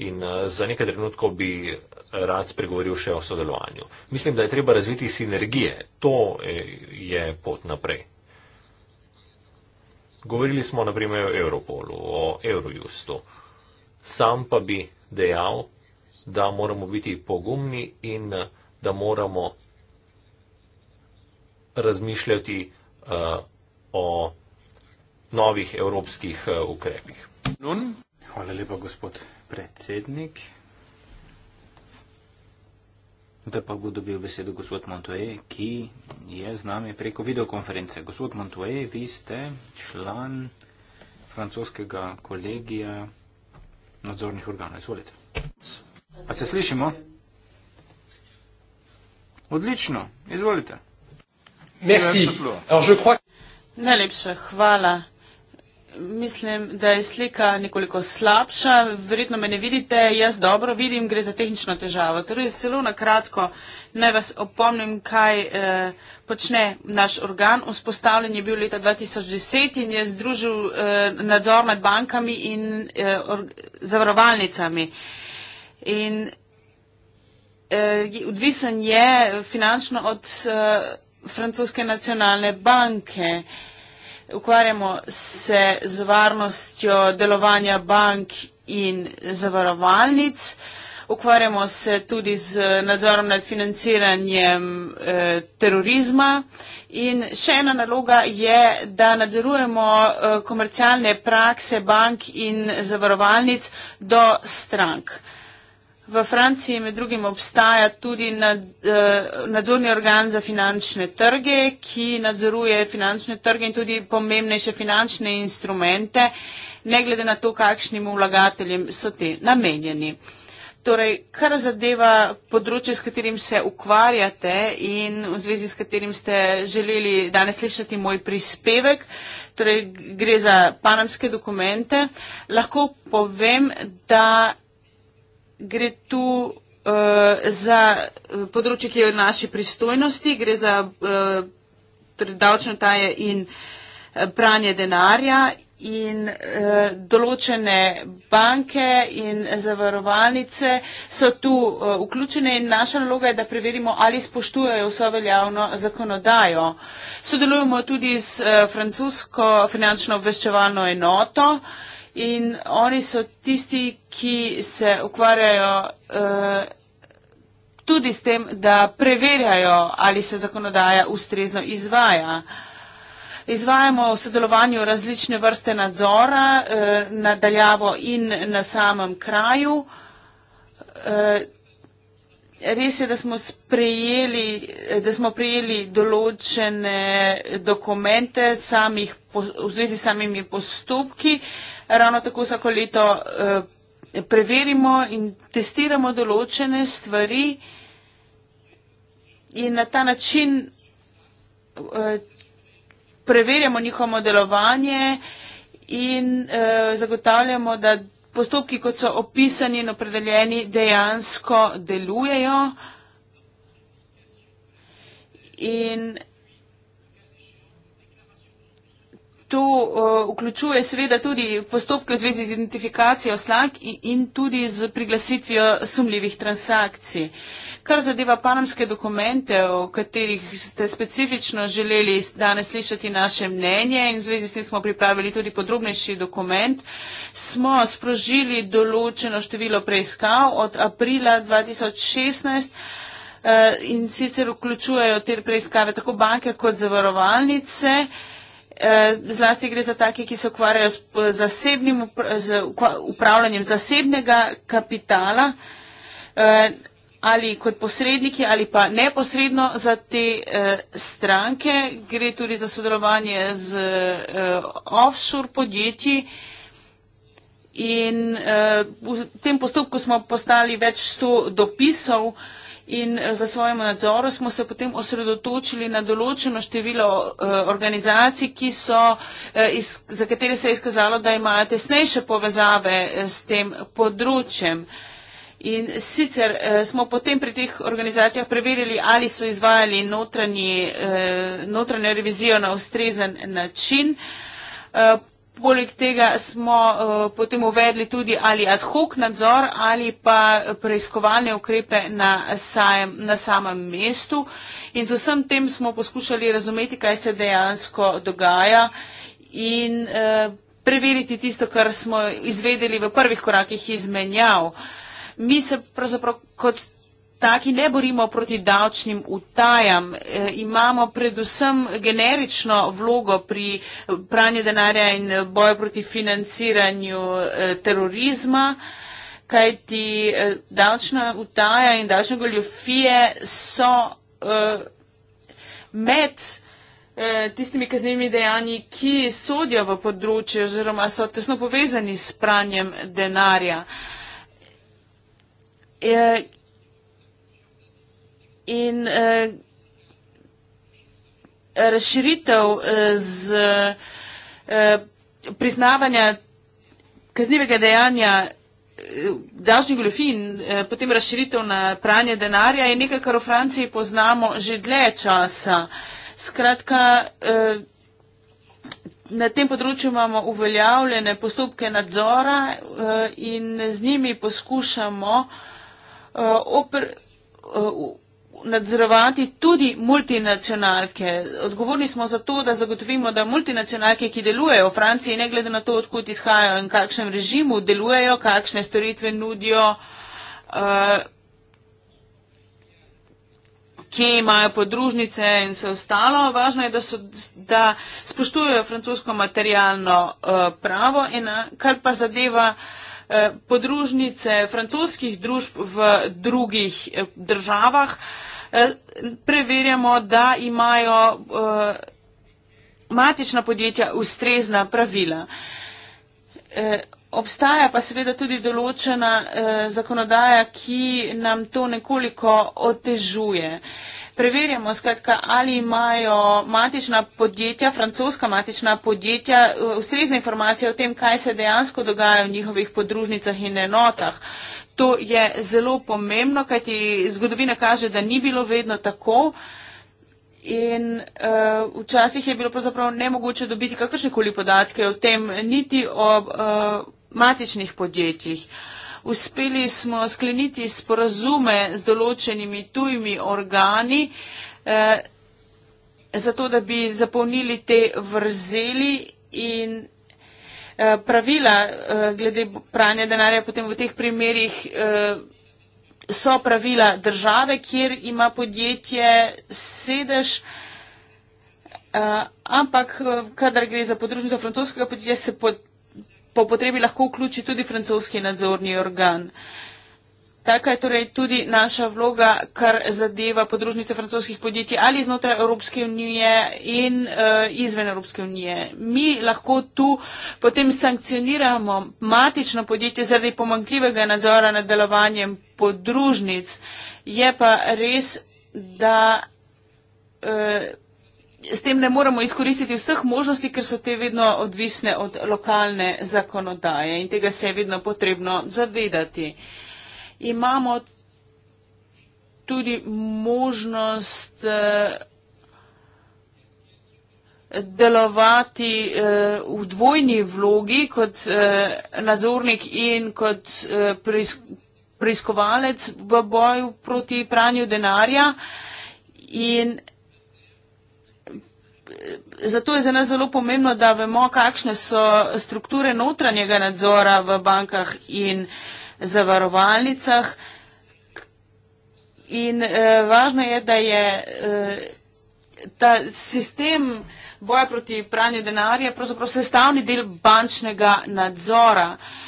In za nekaj trenutkov bi rad spregovoril še o sodelovanju. Mislim, da je treba razviti sinergije. To je pot naprej. Govorili smo naprimer o Europolu, o Eurojustu. Sam pa bi dejal, da moramo biti pogumni in eh, da moramo razmišljati uh, o novih evropskih uh, ukrepih. Nun. Hvala lepa, gospod predsednik. Zdaj pa bo dobil besedo gospod Montoje, ki je z nami preko videokonference. Gospod Montoje, vi ste član francoskega kolegija nadzornih organov. Izvolite. Pa se slišimo? Odlično, izvolite. Merci. Najlepša hvala. Mislim, da je slika nekoliko slabša. Verjetno me ne vidite, jaz dobro vidim, gre za tehnično težavo. Torej, celo na kratko naj vas opomnim, kaj eh, počne naš organ. Vzpostavljen je bil leta 2010 in je združil eh, nadzor nad bankami in eh, zavarovalnicami. In eh, odvisen je finančno od eh, francoske nacionalne banke. Eh, ukvarjamo se z varnostjo delovanja bank in zavarovalnic, ukvarjamo se tudi z nadzorom nad financiranjem e, terorizma in še ena naloga je, da nadzorujemo e, komercialne prakse bank in zavarovalnic do strank. V Franciji med drugim obstaja tudi nad, eh, nadzorni organ za finančne trge, ki nadzoruje finančne trge in tudi pomembnejše finančne instrumente, ne glede na to, kakšnim vlagateljem so te namenjeni. Torej, kar zadeva področje, s katerim se ukvarjate in v zvezi s katerim ste želeli danes slišati moj prispevek, torej gre za panamske dokumente, lahko povem, da gre tu uh, za eh, področje, ki je v naši pristojnosti, gre za uh, eh, davčno taje in pranje denarja in uh, določene banke in zavarovalnice so tu uh, vključene in naša naloga je, da preverimo, ali spoštujejo vso veljavno zakonodajo. Sodelujemo tudi z uh, francosko finančno obveščevalno enoto, uh, in oni so tisti, ki se ukvarjajo uh, tudi s tem, da preverjajo, ali se zakonodaja ustrezno izvaja. Izvajamo v sodelovanju različne vrste nadzora uh, nadaljavo in na samem kraju. Uh, Res je, da smo, sprejeli, da smo prijeli določene dokumente samih, v zvezi s samimi postopki. Ravno tako vsako leto eh, preverimo in testiramo določene stvari in na ta način eh, preverjamo njihovo delovanje in eh, zagotavljamo, da postopki, kot so opisani in opredeljeni, dejansko delujejo. In to uh, vključuje seveda tudi postopke v zvezi z identifikacijo slank in, in tudi z priglasitvijo sumljivih transakcij. Uh, Kar zadeva panamske dokumente, o katerih ste specifično želeli danes slišati naše mnenje in v zvezi s tem smo pripravili tudi podrobnejši dokument, smo sprožili določeno število preiskav od aprila 2016. Eh, in sicer vključujejo te preiskave tako banke kot zavarovalnice. Eh, zlasti gre za take, ki se ukvarjajo z, z upravljanjem zasebnega kapitala. Eh, ali kot posredniki ali pa neposredno za te eh, stranke, gre tudi za sodelovanje z eh, offshore podjetji. In eh, v tem postopku smo postali več sto dopisov in eh, v svojem nadzoru smo se potem osredotočili na določeno število eh, organizacij, so, eh, iz, za katere se je izkazalo, da imajo tesnejše povezave eh, s tem področjem. Eh, In sicer eh, smo potem pri teh organizacijah preverili, ali so izvajali notranji, eh, notranjo revizijo na ustrezen način. Eh, poleg tega smo eh, potem uvedli tudi ali ad hoc nadzor ali pa preiskovalne ukrepe na, sajem, na samem mestu. In z vsem tem smo poskušali razumeti, kaj se dejansko dogaja. In, eh, preveriti tisto, kar smo izvedeli v prvih korakih izmenjav. Uh, mi se pravzaprav kot taki ne borimo proti davčnim utajam. E, imamo predvsem generično vlogo pri pranju denarja in boju proti financiranju e, terorizma, kajti e, davčna utaja in davčne goljofije so e, med e, tistimi kaznimi dejanji, ki sodijo v področje oziroma so tesno povezani s pranjem denarja. Uh, Eh, in eh, razširitev eh, z priznavanja kaznivega dejanja davčnih goljofin, potem razširitev na pranje denarja je nekaj, kar v Franciji poznamo že dlje časa. Skratka, na tem področju imamo uveljavljene postopke nadzora in z njimi poskušamo uh, uh, oper, uh, nadzorovati tudi multinacionalke. Odgovorni smo za to, da zagotovimo, da multinacionalke, ki delujejo v Franciji, ne glede na to, odkud izhajajo in kakšnem režimu delujejo, kakšne storitve nudijo, uh, kje imajo podružnice in vse ostalo. Važno je, da, so, da spoštujejo francosko materialno uh, pravo, ena, kar pa zadeva uh, Eh, podružnice francoskih družb v drugih eh, državah, eh, preverjamo, da imajo matična podjetja ustrezna pravila. Obstaja pa seveda tudi določena eh, zakonodaja, ki nam to nekoliko otežuje. Eh, preverjamo, skratka, ali imajo matična podjetja, francoska matična podjetja, eh, ustrezne informacije o tem, kaj se dejansko dogaja v njihovih podružnicah in enotah. To je zelo pomembno, kajti zgodovina kaže, da ni bilo vedno tako. In uh, včasih je bilo pravzaprav nemogoče dobiti kakršne koli podatke o tem, niti o uh, matičnih podjetjih. Uh, uspeli smo skleniti sporazume z določenimi tujimi organi, eh, zato da bi zapolnili te vrzeli in eh, pravila eh, glede pranja denarja potem v teh primerjih so pravila države, kjer ima podjetje sedež, ampak kadar gre za podružnico francoskega podjetja, se pod po potrebi lahko vključi tudi francoski nadzorni organ. Taka je torej tudi naša vloga, kar zadeva podružnice francoskih podjetij ali znotraj Evropske unije in uh, izven Evropske unije. Mi lahko tu potem sankcioniramo matično podjetje zaradi pomankljivega nadzora nad delovanjem podružnic. Je pa res, da. Uh, s tem ne moremo izkoristiti vseh možnosti, ker so te vedno odvisne od lokalne zakonodaje in tega se je vedno potrebno zavedati. Imamo tudi možnost eh, delovati eh, v dvojni vlogi kot eh, nadzornik in kot preiskovalec v boju proti pranju denarja in zato je za nas zelo pomembno, da vemo, kakšne so strukture notranjega nadzora v bankah in zavarovalnicah. In eh, važno je, da je eh, ta sistem boja proti pranju denarja pravzaprav sestavni del bančnega nadzora. Eh,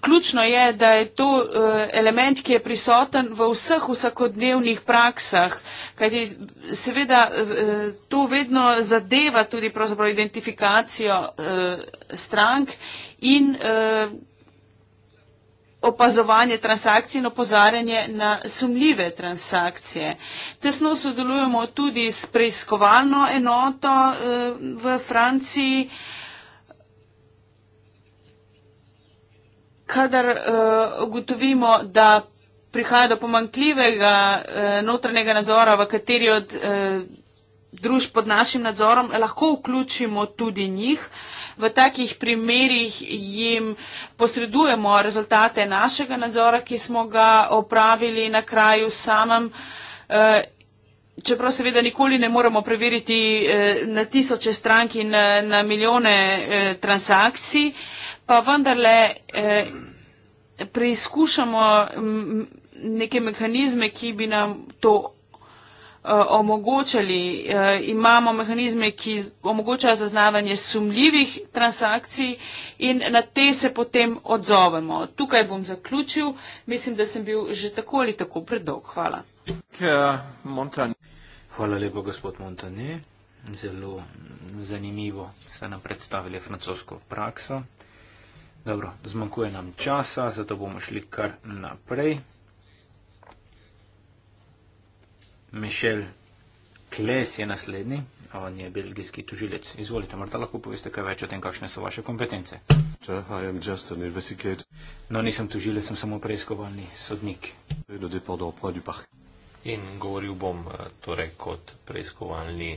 ključno je, da je to eh, element, ki je prisoten v vseh vsakodnevnih praksah, kajti seveda eh, to vedno zadeva tudi pravzaprav identifikacijo eh, strank in opazovanje transakcij in opozarjanje na sumljive transakcije. Tesno sodelujemo tudi s preiskovalno enoto v Franciji, kadar eh, ugotovimo, uh, da prihaja do pomankljivega uh, eh, notranjega nadzora, v kateri od uh, družb pod našim nadzorom lahko vključimo tudi njih. V takih primerjih jim posredujemo rezultate našega nadzora, ki smo ga opravili na kraju samem. Uh, Čeprav seveda nikoli ne moremo preveriti na tisoče strank in na, na milijone transakcij, pa vendarle eh, preizkušamo neke mehanizme, ki bi nam to eh, omogočali. Eh, imamo mehanizme, ki omogočajo zaznavanje sumljivih transakcij in na te se potem odzovemo. Tukaj bom zaključil. Mislim, da sem bil že tako ali tako predolg. Hvala. Hvala lepo, gospod Montanje. Zelo zanimivo ste nam predstavili francosko prakso. Dobro, zmanjkuje nam časa, zato bomo šli kar naprej. Mišel Kles je naslednji, on je belgijski tužilec. Izvolite, morda lahko poveste kaj več o tem, kakšne so vaše kompetence. No, nisem tužilec, sem samo preiskovalni sodnik. In govoril bom eh, torej kot preiskovalni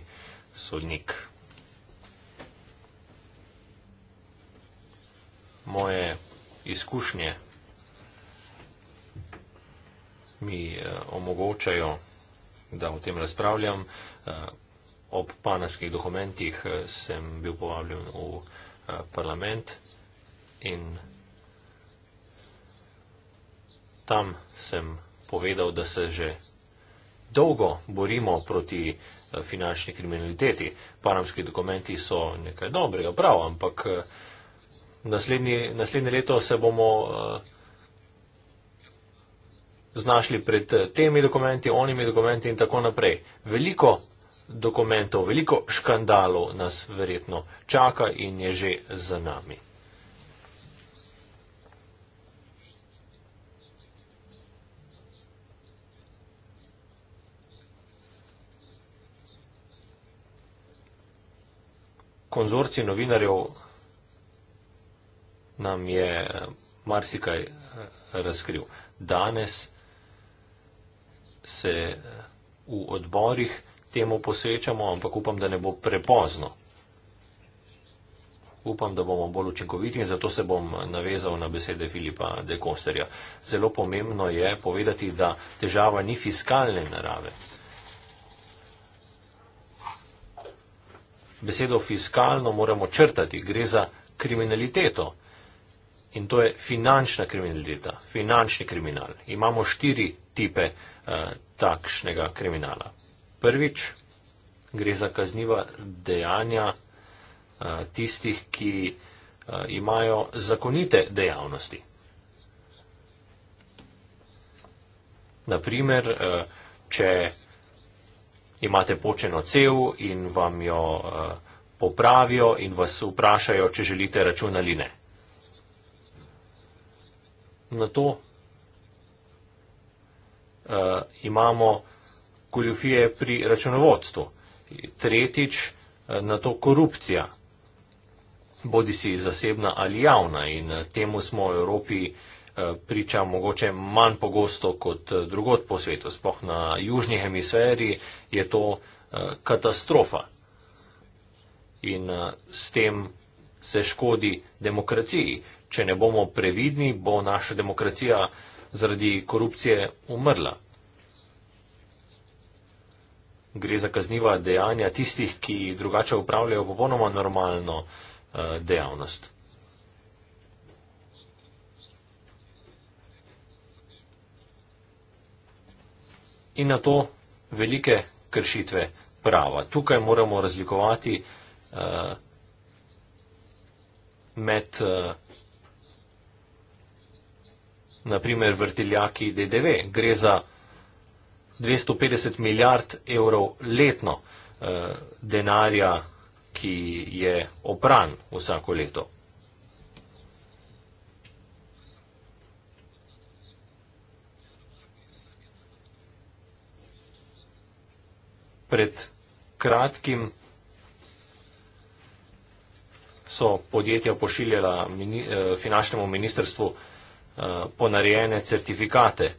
sodnik. moje izkušnje mi eh, omogočajo, da o tem razpravljam. Eh, ob panarskih dokumentih eh, sem bil povabljen v parlament in tam sem povedal, da se že dolgo borimo proti finančni kriminaliteti. Panamski dokumenti so nekaj dobrega, prav, ampak eh, naslednji, naslednje leto se bomo eh, znašli pred eh, temi dokumenti, onimi dokumenti in tako naprej. Veliko dokumentov, veliko škandalov nas verjetno čaka in je že za nami. Konzorci novinarjev nam je marsikaj eh, razkril. Danes se eh, v odborih temu posvečamo, ampak upam, da ne bo prepozno. Upam, da bomo bolj učinkoviti in zato se bom eh, navezal na besede Filipa de Kosterja. Zelo pomembno je povedati, da težava ni fiskalne narave. Besedo fiskalno moramo črtati. Gre za kriminaliteto in to je finančna kriminaliteta, finančni kriminal. Imamo štiri tipe uh, takšnega kriminala. Prvič gre za kazniva dejanja uh, tistih, ki uh, imajo zakonite dejavnosti. Naprimer, uh, če imate počeno cev in vam jo uh, popravijo in vas vprašajo, če želite račun ali ne na to uh, imamo goljufije pri računovodstvu. Tretjič, uh, na to korupcija, bodi si zasebna ali javna in uh, temu smo v Evropi priča mogoče manj pogosto kot drugot po svetu. Sploh na južni hemisferi je to katastrofa in s tem se škodi demokraciji če ne bomo previdni, bo naša demokracija zaradi korupcije umrla. Gre za kazniva dejanja tistih, ki drugače upravljajo popolnoma normalno eh, dejavnost. In na to velike kršitve prava. Tukaj moramo razlikovati uh, med uh, naprimer vrtiljaki DDV. Gre za 250 milijard evrov letno eh, denarja, ki je opran vsako leto. Pred kratkim so podjetja pošiljala eh, finančnemu ministrstvu Eh, ponarejene certifikate.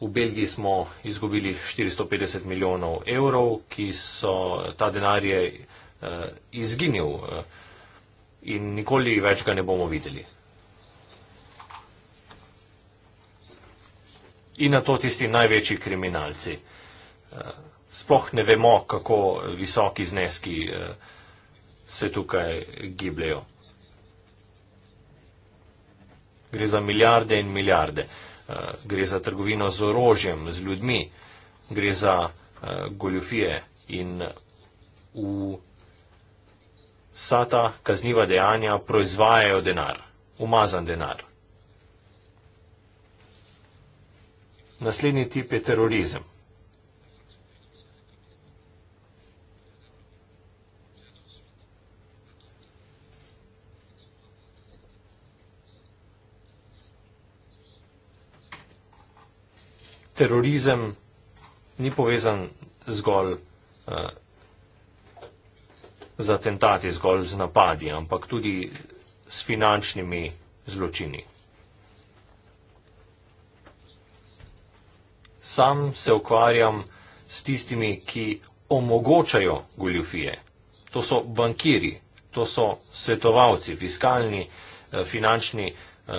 V Belgiji smo izgubili 450 milijonov evrov, ki so ta denar je eh, izginil eh, in nikoli več ga ne bomo videli. In na to tisti največji kriminalci. Sploh ne vemo, kako visoki zneski se tukaj gibljajo. Gre za milijarde in milijarde. Eh, gre za trgovino z orožjem, z ljudmi, gre za eh, goljofije in v vsa ta kazniva dejanja proizvajajo denar, umazan denar. Naslednji tip je terorizem. terorizem ni povezan zgolj eh, z atentati, zgolj z napadi, ampak tudi s finančnimi zločini. Sam se ukvarjam s tistimi, ki omogočajo goljufije. To so bankiri, to so svetovalci, fiskalni, eh, finančni eh,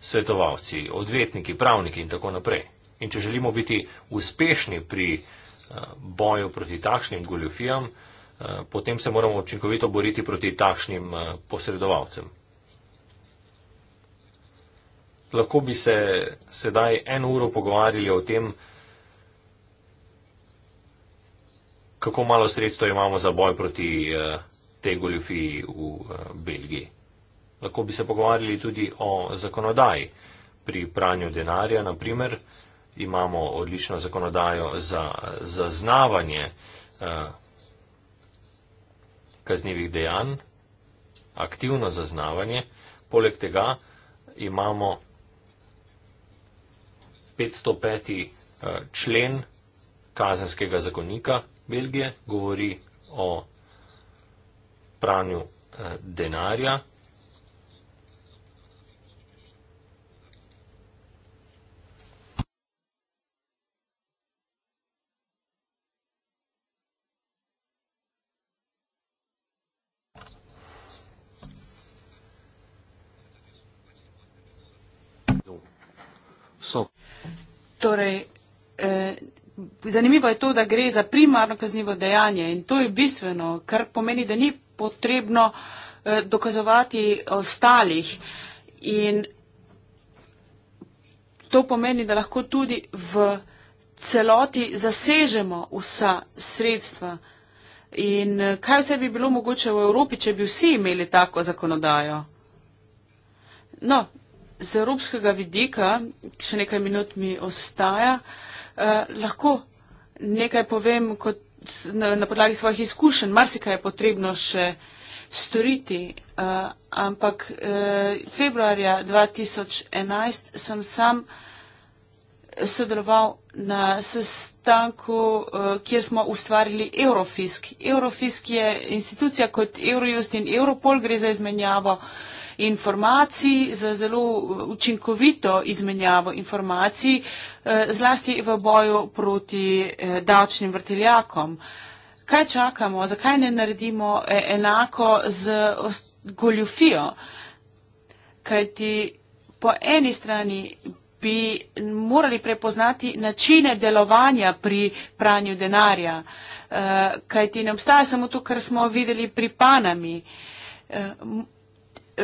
svetovalci, odvetniki, pravniki in tako naprej. In če želimo biti uspešni pri eh, boju proti takšnim goljofijam, eh, potem se moramo učinkovito boriti proti takšnim eh, posredovalcem. Lahko bi se sedaj eno uro pogovarjali o tem, kako malo sredstva imamo za boj proti tej goljofiji v Belgiji. Lahko bi se pogovarjali tudi o zakonodaji pri pranju denarja, naprimer, imamo odlično zakonodajo za zaznavanje eh, kaznjivih dejanj, aktivno zaznavanje. Poleg tega imamo 505. Eh, člen kazenskega zakonika Belgije, govori o pranju eh, denarja so. Torej, eh, zanimivo je to, da gre za primarno kaznivo dejanje in to je bistveno, kar pomeni, da ni potrebno eh, dokazovati ostalih. In to pomeni, da lahko tudi v celoti zasežemo vsa sredstva. In eh, kaj vse bi bilo mogoče v Evropi, če bi vsi imeli tako zakonodajo? No, z evropskega vidika, ki še nekaj minut mi ostaja, eh, lahko nekaj povem kot, na, na podlagi svojih izkušenj. Marsikaj je potrebno še storiti, eh, ampak eh, februarja 2011 sem sam eh, sodeloval na sestanku, eh, kjer smo ustvarili Eurofisk. Eurofisk je institucija kot Eurojust in Europol gre za izmenjavo eh, informacij, za zelo učinkovito izmenjavo informacij, eh, zlasti v boju proti eh, davčnim vrteljakom. Kaj čakamo, zakaj ne naredimo eh, enako z goljufijo? Kajti po eni strani bi morali prepoznati načine delovanja pri pranju denarja, kajti ne obstaja samo to, kar smo videli pri panami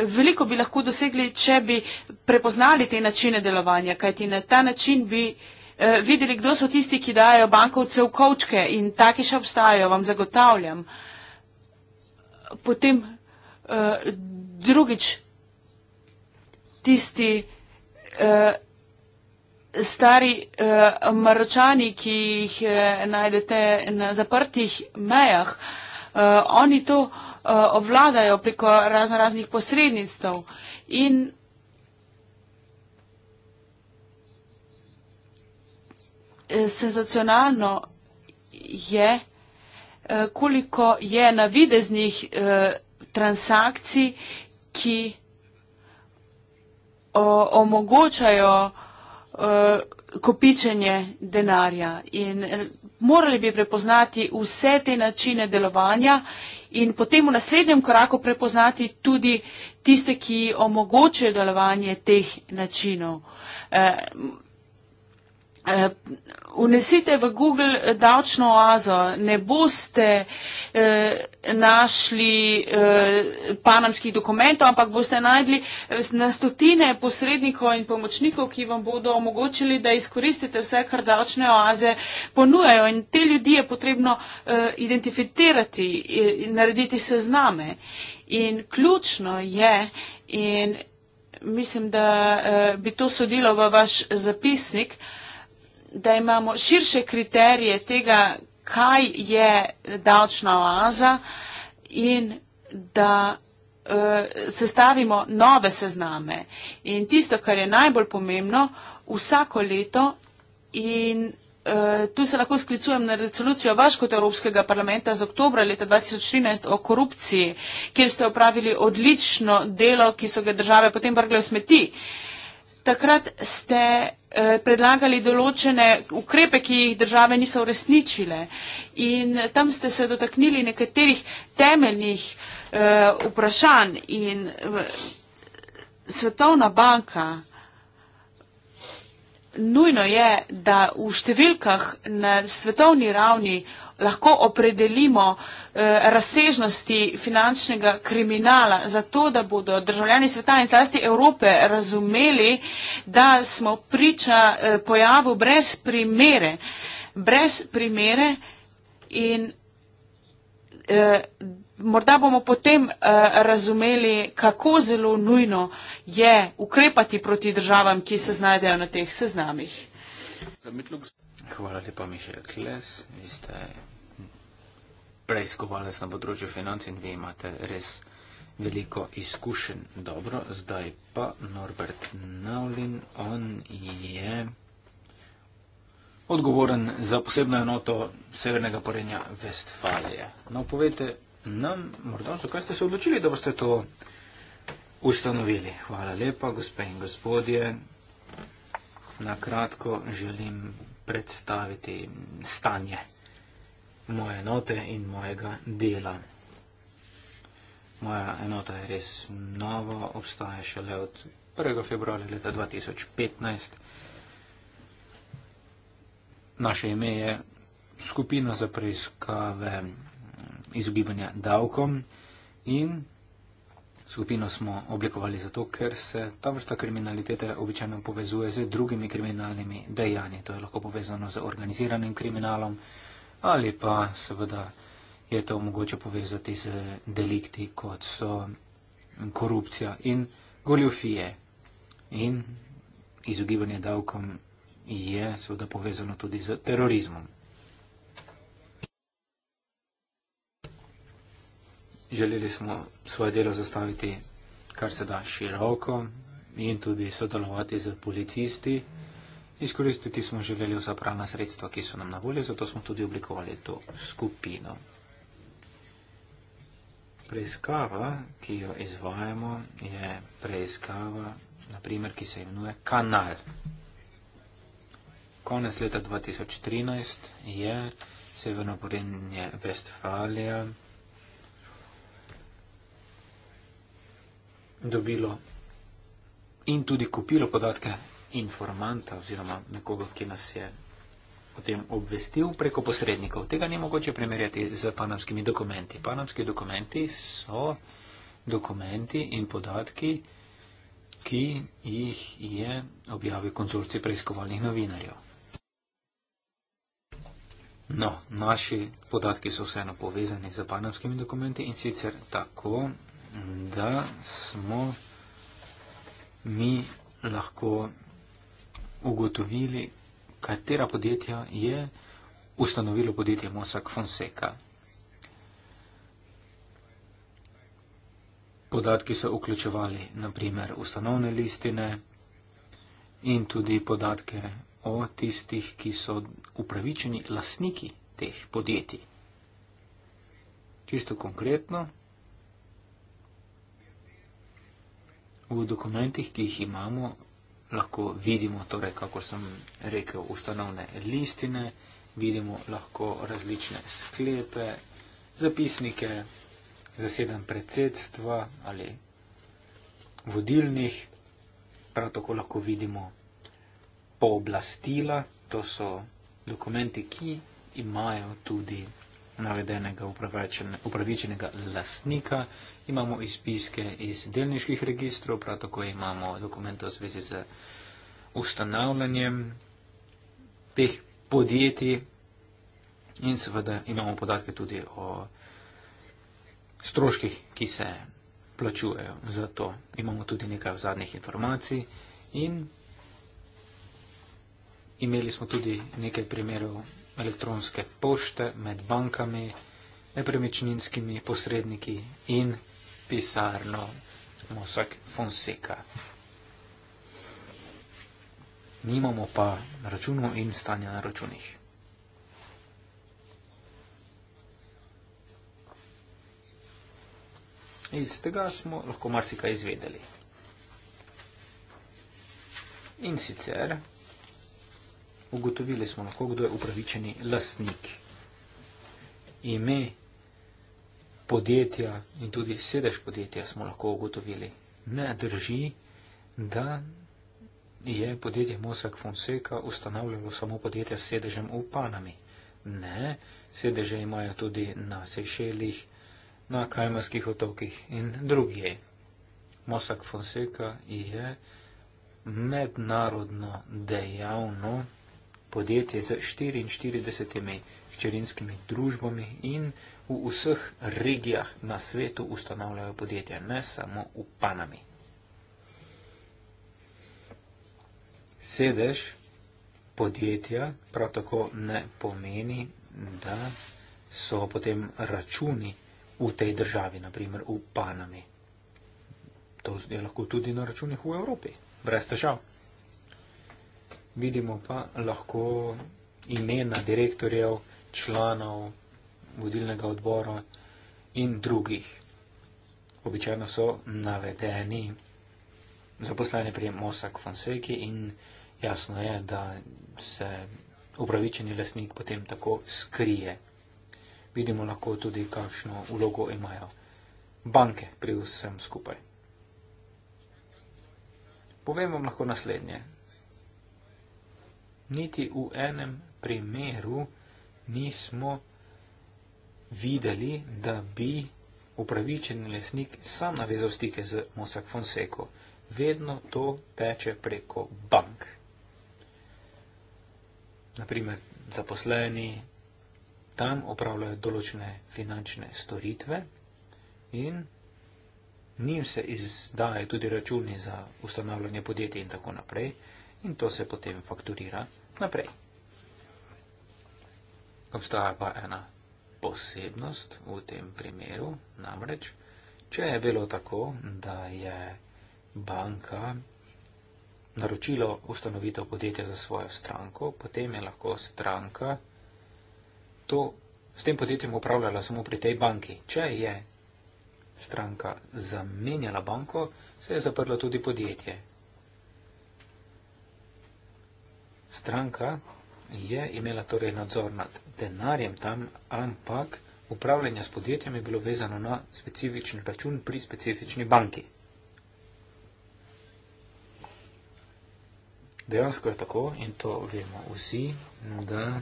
veliko bi lahko dosegli, če bi prepoznali te načine delovanja, kajti na ta način bi eh, videli, kdo so tisti, ki dajo bankovce v kočke in taki še obstajajo, vam zagotavljam. Potem eh, drugič tisti eh, stari maročani, ki jih najdete na zaprtih mejah, oni to Eh, obvladajo preko razno raznih posredništv. In senzacionalno je, eh, koliko je navideznih eh, transakcij, ki omogočajo kopičenje denarja. In morali bi prepoznati vse te načine delovanja in potem v naslednjem koraku prepoznati tudi tiste, ki omogočajo delovanje teh načinov. Eh, Unesite eh, v Google davčno oazo, ne boste eh, našli eh, panamskih dokumentov, ampak boste najdli eh, na stotine posrednikov in pomočnikov, ki vam bodo omogočili, da izkoristite vse, kar davčne oaze ponujajo. In te ljudi je potrebno eh, identificirati eh, in narediti sezname. In ključno je. In mislim, da eh, bi to sodilo v vaš zapisnik. Eh, da imamo širše kriterije tega, kaj je davčna oaza in da uh, sestavimo nove sezname. In tisto, kar je najbolj pomembno, vsako leto in uh, tu se lahko sklicujem na resolucijo vaš kot Evropskega parlamenta z oktobra leta 2013 o korupciji, kjer ste opravili odlično delo, ki so ga države potem vrgle v smeti. Uh, takrat ste eh, predlagali določene ukrepe, ki jih države niso uresničile. In tam ste se dotaknili nekaterih temeljnih eh, vprašanj. In eh, Svetovna banka, nujno je, da v številkah na svetovni ravni lahko opredelimo eh, razsežnosti finančnega kriminala, zato da bodo državljani sveta in zlasti Evrope razumeli, da smo priča eh, pojavu brez primere, brez primere in eh, Morda bomo potem eh, razumeli, kako zelo nujno je ukrepati proti državam, ki se znajdejo na teh seznamih. Hvala lepa, Mišel Kles. Vi ste preiskovalec na področju financ in vi imate res veliko izkušenj. Dobro, zdaj pa Norbert Navlin, on je odgovoren za posebno enoto severnega porenja Vestfalije. No, povete nam, morda, zakaj ste se odločili, da boste to ustanovili. Hvala lepa, gospe in gospodje. Na kratko želim predstaviti stanje moje enote in mojega dela. Moja enota je res nova, obstaja šele od 1. februarja leta 2015. Naše ime je skupina za preiskave mm, izogibanja davkom in skupino smo oblikovali zato, ker se ta vrsta kriminalitete običajno povezuje z drugimi kriminalnimi dejanji. To je lahko povezano z organiziranim kriminalom ali pa seveda je to mogoče povezati z delikti, kot so korupcija in goljofije. In izogibanje davkom je seveda povezano tudi z terorizmom. Želeli smo svoje delo zastaviti kar se da široko in tudi sodelovati z policisti. Izkoristiti smo želeli vsa pravna sredstva, ki so nam na voljo, zato smo tudi oblikovali to skupino. Preiskava, ki jo izvajamo, je preiskava, naprimer, ki se imenuje kanal. Konec leta 2013 je severno porenje Vestfalija dobilo in tudi kupilo podatke informanta oziroma nekoga, ki nas je o tem obvestil preko posrednikov. Tega ni mogoče primerjati z panamskimi dokumenti. Panamski dokumenti so dokumenti in podatki, ki jih je objavil konzorcij preiskovalnih novinarjev. No, naši podatki so vseeno povezani z panamskimi dokumenti in sicer tako, da smo mi lahko ugotovili, katera podjetja je ustanovilo podjetje Mossack Fonseca. Podatki so vključevali naprimer ustanovne listine in tudi podatke o tistih, ki so upravičeni lasniki teh podjetij. Čisto konkretno, v dokumentih, ki jih imamo, lahko vidimo, torej, kako sem rekel, ustanovne listine, vidimo lahko različne sklepe, zapisnike, zaseden predsedstva ali vodilnih, prav tako lahko vidimo pooblastila, to so dokumenti, ki imajo tudi navedenega upravičenega lastnika, imamo izpiske iz delniških registrov, prav tako imamo dokumente v zvezi z ustanavljanjem teh podjetij in seveda imamo podatke tudi o stroških, ki se plačujejo za to. Imamo tudi nekaj zadnjih informacij in imeli smo tudi nekaj primerov elektronske pošte med bankami, nepremičninskimi posredniki in pisarno Mosak Fonseca. Nimamo pa računov in stanja na računih. Iz tega smo lahko marsikaj izvedeli. In sicer ugotovili smo lahko, kdo je upravičeni lastnik. Ime podjetja in tudi sedež podjetja smo lahko ugotovili. Ne drži, da je podjetje Mosak Fonseca ustanavljalo samo podjetje s sedežem v Panami. Ne, sedeže imajo tudi na Sejšelih, na Kajmarskih otokih in drugje. Mosak Fonseca je mednarodno dejavno podjetje z 44 hčerinskimi družbami in v vseh regijah na svetu ustanavljajo podjetja, ne samo v Panami. Sedež podjetja prav tako ne pomeni, da so potem računi v tej državi, naprimer v Panami. To je lahko tudi na računih v Evropi, brez težav vidimo pa lahko imena direktorjev, članov vodilnega odbora in drugih. Običajno so navedeni zaposleni pri Mosak Fonseki in jasno je, da se upravičeni lesnik potem tako skrije. Vidimo lahko tudi, kakšno vlogo imajo banke pri vsem skupaj. Povem vam lahko naslednje niti v enem primeru nismo videli, da bi upravičen lesnik sam navezal stike z Mossack Fonseco. Vedno to teče preko bank. Naprimer, zaposleni tam opravljajo določene finančne storitve in njim se izdajo tudi računi za ustanavljanje podjetij in tako naprej in to se potem fakturira naprej. Obstaja pa ena posebnost v tem primeru, namreč, če je bilo tako, da je banka naročila ustanovitev podjetja za svojo stranko, potem je lahko stranka to s tem podjetjem upravljala samo pri tej banki. Če je stranka zamenjala banko, se je zaprlo tudi podjetje. stranka je imela torej nadzor nad denarjem tam, ampak upravljanje s podjetjem je bilo vezano na specifičen račun pri specifični banki. Dejansko je tako in to vemo vsi, da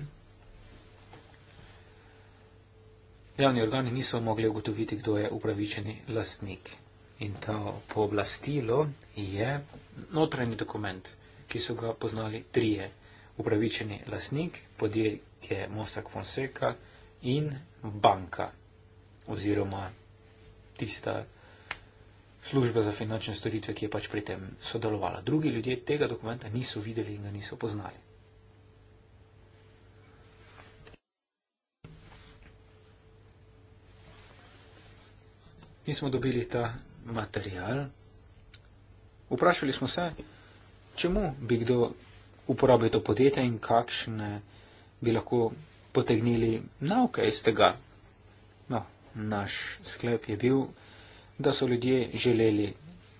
javni organi niso mogli ugotoviti, kdo je upravičeni lastnik. In to pooblastilo je notranji dokument ki so ga poznali trije upravičeni lasnik podjetje Mosak Fonseca in banka oziroma tista služba za finančne storitve, ki je pač pri tem sodelovala. Drugi ljudje tega dokumenta niso videli in ga niso poznali. Mi smo dobili ta material. Vprašali smo se, čemu bi kdo uporabil to podjetje in kakšne bi lahko potegnili nauke iz tega. No, naš sklep je bil, da so ljudje želeli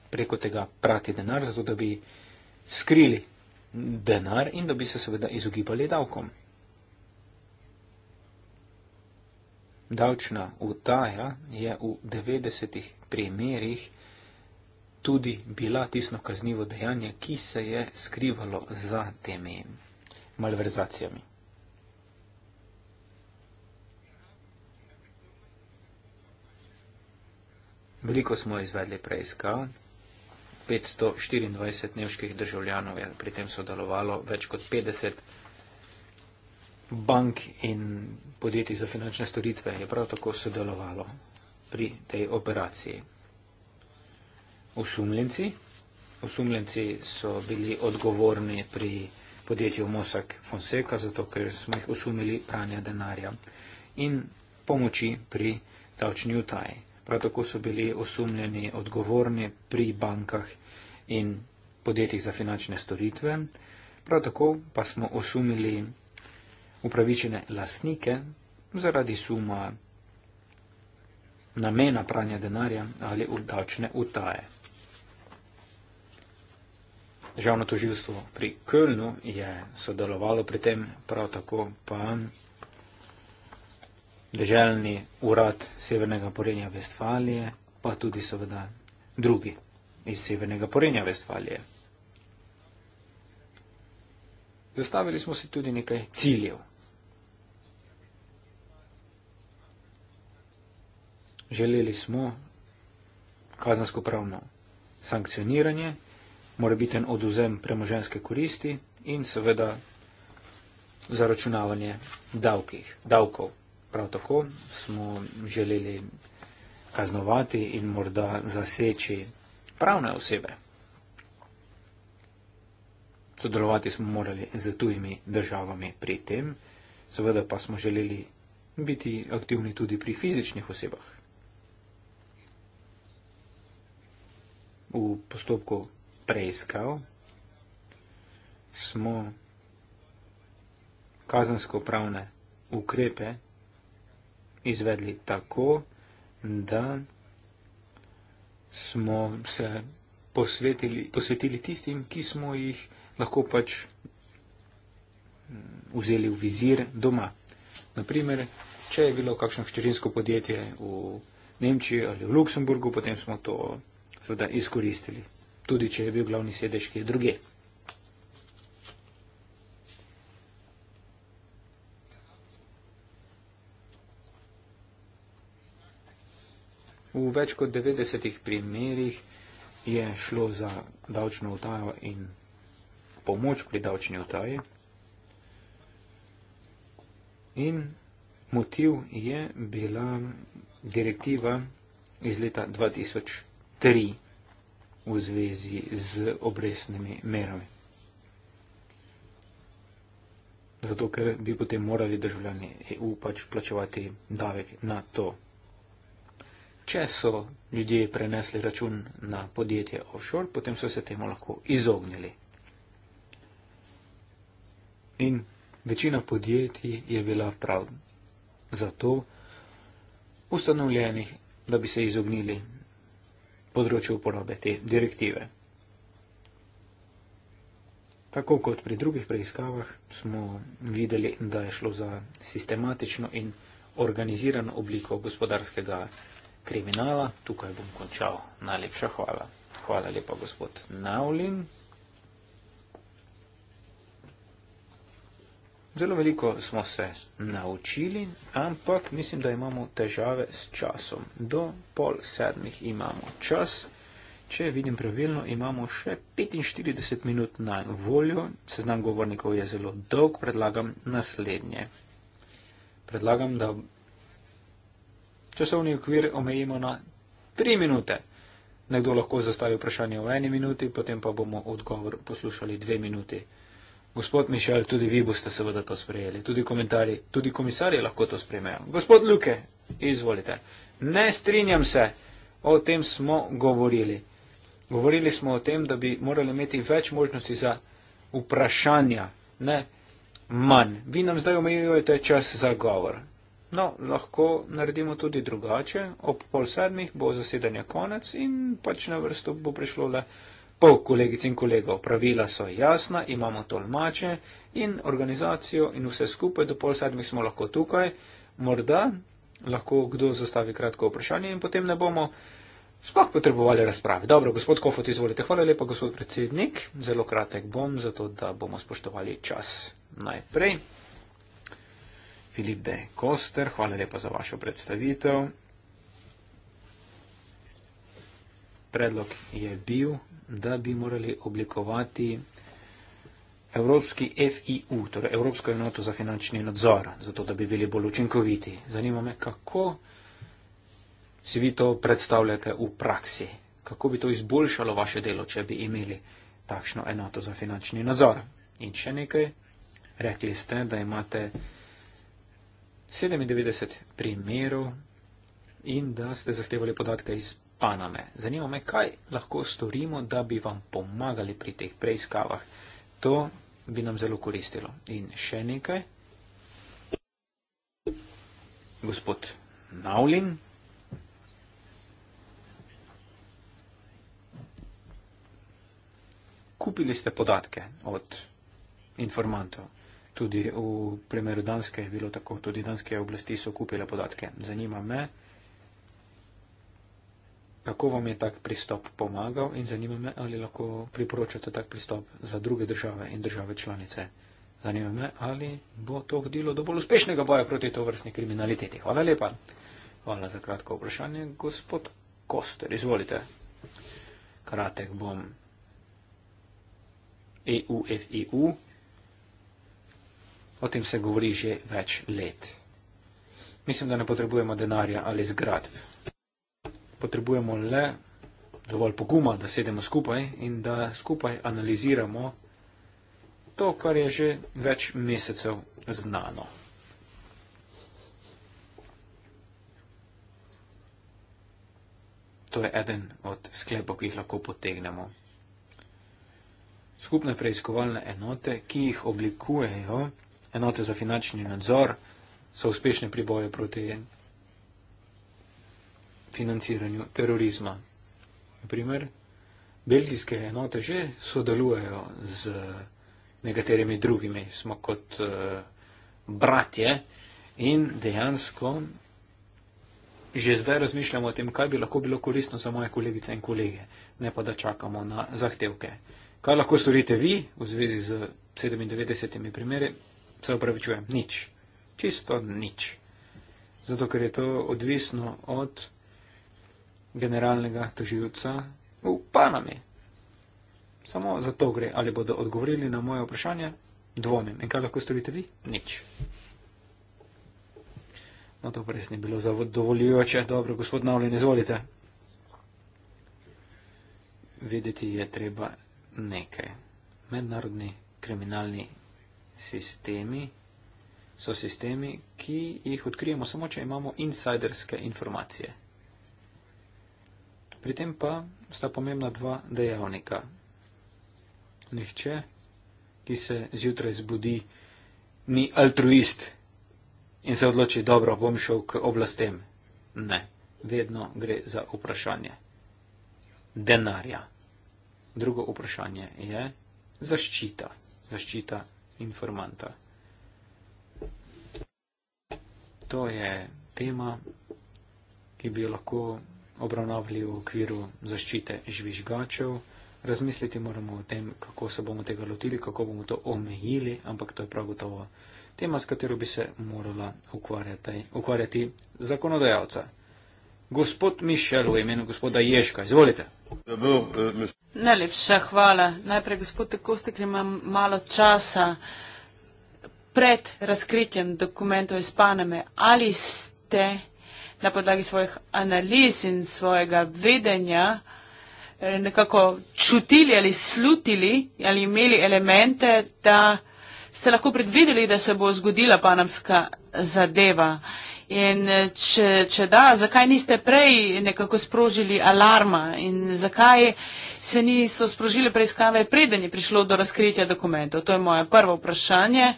preko tega prati denar, zato da bi skrili denar in da bi se seveda izogibali davkom. Davčna utaja je v 90 primerih tudi bila tisto kaznivo dejanje, ki se je skrivalo za temi malverzacijami. Veliko smo izvedli preiskav. 524 nemških državljanov je pri tem sodelovalo, več kot 50 bank in podjetij za finančne storitve je prav tako sodelovalo pri tej operaciji osumljenci. Osumljenci so bili odgovorni pri podjetju Mosak Fonseca, zato ker smo jih osumili pranja denarja in pomoči pri davčni utaji. Prav tako so bili osumljeni odgovorni pri bankah in podjetjih za finančne storitve. Prav tako pa smo osumili upravičene lasnike zaradi suma namena pranja denarja ali davčne utaje. Državno toživstvo pri Kölnu je sodelovalo pri tem, prav tako pa Državni urad Severnega porenja Vestfalije, pa tudi seveda drugi iz Severnega porenja Vestfalije. Zastavili smo si tudi nekaj ciljev. Želeli smo kazensko pravno sankcioniranje mora biti oduzem premoženske koristi in seveda zaračunavanje davkih, davkov. Prav tako smo želeli kaznovati in morda zaseči pravne osebe. Sodelovati smo morali z tujimi državami pri tem, seveda pa smo želeli biti aktivni tudi pri fizičnih osebah. V postopku preiskav, smo kazensko-pravne ukrepe izvedli tako, da smo se posvetili, posvetili tistim, ki smo jih lahko pač mm, vzeli v vizir doma. Naprimer, če je bilo kakšno hčerinsko podjetje v Nemčiji ali v Luksemburgu, potem smo to seveda izkoristili tudi če je bil glavni sedež kje druge. V več kot 90 primerjih je šlo za davčno utajo in pomoč pri davčni utaji. In motiv je bila direktiva iz leta 2003 v zvezi z obresnimi merami. Zato, ker bi potem morali državljani EU pač plačevati davek na to. Če so ljudje prenesli račun na podjetje offshore, potem so se temu lahko izognili. In večina podjetij je bila prav zato ustanovljenih, da bi se izognili področju uporabe te direktive. Tako kot pri drugih preiskavah smo videli, da je šlo za sistematično in organizirano obliko gospodarskega kriminala. Tukaj bom končal. Najlepša hvala. Hvala lepa, gospod Navlin. Zelo veliko smo se naučili, ampak mislim, da imamo težave s časom. Do pol sedmih imamo čas. Če vidim pravilno, imamo še 45 minut na voljo. Seznam govornikov je zelo dolg, predlagam naslednje. Predlagam, da časovni okvir omejimo na 3 minute. Nekdo lahko zastavi vprašanje v eni minuti, potem pa bomo odgovor poslušali dve minuti. Gospod Mišel, tudi vi boste seveda to sprejeli, tudi komentarji, tudi komisarji lahko to sprejmejo. Gospod Luke, izvolite. Ne strinjam se, o tem smo govorili. Govorili smo o tem, da bi morali imeti več možnosti za vprašanja, ne manj. Vi nam zdaj omejujete čas za govor. No, lahko naredimo tudi drugače. Ob pol sedmih bo zasedanje konec in pač na vrsto bo prišlo le. Da... Po kolegic in kolegov, pravila so jasna, imamo tolmače in organizacijo in vse skupaj, do pol sedmih smo lahko tukaj, morda lahko kdo zastavi kratko vprašanje in potem ne bomo sploh potrebovali razprave. Dobro, gospod Kofot, izvolite. Hvala lepa, gospod predsednik. Zelo kratek bom, zato da bomo spoštovali čas najprej. Filip De Koster, hvala lepa za vašo predstavitev. Predlog je bil da bi morali oblikovati Evropski FIU, torej Evropsko enoto za finančni nadzor, zato da bi bili bolj učinkoviti. Zanima me, kako si vi to predstavljate v praksi, kako bi to izboljšalo vaše delo, če bi imeli takšno enoto za finančni nadzor. In še nekaj, rekli ste, da imate 97 primerov in da ste zahtevali podatke iz Pana me. Zanima me, kaj lahko storimo, da bi vam pomagali pri teh preiskavah. To bi nam zelo koristilo. In še nekaj. Gospod Navlin. Kupili ste podatke od informantov. Tudi v primeru Danske je bilo tako, tudi danske oblasti so kupile podatke. Zanima me kako vam je tak pristop pomagal in zanima me, ali lahko priporočate tak pristop za druge države in države članice. Zanima me, ali bo to vodilo do bolj uspešnega boja proti to vrstni kriminaliteti. Hvala lepa. Hvala za kratko vprašanje. Gospod Koster, izvolite. Kratek bom. EU, FEU. O tem se govori že več let. Mislim, da ne potrebujemo denarja ali zgradb potrebujemo le dovolj poguma, da sedemo skupaj in da skupaj analiziramo to, kar je že več mesecev znano. To je eden od sklepov, ki jih lahko potegnemo. Skupne preiskovalne enote, ki jih oblikujejo enote za finančni nadzor, so uspešne pri boju proti financiranju terorizma. Naprimer, belgijske enote že sodelujejo z nekaterimi drugimi, smo kot uh, bratje in dejansko že zdaj razmišljamo o tem, kaj bi lahko bilo koristno za moje kolegice in kolege, ne pa da čakamo na zahtevke. Kaj lahko storite vi v zvezi z 97 primeri? Se upravičujem, nič. Čisto nič. Zato, ker je to odvisno od generalnega toživca v Panami. Samo za to gre, ali bodo odgovorili na moje vprašanje, dvomim. In kaj lahko storite vi? Nič. No, to res ni bilo zadovoljujoče. Dobro, gospod Navlin, izvolite. Videti je treba nekaj. Mednarodni kriminalni sistemi so sistemi, ki jih odkrijemo samo, če imamo insiderske informacije. Pri tem pa sta pomembna dva dejavnika. Nihče, ki se zjutraj zbudi, ni altruist in se odloči, dobro, bom šel k oblastem. Ne, vedno gre za vprašanje denarja. Drugo vprašanje je zaščita, zaščita informanta. To je tema, ki bi jo lahko obravnavali v okviru zaščite žvižgačev. Razmisliti moramo o tem, kako se bomo tega lotili, kako bomo to omejili, ampak to je prav gotovo tema, s katero bi se morala ukvarjati, ukvarjati zakonodajalca. Gospod Mišel v imenu gospoda Ješka, izvolite. Najlepša hvala. Najprej gospod Kostek, imam malo časa pred razkritjem dokumentov iz Paname. Ali ste na podlagi svojih analiz in svojega vedenja eh, nekako čutili ali slutili ali imeli elemente, da ste lahko predvideli, da se bo zgodila panamska zadeva. In eh, če, če da, zakaj niste prej nekako sprožili alarma in zakaj se niso sprožile preiskave preden je prišlo do razkritja dokumentov? To je moje prvo vprašanje.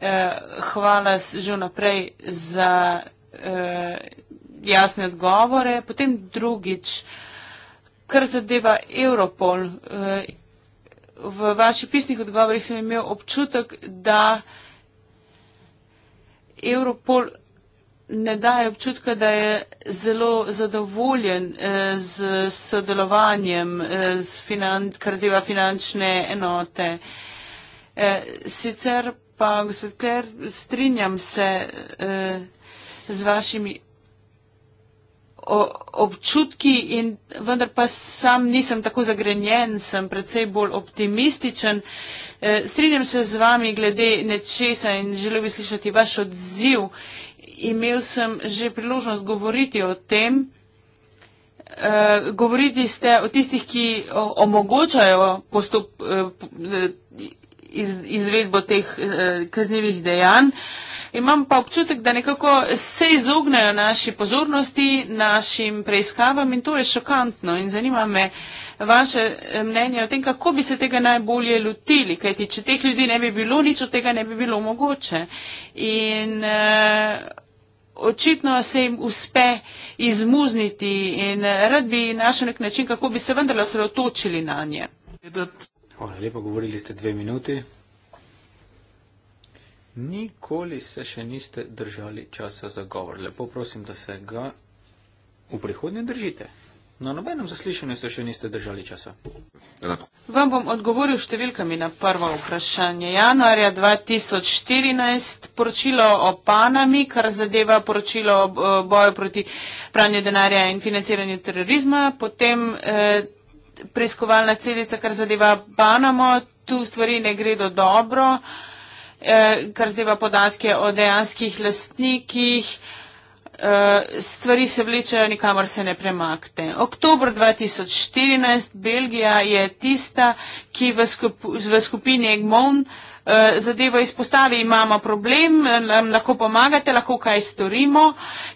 Eh, hvala že vnaprej za eh, jasne odgovore. Potem drugič, kar zadeva Europol, eh, v vaših pisnih odgovorih sem imel občutek, da Europol ne daje občutka, da je zelo zadovoljen eh, z sodelovanjem, eh, z finan kar zadeva finančne enote. Eh, sicer pa, gospod Kler, strinjam se, eh, z vašimi o, občutki in vendar pa sam nisem tako zagrenjen, sem predvsej bolj optimističen. E, strinjam se z vami glede nečesa in želel bi slišati vaš odziv. Imel sem že priložnost govoriti o tem. Uh, govoriti ste o tistih, ki omogočajo postop, uh, iz, izvedbo teh uh, e, kaznjivih dejanj. Uh, imam pa občutek, da nekako se izognejo naši pozornosti, našim preiskavam in to je šokantno. In zanima me vaše eh, mnenje o tem, kako bi se tega najbolje lotili, kajti če teh ljudi ne bi bilo, nič od tega ne bi bilo mogoče. In uh, očitno se jim uspe izmuzniti in eh, rad bi našel nek način, kako bi se vendarla sredotočili na nje. Hvala lepa, govorili ste dve minuti. Nikoli se še niste držali časa za govor. Lepo prosim, da se ga v prihodnje držite. Na nobenem zaslišanju se še niste držali časa. Enako. Vam bom odgovoril številkami na prvo vprašanje. Januarja 2014 poročilo o Panami, kar zadeva poročilo o boju proti pranju denarja in financiranju terorizma, potem eh, preiskovalna celica, kar zadeva Panamo, tu stvari ne gredo dobro. Eh, Eh, kar zdaj podatke o dejanskih lastnikih, eh, stvari se vlečajo, nikamor se ne premakne. Oktober 2014 Belgija je tista, ki v, skup, v skupini Egmont eh, zadevo izpostavi, imamo problem, nam lahko pomagate, lahko kaj storimo,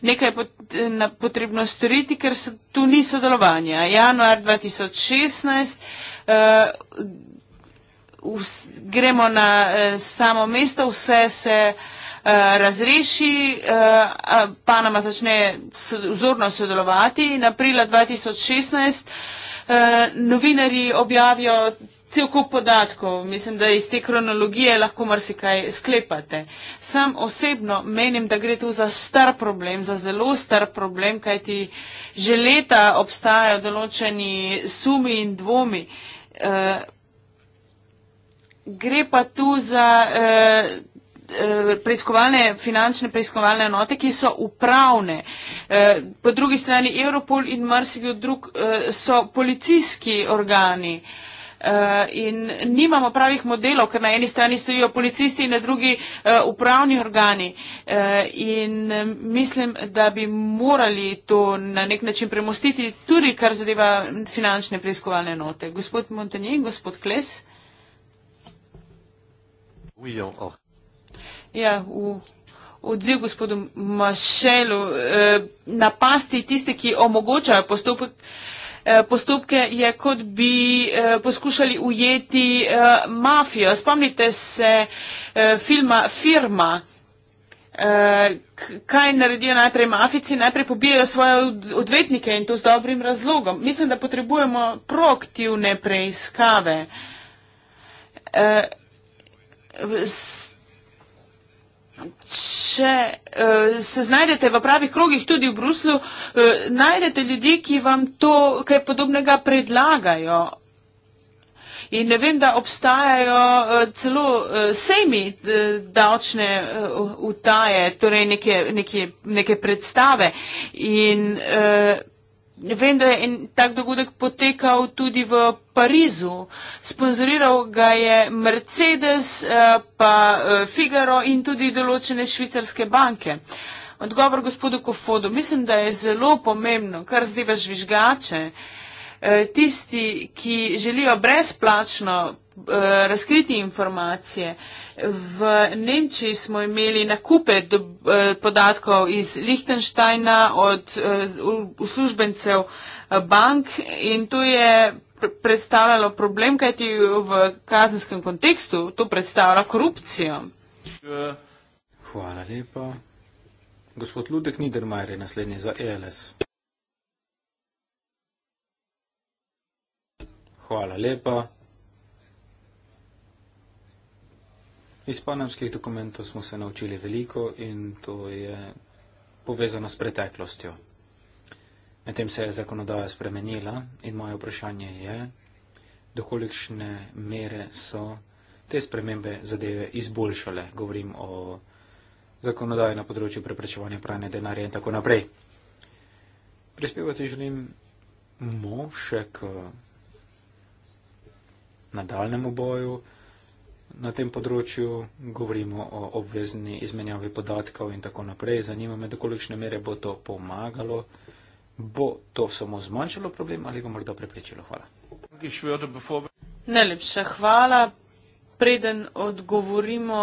nekaj je potrebno storiti, ker so, tu ni sodelovanja. Januar 2016 vs, gremo na eh, samo mesto, vse se eh, razreši, eh, Panama začne vzorno sodelovati in aprila 2016 eh, novinari objavijo cel kup podatkov. Mislim, da iz te kronologije lahko marsikaj sklepate. Sam osebno menim, da gre tu za star problem, za zelo star problem, kajti že leta obstajajo določeni sumi in dvomi. Eh, gre pa tu za eh, eh, preiskovalne, finančne preiskovalne enote, ki so upravne. Eh, po drugi strani Europol in marsikdo drug so policijski organi. Uh, in nimamo pravih modelov, ker na eni strani stojijo policisti in na drugi uh, upravni organi. Uh, in um, mislim, da bi morali to na nek način premostiti, tudi kar zadeva finančne preiskovalne note. Gospod Montanje in gospod Kles. Uh, Oui, en or. Ja, v odziv gospodu Mašelu, eh, napasti tiste, ki omogočajo postopek, eh, postopke, je kot bi eh, poskušali ujeti eh, mafijo. Spomnite se eh, filma Firma. Eh, kaj naredijo najprej mafici? Najprej pobijajo svoje odvetnike in to z dobrim razlogom. Mislim, da potrebujemo proaktivne preiskave. Eh, če eh, se znajdete v pravih krogih tudi v Bruslu, eh, najdete ljudi, ki vam to kaj podobnega predlagajo. In ne vem, da obstajajo eh, celo sejmi davčne utaje, torej neke, neke, neke predstave. In, uh, Vem, da je tak dogodek potekal tudi v Parizu. Sponzoriral ga je Mercedes, eh, pa eh, Figaro in tudi določene švicarske banke. Odgovor gospodu Kofodu. Mislim, da je zelo pomembno, kar zdaj vaš žvižgače, eh, tisti, ki želijo brezplačno Eh, razkriti informacije. V Nemčiji smo imeli nakupe do, eh, podatkov iz Lichtensteina od eh, uslužbencev bank in to je predstavljalo problem, kajti v kazenskem kontekstu to predstavlja korupcijo. Hvala lepa. Gospod Ludek Niedermajer je naslednji za ELS. Hvala lepa. Iz panamskih dokumentov smo se naučili veliko in to je povezano s preteklostjo. Medtem se je zakonodaja spremenila in moje vprašanje je, dokolikšne mere so te spremembe zadeve izboljšale. Govorim o zakonodaji na področju preprečevanja pranja denarja in tako naprej. Prispevati želim mo še k nadaljnemu boju na tem področju, govorimo o obvezni izmenjavi podatkov in tako naprej. Zanima me, do kolikšne mere bo to pomagalo. Bo to samo zmanjšalo problem ali ga morda preprečilo? Hvala. Najlepša hvala. Preden odgovorimo,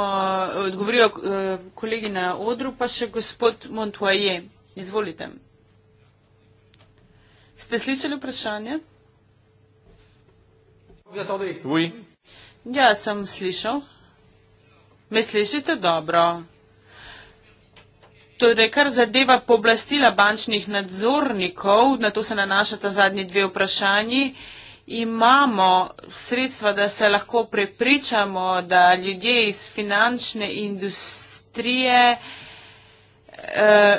odgovorijo eh, kolegi na odru, pa še gospod Montoye. Izvolite. Ste slišali vprašanje? Ja, sem slišal. Me slišite dobro? Torej, kar zadeva poblastila bančnih nadzornikov, na to se nanašata zadnji dve vprašanji, imamo sredstva, da se lahko prepričamo, da ljudje iz finančne industrije eh,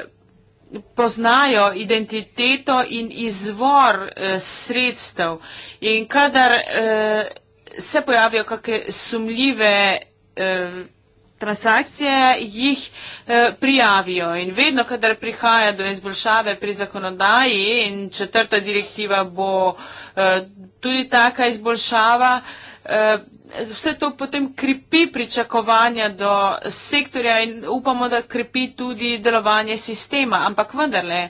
poznajo identiteto in izvor eh, sredstev. In kadar eh, se pojavijo kakšne sumljive eh, transakcije, jih eh, prijavijo. In vedno, kadar prihaja do izboljšave pri zakonodaji in četrta direktiva bo eh, tudi taka izboljšava, vse to potem krepi pričakovanja do sektorja in upamo, da krepi tudi delovanje sistema. Ampak vendarle,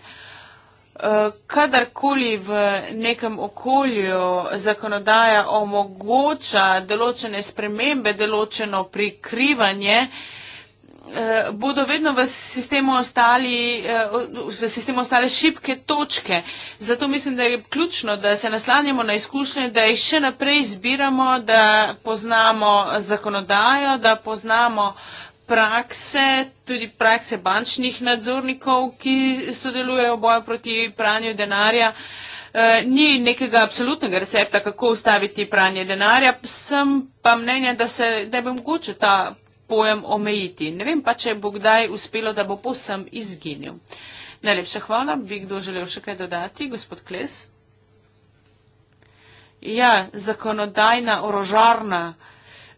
Eh, kadarkoli v nekem okolju zakonodaja omogoča določene spremembe, določeno prikrivanje, eh, bodo vedno v sistemu, ostali, eh, v sistemu ostale šibke točke. Zato mislim, da je ključno, da se naslanjamo na izkušnje, da jih še naprej zbiramo, da poznamo zakonodajo, da poznamo uh, prakse, tudi prakse bančnih nadzornikov, ki sodelujejo v boju proti pranju denarja. Eh, ni nekega absolutnega recepta, kako ustaviti pranje denarja, sem pa mnenja, da, se, da bi mogoče ta pojem omejiti. Ne vem pa, če bo kdaj uspelo, da bo posem izginil. Najlepša hvala. Bi kdo želel še kaj dodati? Gospod Kles? Ja, zakonodajna orožarna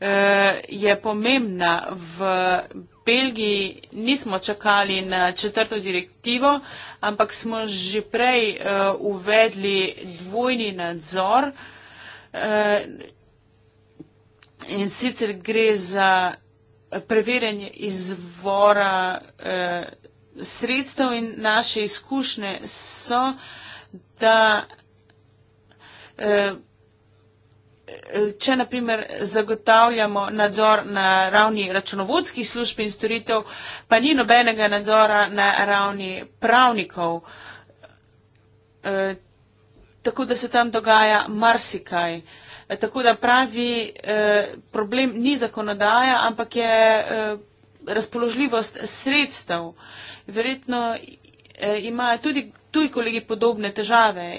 eh, je pomembna. V Belgiji nismo čakali na četrto direktivo, ampak smo že prej eh, uvedli dvojni nadzor. Eh, in sicer gre za preverjanje izvora eh, sredstev in naše izkušnje so, da eh, če naprimer zagotavljamo nadzor na ravni računovodskih služb in storitev, pa ni nobenega nadzora na ravni pravnikov. E, tako da se tam dogaja marsikaj. E, tako da pravi e, problem ni zakonodaja, ampak je razpoložljivost sredstev. Verjetno imajo tudi tuji kolegi podobne težave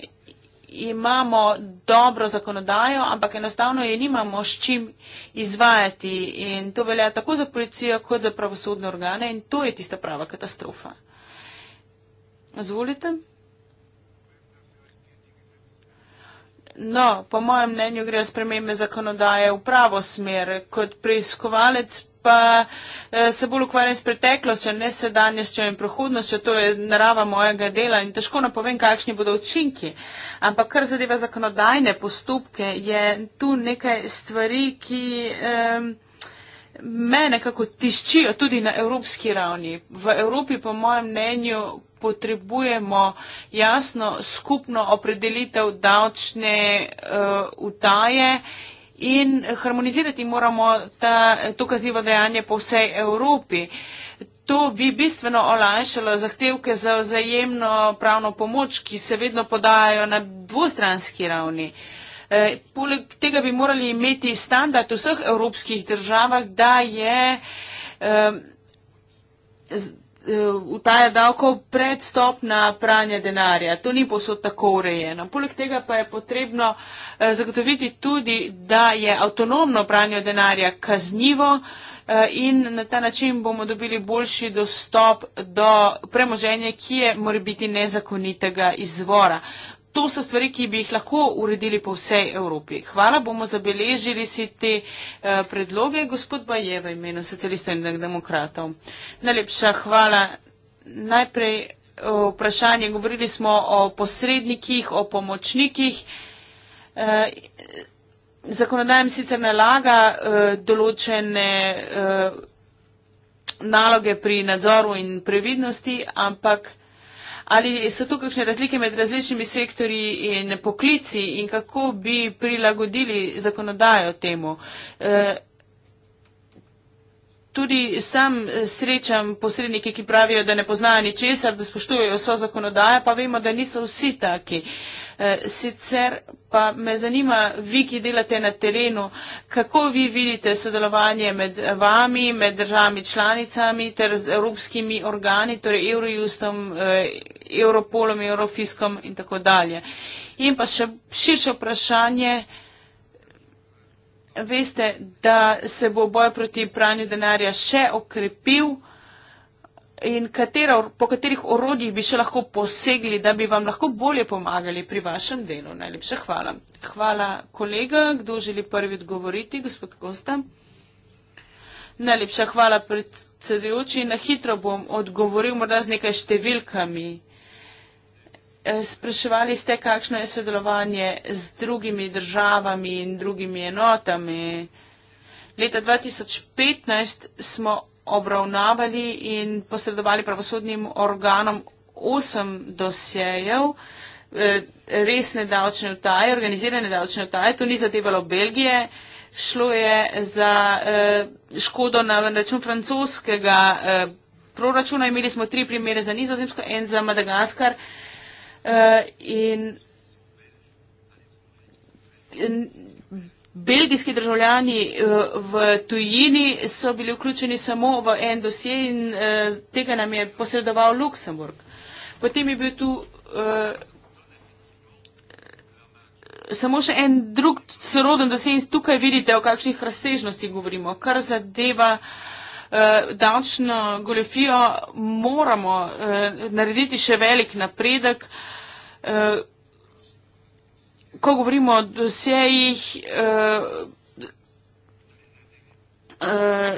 imamo dobro zakonodajo, ampak enostavno je nimamo s čim izvajati. In to velja tako za policijo, kot za pravosodne organe in to je tista prava katastrofa. Zvolite. No, po mojem mnenju gre spremembe zakonodaje v pravo smer. Kot preiskovalec pa eh, se bolj ukvarjam s preteklostjo, ne sedanjostjo in prihodnostjo, to je narava mojega dela in težko napovem, kakšni bodo učinki. Ampak kar zadeva zakonodajne postopke, je tu nekaj stvari, ki. Um, Me nekako tiščijo tudi na evropski ravni. V Evropi, po mojem mnenju, potrebujemo jasno skupno opredelitev davčne uh, utaje in harmonizirati moramo ta, to kaznivo dejanje po vsej Evropi. To bi bistveno olajšalo zahtevke za vzajemno pravno pomoč, ki se vedno podajajo na dvostranski ravni. E, poleg tega bi morali imeti standard v vseh evropskih državah, da je e, z, Eh, utaja davkov predstop na pranje denarja. To ni posod tako urejeno. Poleg tega pa je potrebno eh, zagotoviti tudi, da je avtonomno pranje denarja kaznivo eh, in na ta način bomo dobili boljši dostop do premoženja, ki je morebiti nezakonitega izvora to so stvari, ki bi jih lahko uredili po vsej Evropi. Hvala, bomo zabeležili si te uh, predloge, gospod Baje v imenu socialistov in demokratov. Najlepša hvala. Najprej eh, vprašanje, govorili smo o posrednikih, o pomočnikih. Uh, eh, Zakonodajem sicer nalaga uh, določene uh, naloge pri nadzoru in previdnosti, ampak Ali so tu kakšne razlike med različnimi sektorji in poklici in kako bi prilagodili zakonodajo temu? E, tudi sam srečam posrednike, ki pravijo, da ne poznajo ničesar, da spoštujejo vso zakonodajo, pa vemo, da niso vsi taki. Eh, sicer pa me zanima, vi, ki delate na terenu, kako vi vidite sodelovanje med vami, med državami članicami ter z evropskimi organi, torej Eurojustom, eh, Europolom, Eurofiskom in tako dalje. In pa še širše vprašanje. Veste, da se bo boj proti pranju denarja še okrepil in katera, po katerih orodjih bi še lahko posegli, da bi vam lahko bolje pomagali pri vašem delu. Najlepša hvala. Hvala kolega, kdo želi prvi odgovoriti, gospod Kosta. Najlepša hvala predsedujoči. Na hitro bom odgovoril morda z nekaj številkami. E, spraševali ste, kakšno je sodelovanje z drugimi državami in drugimi enotami. Leta 2015 smo obravnavali in posredovali pravosodnim organom osem dosejev eh, resne davčne vtaje, organizirane davčne vtaje. To ni zadevalo Belgije. Šlo je za eh, škodo na račun francoskega eh, proračuna. Imeli smo tri primere za Nizozemsko, en za Madagaskar. In Belgijski državljani eh, v tujini so bili vključeni samo v en dosje in eh, tega nam je posredoval Luksemburg. Potem je bil tu eh, samo še en drug soroden dosje in tukaj vidite, o kakšnih razsežnostih govorimo. Kar zadeva davčno golefijo, moramo narediti še velik napredek ko govorimo o dosejih eh, eh,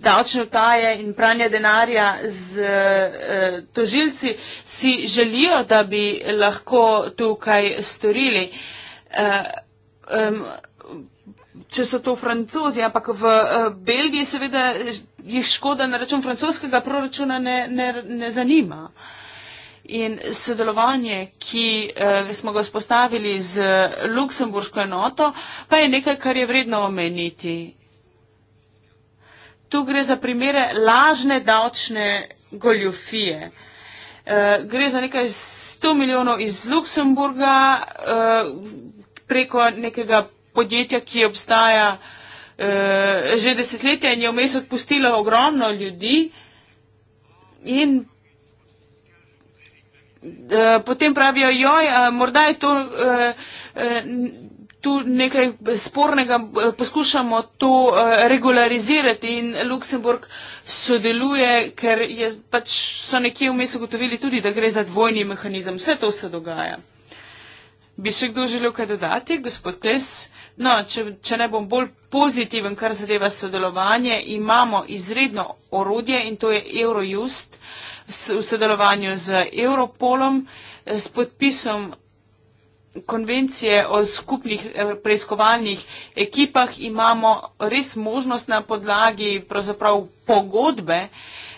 davčne vtaje in pranja denarja z eh, tožilci, si želijo, da bi lahko tukaj storili. Če so to francozi, ampak v Belgiji seveda jih škoda na račun francoskega proračuna ne, ne, ne zanima. Uh, in sodelovanje, ki eh, smo ga spostavili z Luksemburško enoto, pa je nekaj, kar je vredno omeniti. Tu gre za primere lažne davčne goljufije. Eh, gre za nekaj 100 milijonov iz Luksemburga eh, preko nekega podjetja, ki obstaja eh, že desetletja in je vmes odpustilo ogromno ljudi. In Eh, potem pravijo, joj, eh, morda je to. Eh, tu nekaj spornega poskušamo to uh, regularizirati in Luksemburg sodeluje, ker je, pač so nekje vmes ugotovili tudi, da gre za dvojni mehanizem. Vse to se dogaja. Bi še kdo želel kaj dodati? Gospod Kles, uh, No, če, če ne bom bolj pozitiven, kar zadeva sodelovanje, imamo izredno orodje in to je Eurojust v sodelovanju z Europolom, s podpisom konvencije o skupnih eh, preiskovalnih ekipah imamo res možnost na podlagi pravzaprav pogodbe,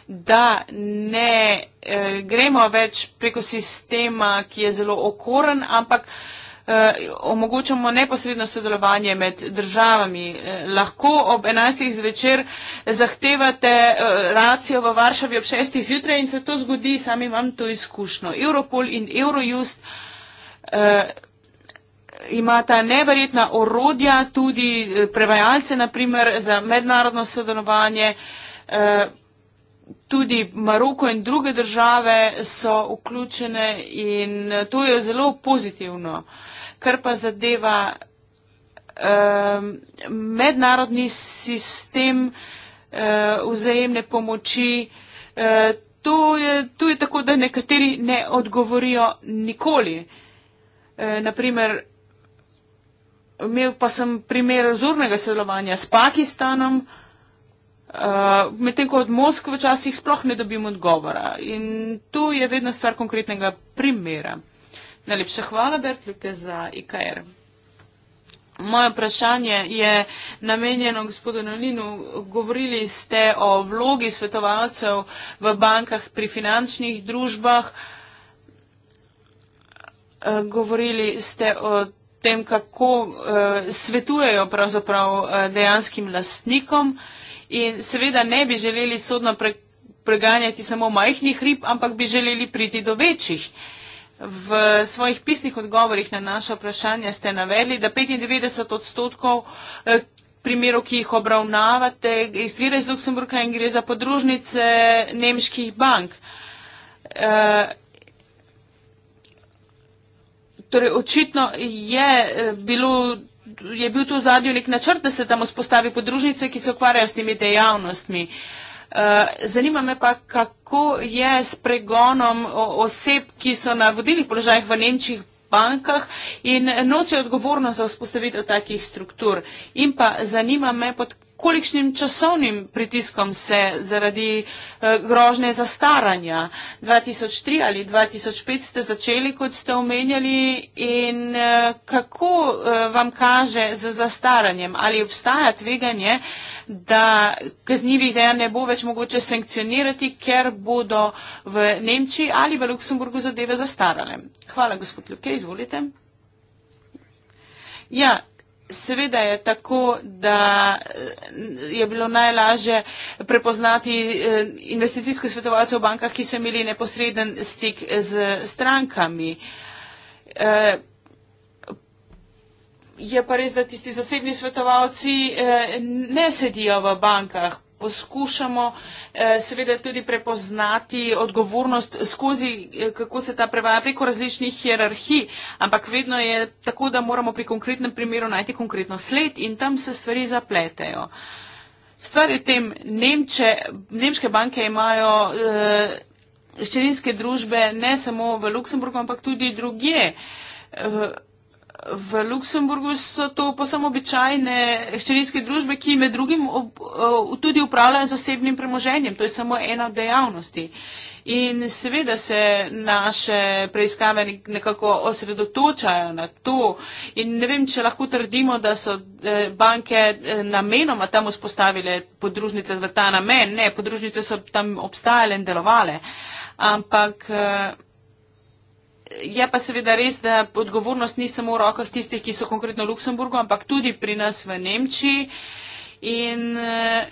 da ne eh, gremo več preko sistema, ki je zelo okoren, ampak eh, Eh, omogočamo neposredno sodelovanje med državami. Eh, lahko ob 11. zvečer zahtevate eh, racijo v Varšavi ob 6. zjutraj in se to zgodi, sami imam to izkušnjo. Europol in Eurojust imata neverjetna orodja, tudi prevajalce, naprimer, za mednarodno sodelovanje tudi Maroko in druge države so vključene in to je zelo pozitivno. Kar pa zadeva eh, mednarodni sistem eh, vzajemne pomoči, eh, to, je, to je tako, da nekateri ne odgovorijo nikoli. Eh, naprimer, imel pa sem primer razurnega sodelovanja s Pakistanom, eh, Uh, Medtem ko od Moskve včasih sploh ne dobim odgovora. In tu je vedno stvar konkretnega primera. Najlepša hvala, Bertlike, za IKR. Moje vprašanje je namenjeno gospodu Nolinu. Govorili ste o vlogi svetovalcev v bankah pri finančnih družbah. Eh, govorili ste o tem, kako eh, svetujejo pravzaprav dejanskim lastnikom in seveda ne bi želeli sodno pre preganjati samo majhnih rib, ampak bi želeli priti do večjih. V svojih pisnih odgovorih na naše vprašanje ste navedli, da 95 odstotkov eh, primerov, ki jih obravnavate, izvira iz Luksemburga in gre za podružnice nemških bank. E, torej, očitno je eh, bilo je bil tu zadnji nek načrt, da se tam vzpostavi podružnice, ki se ukvarjajo s temi dejavnostmi. Eh, zanima me pa, kako je s pregonom oseb, ki so na vodilnih položajih v nemčjih bankah in nosijo odgovornost za vzpostavitev takih struktur. In pa zanima me, pod kolikšnim časovnim pritiskom se zaradi eh, grožne zastaranja 2003 ali 2005 ste začeli, kot ste omenjali, in eh, kako eh, vam kaže z zastaranjem? Ali obstaja tveganje, da kaznjivih dejanj ne bo več mogoče sankcionirati, ker bodo v Nemčiji ali v Luksemburgu zadeve zastarale? Hvala, gospod Ljuke, izvolite. Ja, Seveda je tako, da eh, je bilo najlažje prepoznati eh, investicijske svetovalce v bankah, ki so imeli neposreden stik z strankami. Eh, je pa res, da tisti zasebni svetovalci ne sedijo v bankah, poskušamo eh, seveda tudi prepoznati odgovornost skozi, eh, kako se ta prevaja preko različnih hierarhij, ampak vedno je tako, da moramo pri konkretnem primeru najti konkretno sled in tam se stvari zapletejo. Stvar je v tem, Nemče, nemške banke imajo ščerinske eh, družbe ne samo v Luksemburgu, ampak tudi drugje. V Luksemburgu so to posebno običajne hčerinske družbe, ki med drugim ob, ob, eh, tudi upravljajo z osebnim premoženjem. To je samo ena od dejavnosti. In seveda se naše preiskave nekako osredotočajo na to. In ne vem, če lahko trdimo, da so eh, banke eh, namenoma tam vzpostavile podružnice za ta namen. Ne, podružnice so tam obstajale in delovale. Ampak. Eh, je pa seveda res, da odgovornost ni samo v rokah tistih, ki so konkretno v Luksemburgu, ampak tudi pri nas v Nemčiji. In eh,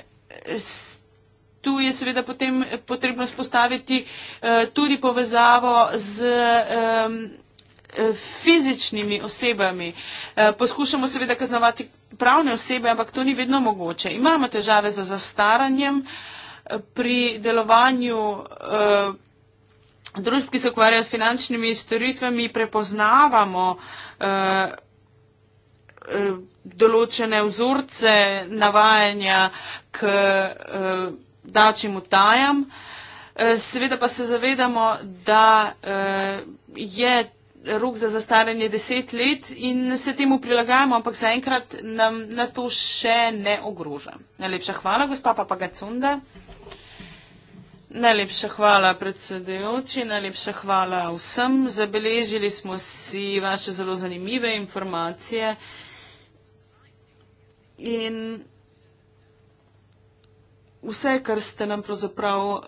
tu je seveda potem potrebno spostaviti eh, tudi povezavo z eh, fizičnimi osebami. Poskušamo seveda kaznovati pravne osebe, ampak to ni vedno mogoče. Imamo težave za zastaranjem pri delovanju družb, ki se ukvarjajo s finančnimi storitvami, prepoznavamo eh, eh, določene vzorce navajanja k eh, davčnim utajam. Seveda pa se zavedamo, da je rok za zastaranje deset let in se temu prilagajamo, ampak zaenkrat nas to še ne ogroža. Najlepša hvala, gospa Papagacunda. Najlepša hvala predsedujoči, najlepša hvala vsem. Zabeležili smo si vaše zelo zanimive informacije in vse, kar ste nam pravzaprav uh,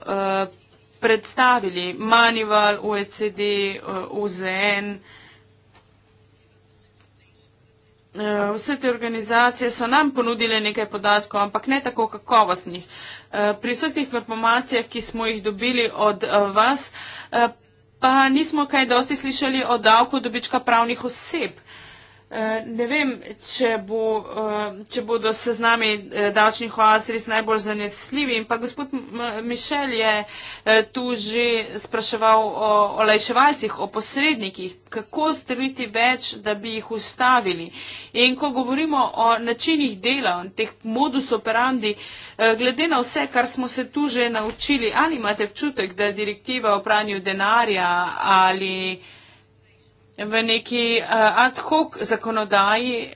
predstavili, manjval, OECD, uh, eh, OZN, uh, Eh, vse te organizacije so nam ponudile nekaj podatkov, ampak ne tako kakovostnih. Eh, pri vseh teh informacijah, ki smo jih dobili od eh, vas, pa nismo kaj dosti slišali o davku dobička pravnih oseb. Eh, ne vem, če, bo, eh, če bodo seznami eh, davčnih oaz res najbolj zanesljivi. In pa gospod Mišel je tu že spraševal o olajševalcih, o posrednikih, kako storiti več, da bi jih ustavili. In ko govorimo o načinih dela, teh modus operandi, glede na vse, kar smo se tu že naučili, ali imate občutek, da direktiva o pranju denarja ali v neki uh, ad hoc zakonodaji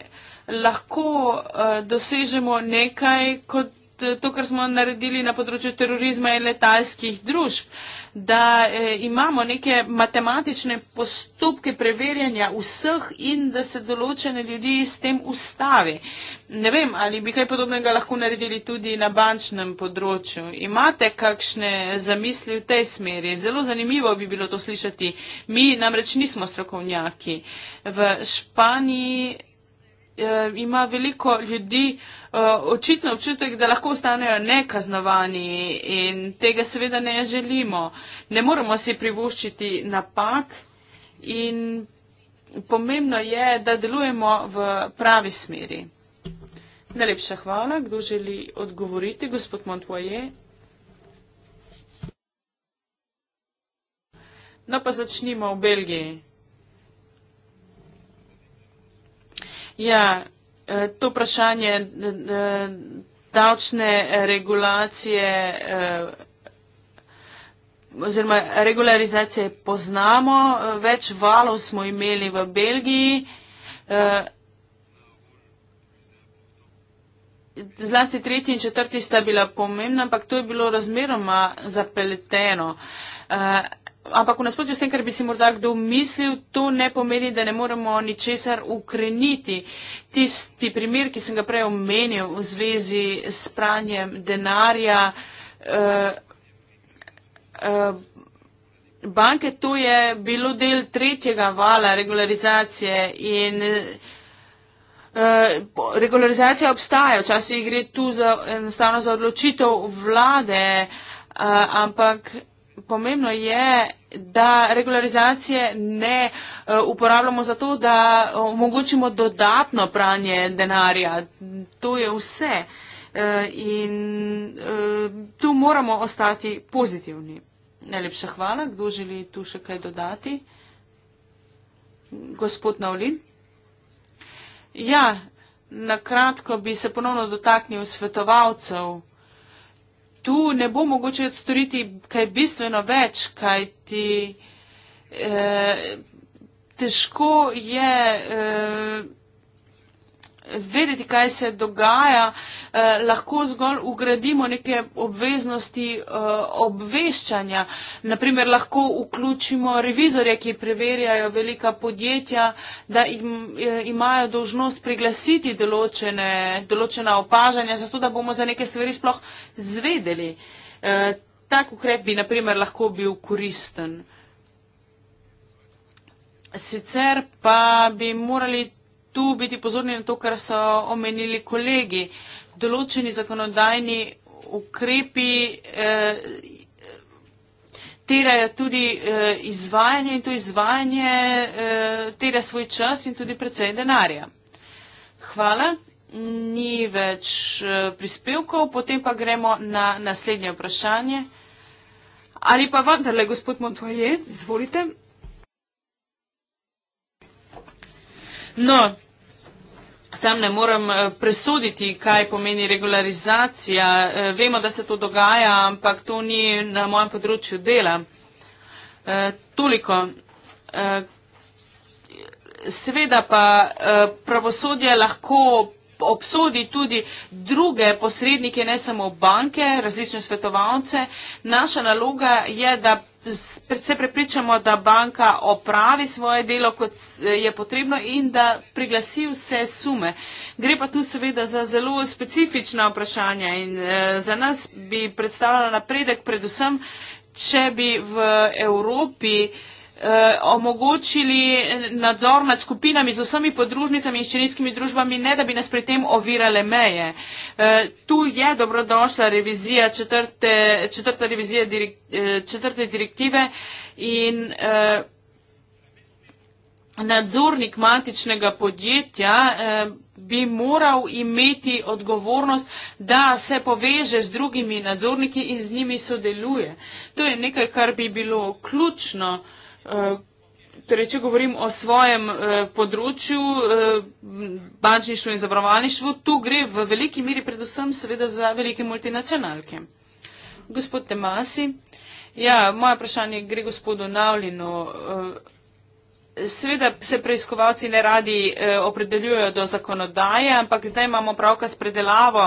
lahko uh, dosežemo nekaj kot uh, to, kar smo naredili na področju terorizma in letalskih družb. Uh, da eh, imamo neke matematične postopke preverjanja vseh in da se določene ljudi s tem ustavi. Ne vem, ali bi kaj podobnega lahko naredili tudi na bančnem področju. Imate kakšne zamisli v tej smeri? Zelo zanimivo bi bilo to slišati. Mi namreč nismo strokovnjaki. V Španiji eh, ima veliko ljudi eh, očitno občutek, da lahko ostanejo nekaznovani in tega seveda ne želimo. Ne moramo si privuščiti napak in pomembno je, da delujemo v pravi smeri. Najlepša hvala. Kdo želi odgovoriti? Gospod Montoye. No pa začnimo v Belgiji. Ja, eh, to vprašanje eh, davčne regulacije eh, oziroma regularizacije poznamo. Več valov smo imeli v Belgiji. Zlasti tretji in četrti sta bila pomembna, ampak to je bilo razmeroma zapeleteno ampak v nasprotju s tem, kar bi si morda kdo mislil, to ne pomeni, da ne moremo ničesar ukreniti. Tisti primer, ki sem ga prej omenil v zvezi s pranjem denarja, eh, eh, banke, to je bilo del tretjega vala regularizacije in eh, regularizacija obstaja, včasih gre tu za, enostavno za odločitev vlade, ampak pomembno je, da regularizacije ne eh, uporabljamo za to, da omogočimo dodatno pranje denarja. To je vse. Eh, in eh, tu moramo ostati pozitivni. Najlepša hvala. Kdo želi tu še kaj dodati? Gospod Navlin. Ja, na kratko bi se ponovno dotaknil svetovalcev tu ne bo mogoče storiti kaj bistveno več, kaj ti eh, težko je. Eh, vedeti, kaj se dogaja, eh, lahko zgolj ugradimo neke obveznosti eh, obveščanja. Naprimer, lahko vključimo revizorje, ki preverjajo velika podjetja, da im, eh, imajo dožnost priglasiti določene, določena opažanja, zato da bomo za neke stvari sploh zvedeli. Eh, tak ukrep bi naprimer lahko bil koristen. Sicer pa bi morali tu biti pozorni na to, kar so omenili kolegi. Določeni zakonodajni ukrepi eh, terajo tudi eh, izvajanje in to izvajanje eh, tera svoj čas in tudi precej denarja. Hvala. Ni več eh, prispevkov, potem pa gremo na naslednje vprašanje. Ali pa vendarle, gospod Montoye, izvolite. No, Sam ne morem eh, presoditi, kaj pomeni regularizacija. Eh, vemo, da se to dogaja, ampak to ni na mojem področju dela. Eh, toliko. Sveda pa pravosodje lahko obsodi tudi druge posrednike, ne samo banke, različne svetovalce. Naša naloga je, da se prepričamo, da banka opravi svoje delo, kot je potrebno in da priglasi vse sume. Gre pa tu seveda za zelo specifična vprašanja in eh, za nas bi predstavljala napredek predvsem, če bi v Evropi eh, Eh, omogočili nadzor nad skupinami z vsemi podružnicami in ščinijskimi družbami, ne da bi nas pri tem ovirale meje. Eh, tu je dobrodošla revizija četrte, četrta revizija direk, eh, četrte direktive in nadzornik matičnega podjetja bi moral imeti odgovornost, da se poveže z drugimi nadzorniki in z njimi sodeluje. To je nekaj, kar bi bilo ključno Eh, torej, če govorim o svojem eh, področju, eh, bančništvu in zavarovalništvu, tu gre v veliki meri predvsem seveda za velike multinacionalke. Gospod Temasi, ja, moje vprašanje gre gospodu Navlinu. Eh, seveda se preiskovalci ne radi eh, opredeljujejo do zakonodaje, ampak zdaj imamo pravka s predelavo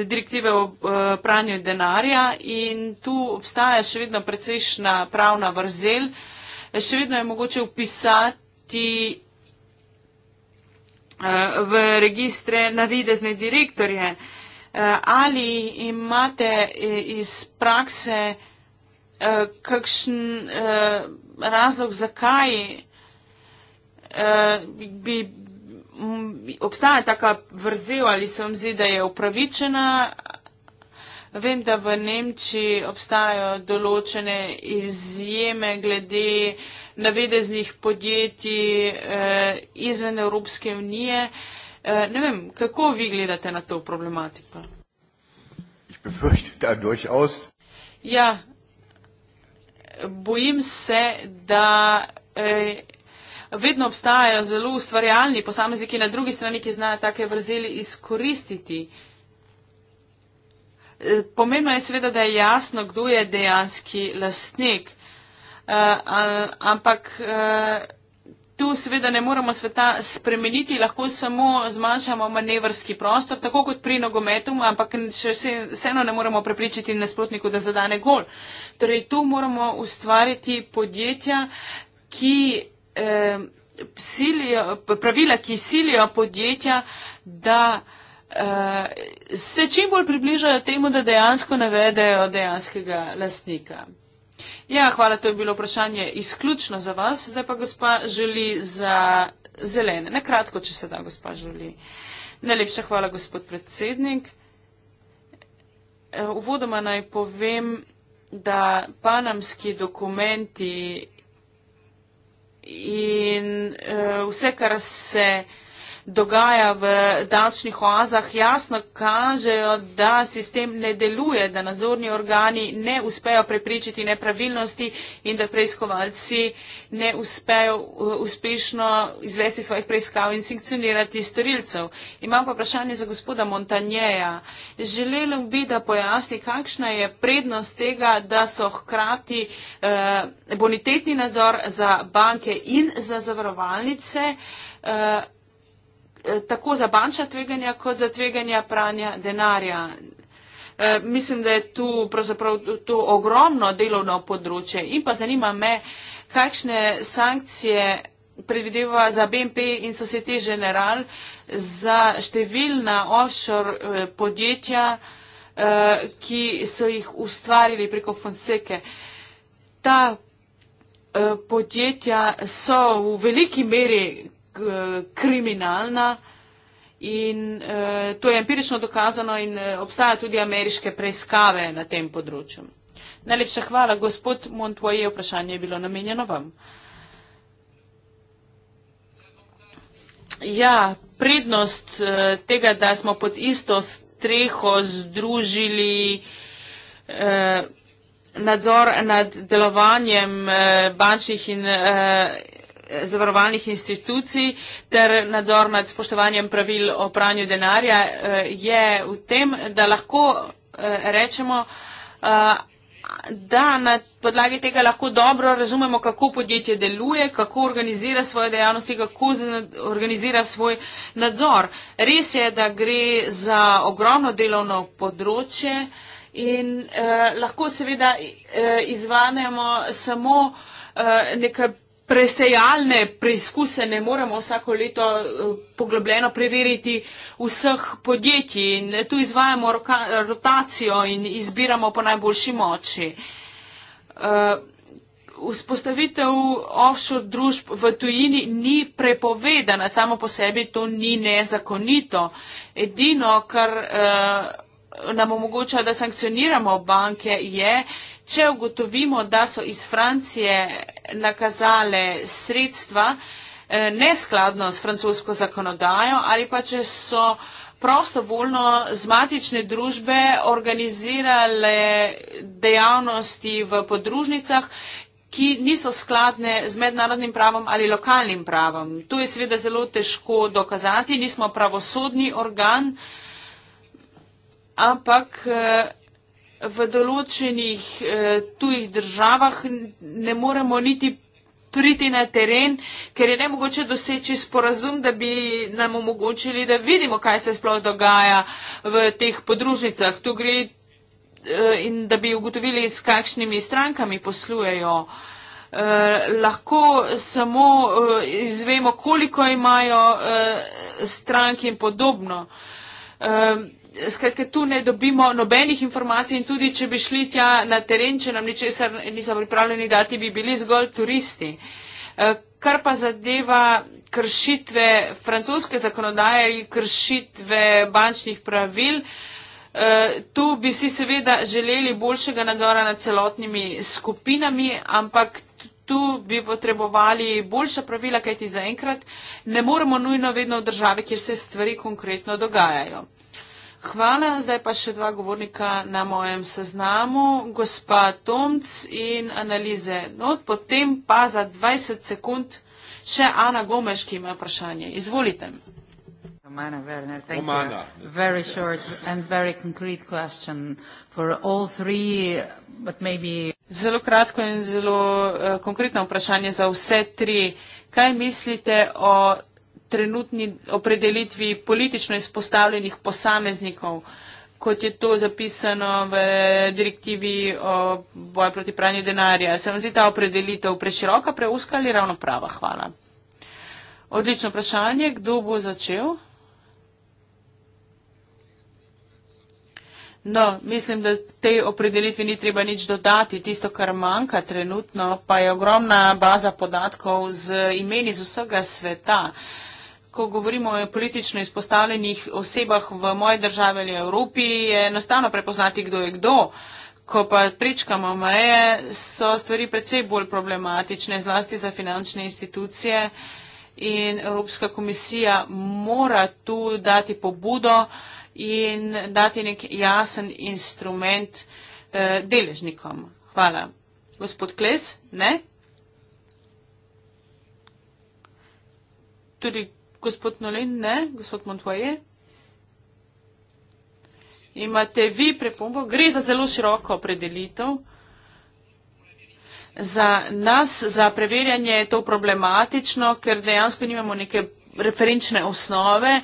direktive o eh, pranju denarja in tu obstaja še vedno precejšna pravna vrzel. Eh, še vedno je mogoče upisati eh, v registre navidezne direktorje. Eh, ali imate eh, iz prakse kakšen razlog, zakaj bi obstaja taka vrzel ali se vam zdi, da je upravičena Vem, da v Nemčiji obstajajo določene izjeme glede navedeznih podjetij eh, izven Evropske unije. Eh, ne vem, kako vi gledate na to problematiko? Ja, bojim se, da eh, vedno obstajajo zelo ustvarjalni posamezniki na drugi strani, ki znajo take vrzeli izkoristiti. Eh, Pomembno je seveda, da je jasno, kdo je dejanski lastnik. Eh, ampak eh, tu seveda ne moremo sveta spremeniti, lahko samo zmanjšamo manevrski prostor, tako kot pri nogometu, ampak še vseeno ne moremo prepričati nasprotniku, da zadane gol. Torej tu moramo ustvariti podjetja, ki. Eh, silijo, pravila, ki silijo podjetja, da uh, se čim bolj približajo temu, da dejansko ne vedejo dejanskega lastnika. Ja, hvala, to je bilo vprašanje izključno za vas. Zdaj pa gospa želi za zelene. Nekratko, če se da, gospa želi. Najlepša hvala, gospod predsednik. Eh, uvodoma naj povem, da panamski dokumenti in uh, vse, kar se. Uh, dogaja v davčnih oazah, jasno kažejo, da sistem ne deluje, da nadzorni organi ne uspejo prepričati nepravilnosti in da preiskovalci ne uspejo uh, uspešno izvesti svojih preiskav in sankcionirati storilcev. Imam pa vprašanje za gospoda Montanjeja. Želelo bi, da pojasni, kakšna je prednost tega, da so hkrati eh, bonitetni nadzor za banke in za zavarovalnice. Eh, Eh, tako za bančna tveganja, kot za tveganja pranja denarja. Eh, mislim, da je tu pravzaprav to ogromno delovno področje. In pa zanima me, kakšne sankcije predvideva za BNP in Societe General za številna offshore eh, podjetja, ki so jih ustvarili preko Fonseke. Ta podjetja so v veliki meri Eh, kriminalna. In eh, to je empirično dokazano in eh, obstaja tudi ameriške preiskave na tem področju. Najlepša hvala, gospod Montoye, vprašanje je bilo namenjeno vam. Ja, prednost eh, tega, da smo pod isto streho združili eh, nadzor nad delovanjem eh, bančnih in. Eh, zavarovalnih institucij ter nadzor nad spoštovanjem pravil o pranju denarja eh, je v tem, da lahko eh, rečemo, eh, da na podlagi tega lahko dobro razumemo, kako podjetje deluje, kako organizira svoje dejavnosti, kako organizira svoj nadzor. Res je, da gre za ogromno delovno področje in eh, lahko seveda eh, izvanemo samo eh, nekaj presejalne preizkuse ne moremo vsako leto eh, poglobljeno preveriti vseh podjetij. Tu izvajamo rotacijo in izbiramo po najboljši moči. Eh, vzpostavitev offshore družb v tujini ni prepovedana, samo po sebi to ni nezakonito. Edino, kar eh, nam omogoča, da sankcioniramo banke, je, Če ugotovimo, da so iz Francije nakazale sredstva eh, neskladno s francosko zakonodajo ali pa če so prostovoljno z matične družbe organizirale dejavnosti v podružnicah, ki niso skladne z mednarodnim pravom ali lokalnim pravom. To je seveda zelo težko dokazati, nismo pravosodni organ, ampak eh, v določenih eh, tujih državah ne moremo niti priti na teren, ker je ne mogoče doseči sporazum, da bi nam omogočili, da vidimo, kaj se sploh dogaja v teh podružnicah. Tu gre eh, in da bi ugotovili, s kakšnimi strankami poslujejo. Eh, lahko samo izvemo, koliko imajo strank in podobno skratka, tu ne dobimo nobenih informacij in tudi, če bi šli tja na teren, če nam ničesar niso pripravljeni dati, bi bili zgolj turisti. Eh, kar pa zadeva kršitve francoske zakonodaje in kršitve bančnih pravil, eh, tu bi si seveda želeli boljšega nadzora nad celotnimi skupinami, ampak. Tu bi potrebovali boljša pravila, kajti zaenkrat ne moremo nujno vedno v državi, kjer se stvari konkretno dogajajo. Hvala, zdaj pa še dva govornika na mojem seznamu, gospa Tomc in analize. No, potem pa za 20 sekund še Ana Gomeš, ki ima vprašanje. Izvolite. Romana Werner, thank Romana. you. Very short and very concrete question for all three, but maybe. Zelo kratko in zelo uh, konkretno vprašanje za vse tri. Kaj mislite o trenutni opredelitvi politično izpostavljenih posameznikov, kot je to zapisano v direktivi o boju proti pranju denarja. Se vam zdi ta opredelitev preširoka, preuska ali ravno prava? Hvala. Odlično vprašanje. Kdo bo začel? No, mislim, da tej opredelitvi ni treba nič dodati. Tisto, kar manjka trenutno, pa je ogromna baza podatkov z imeni z vsega sveta. Uh, ko govorimo o politično izpostavljenih osebah v moji državi ali Evropi, je enostavno prepoznati, kdo je kdo. Ko pa prečkamo meje, so stvari predvsej bolj problematične, zlasti za finančne institucije. In Evropska komisija mora tu dati pobudo in dati nek jasen instrument eh, deležnikom. Hvala. Gospod Kles, ne? Tudi Gospod Nolin, ne, gospod Montoye. Imate vi prepombo? Gre za zelo široko opredelitev. Za nas, za preverjanje je to problematično, ker dejansko nimamo neke referenčne osnove,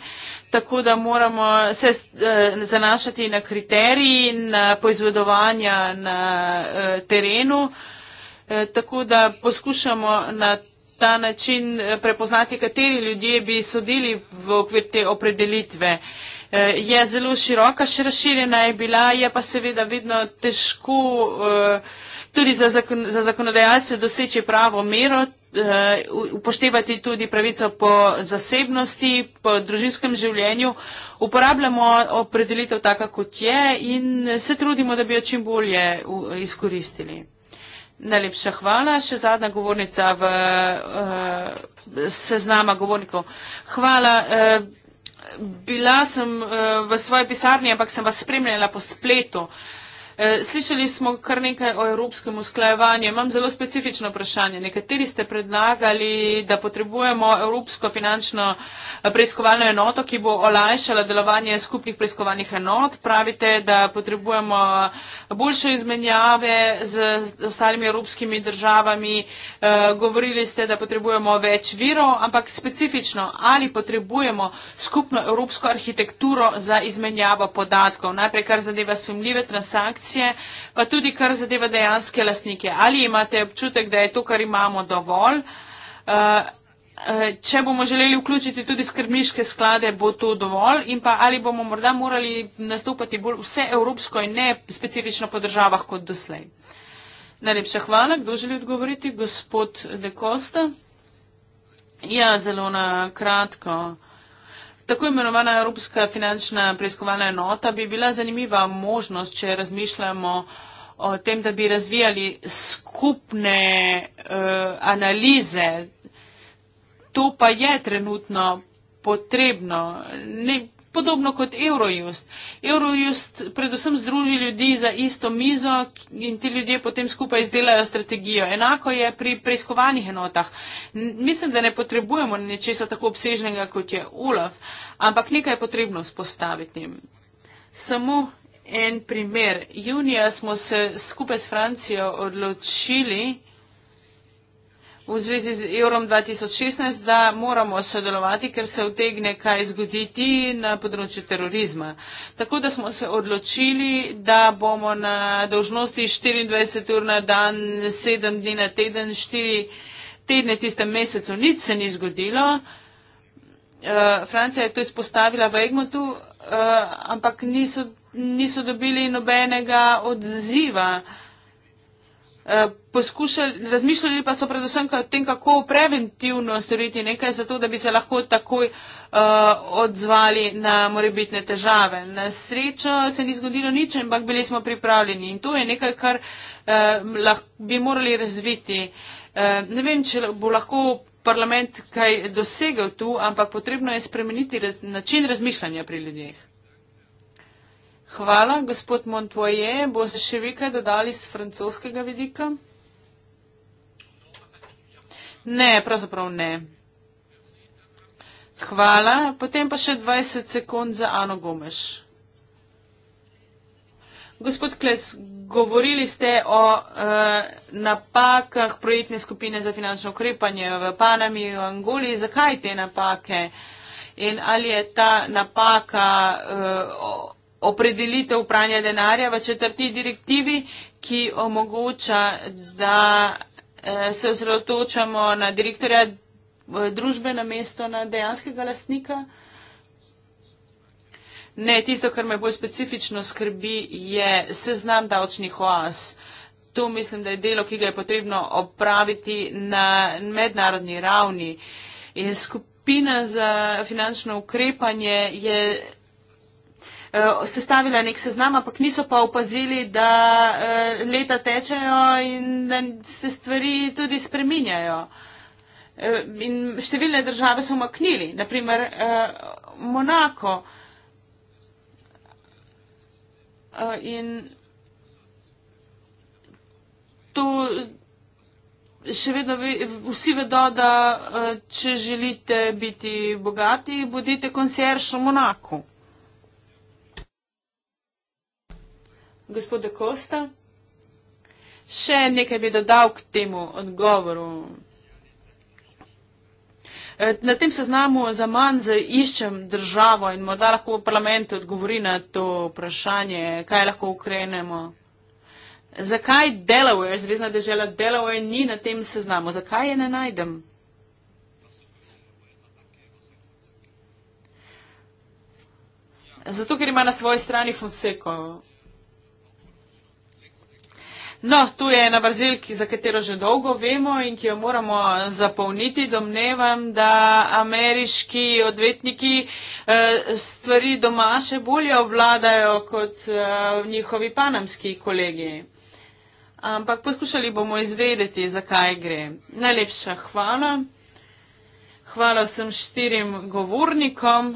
tako da moramo se eh, zanašati na kriteriji in poizvedovanja na eh, terenu. Eh, tako da poskušamo na to ta način eh, prepoznati, kateri ljudje bi sodili v okvir te opredelitve. Eh, je zelo široka, še razširjena je bila, je pa seveda vedno težko eh, tudi za, zakon, za zakonodajalce doseči pravo mero, upoštevati tudi pravico po zasebnosti, po družinskem življenju. Uporabljamo opredelitev taka, kot je in se trudimo, da bi jo čim bolje izkoristili. Najlepša hvala. Še zadnja govornica v uh, seznama govornikov. Hvala. Uh, bila sem uh, v svoji pisarni, ampak sem vas spremljala po spletu. Uh, Eh, slišali smo kar nekaj o evropskem usklajevanju. Imam zelo specifično vprašanje. Nekateri ste predlagali, da potrebujemo evropsko finančno eh, preiskovalno enoto, ki bo olajšala delovanje skupnih preiskovalnih enot. Pravite, da potrebujemo eh, boljše izmenjave z ostalimi evropskimi državami. Govorili ste, da potrebujemo več virov, ampak specifično, ali potrebujemo skupno evropsko arhitekturo za izmenjavo podatkov. Najprej, kar zadeva sumljive transakcije akcije, pa tudi kar zadeva dejanske lastnike. Ali imate občutek, da je to, kar imamo, dovolj? Eh, eh, če bomo želeli vključiti tudi skrbniške sklade, bo to dovolj? In pa ali bomo morda morali nastopati bolj vse evropsko in ne specifično po državah kot doslej? Najlepša hvala. Kdo želi odgovoriti? Gospod De Costa. Ja, zelo na kratko. Tako imenovana Evropska finančna preiskovalna enota bi bila zanimiva možnost, če razmišljamo o tem, da bi razvijali skupne uh, analize. To pa je trenutno potrebno. Ne, podobno kot Eurojust. Eurojust predvsem združi ljudi za isto mizo in ti ljudje potem skupaj izdelajo strategijo. Enako je pri preiskovanih enotah. Mislim, da ne potrebujemo nečesa tako obsežnega kot je ULAF, ampak nekaj je potrebno spostaviti. Samo en primer. Junija smo se skupaj s Francijo odločili, v zvezi z Eurom 2016, da moramo sodelovati, ker se vtegne kaj zgoditi na področju terorizma. Tako da smo se odločili, da bomo na dožnosti 24 ur na dan, 7 dni na teden, 4 tedne tistem mesecu, nič se ni zgodilo. Eh, Francija je to izpostavila v Egmontu, eh, ampak niso, niso dobili nobenega odziva. Eh, poskušali, razmišljali pa so predvsem o tem, kako preventivno storiti nekaj zato, da bi se lahko takoj uh, odzvali na morebitne težave. Na srečo se ni zgodilo nič, ampak bili smo pripravljeni in to je nekaj, kar uh, lah, bi morali razviti. Uh, ne vem, če bo lahko parlament kaj dosegel tu, ampak potrebno je spremeniti raz, način razmišljanja pri ljudeh. Hvala, gospod Montoye. Boste še vi kaj dodali z francoskega vidika? Ne, pravzaprav ne. Hvala. Potem pa še 20 sekund za Ano Gomeš. Gospod Kles, govorili ste o e, napakah projektne skupine za finančno ukrepanje v Panami, v Angoli. Zakaj te napake? In ali je ta napaka e, opredelitev pranja denarja v četrti direktivi, ki omogoča, da eh, se osredotočamo na direktorja družbe na mesto na dejanskega lastnika. Ne, tisto, kar me bolj specifično skrbi, je seznam davčnih oaz. To mislim, da je delo, ki ga je potrebno opraviti na mednarodni ravni. In skupina za finančno ukrepanje je uh, sestavila nek seznam, ampak niso pa opazili, da uh, leta tečejo in da se stvari tudi spreminjajo. Uh, in številne države so umaknili, naprimer uh, Monako. Uh, in to še vedno ve, vsi vedo, da uh, če želite biti bogati, bodite konsierž v Monaku. gospoda Kosta. Še nekaj bi dodal k temu odgovoru. E, na tem seznamu za manj iščem državo in morda lahko v parlamentu odgovori na to vprašanje, kaj lahko ukrenemo. Zakaj Delaware, zvezdna država Delaware, ni na tem seznamu? Zakaj je ne najdem? Zato, ker ima na svoji strani Fonseko. No, tu je ena vrzel, za katero že dolgo vemo in ki jo moramo zapolniti. Domnevam, da ameriški odvetniki eh, stvari doma še bolje obvladajo kot eh, njihovi panamski kolegi. Ampak poskušali bomo izvedeti, zakaj gre. Najlepša hvala. Hvala vsem štirim govornikom.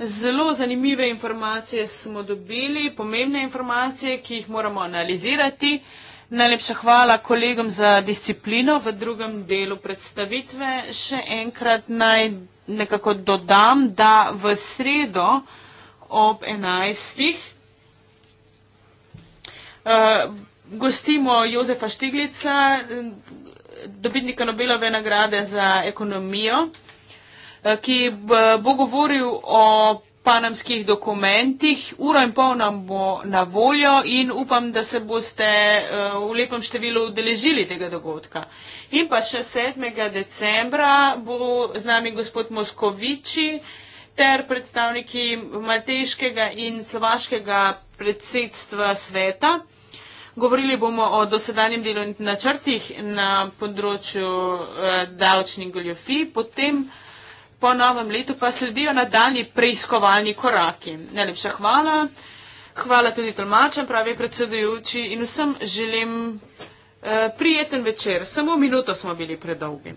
Zelo zanimive informacije smo dobili, pomembne informacije, ki jih moramo analizirati. Najlepša hvala kolegom za disciplino v drugem delu predstavitve. Še enkrat naj nekako dodam, da v sredo ob enajstih uh, gostimo Jozefa Štiglica, eh, dobitnika Nobelove nagrade za ekonomijo. Eh, ki eh, bo govoril o panamskih dokumentih. Uro in pol nam bo na voljo in upam, da se boste eh, v lepem številu udeležili tega dogodka. In pa še 7. decembra bo z nami gospod Moskoviči ter predstavniki maltejškega in slovaškega predsedstva sveta. Govorili bomo o dosedanjem delovnih načrtih na področju eh, davčnih goljofij, potem eh, po novem letu pa sledijo nadaljni preiskovalni koraki. Najlepša hvala. Hvala tudi tolmačem, pravi predsedujoči in vsem želim eh, prijeten večer. Samo minuto smo bili predolgi.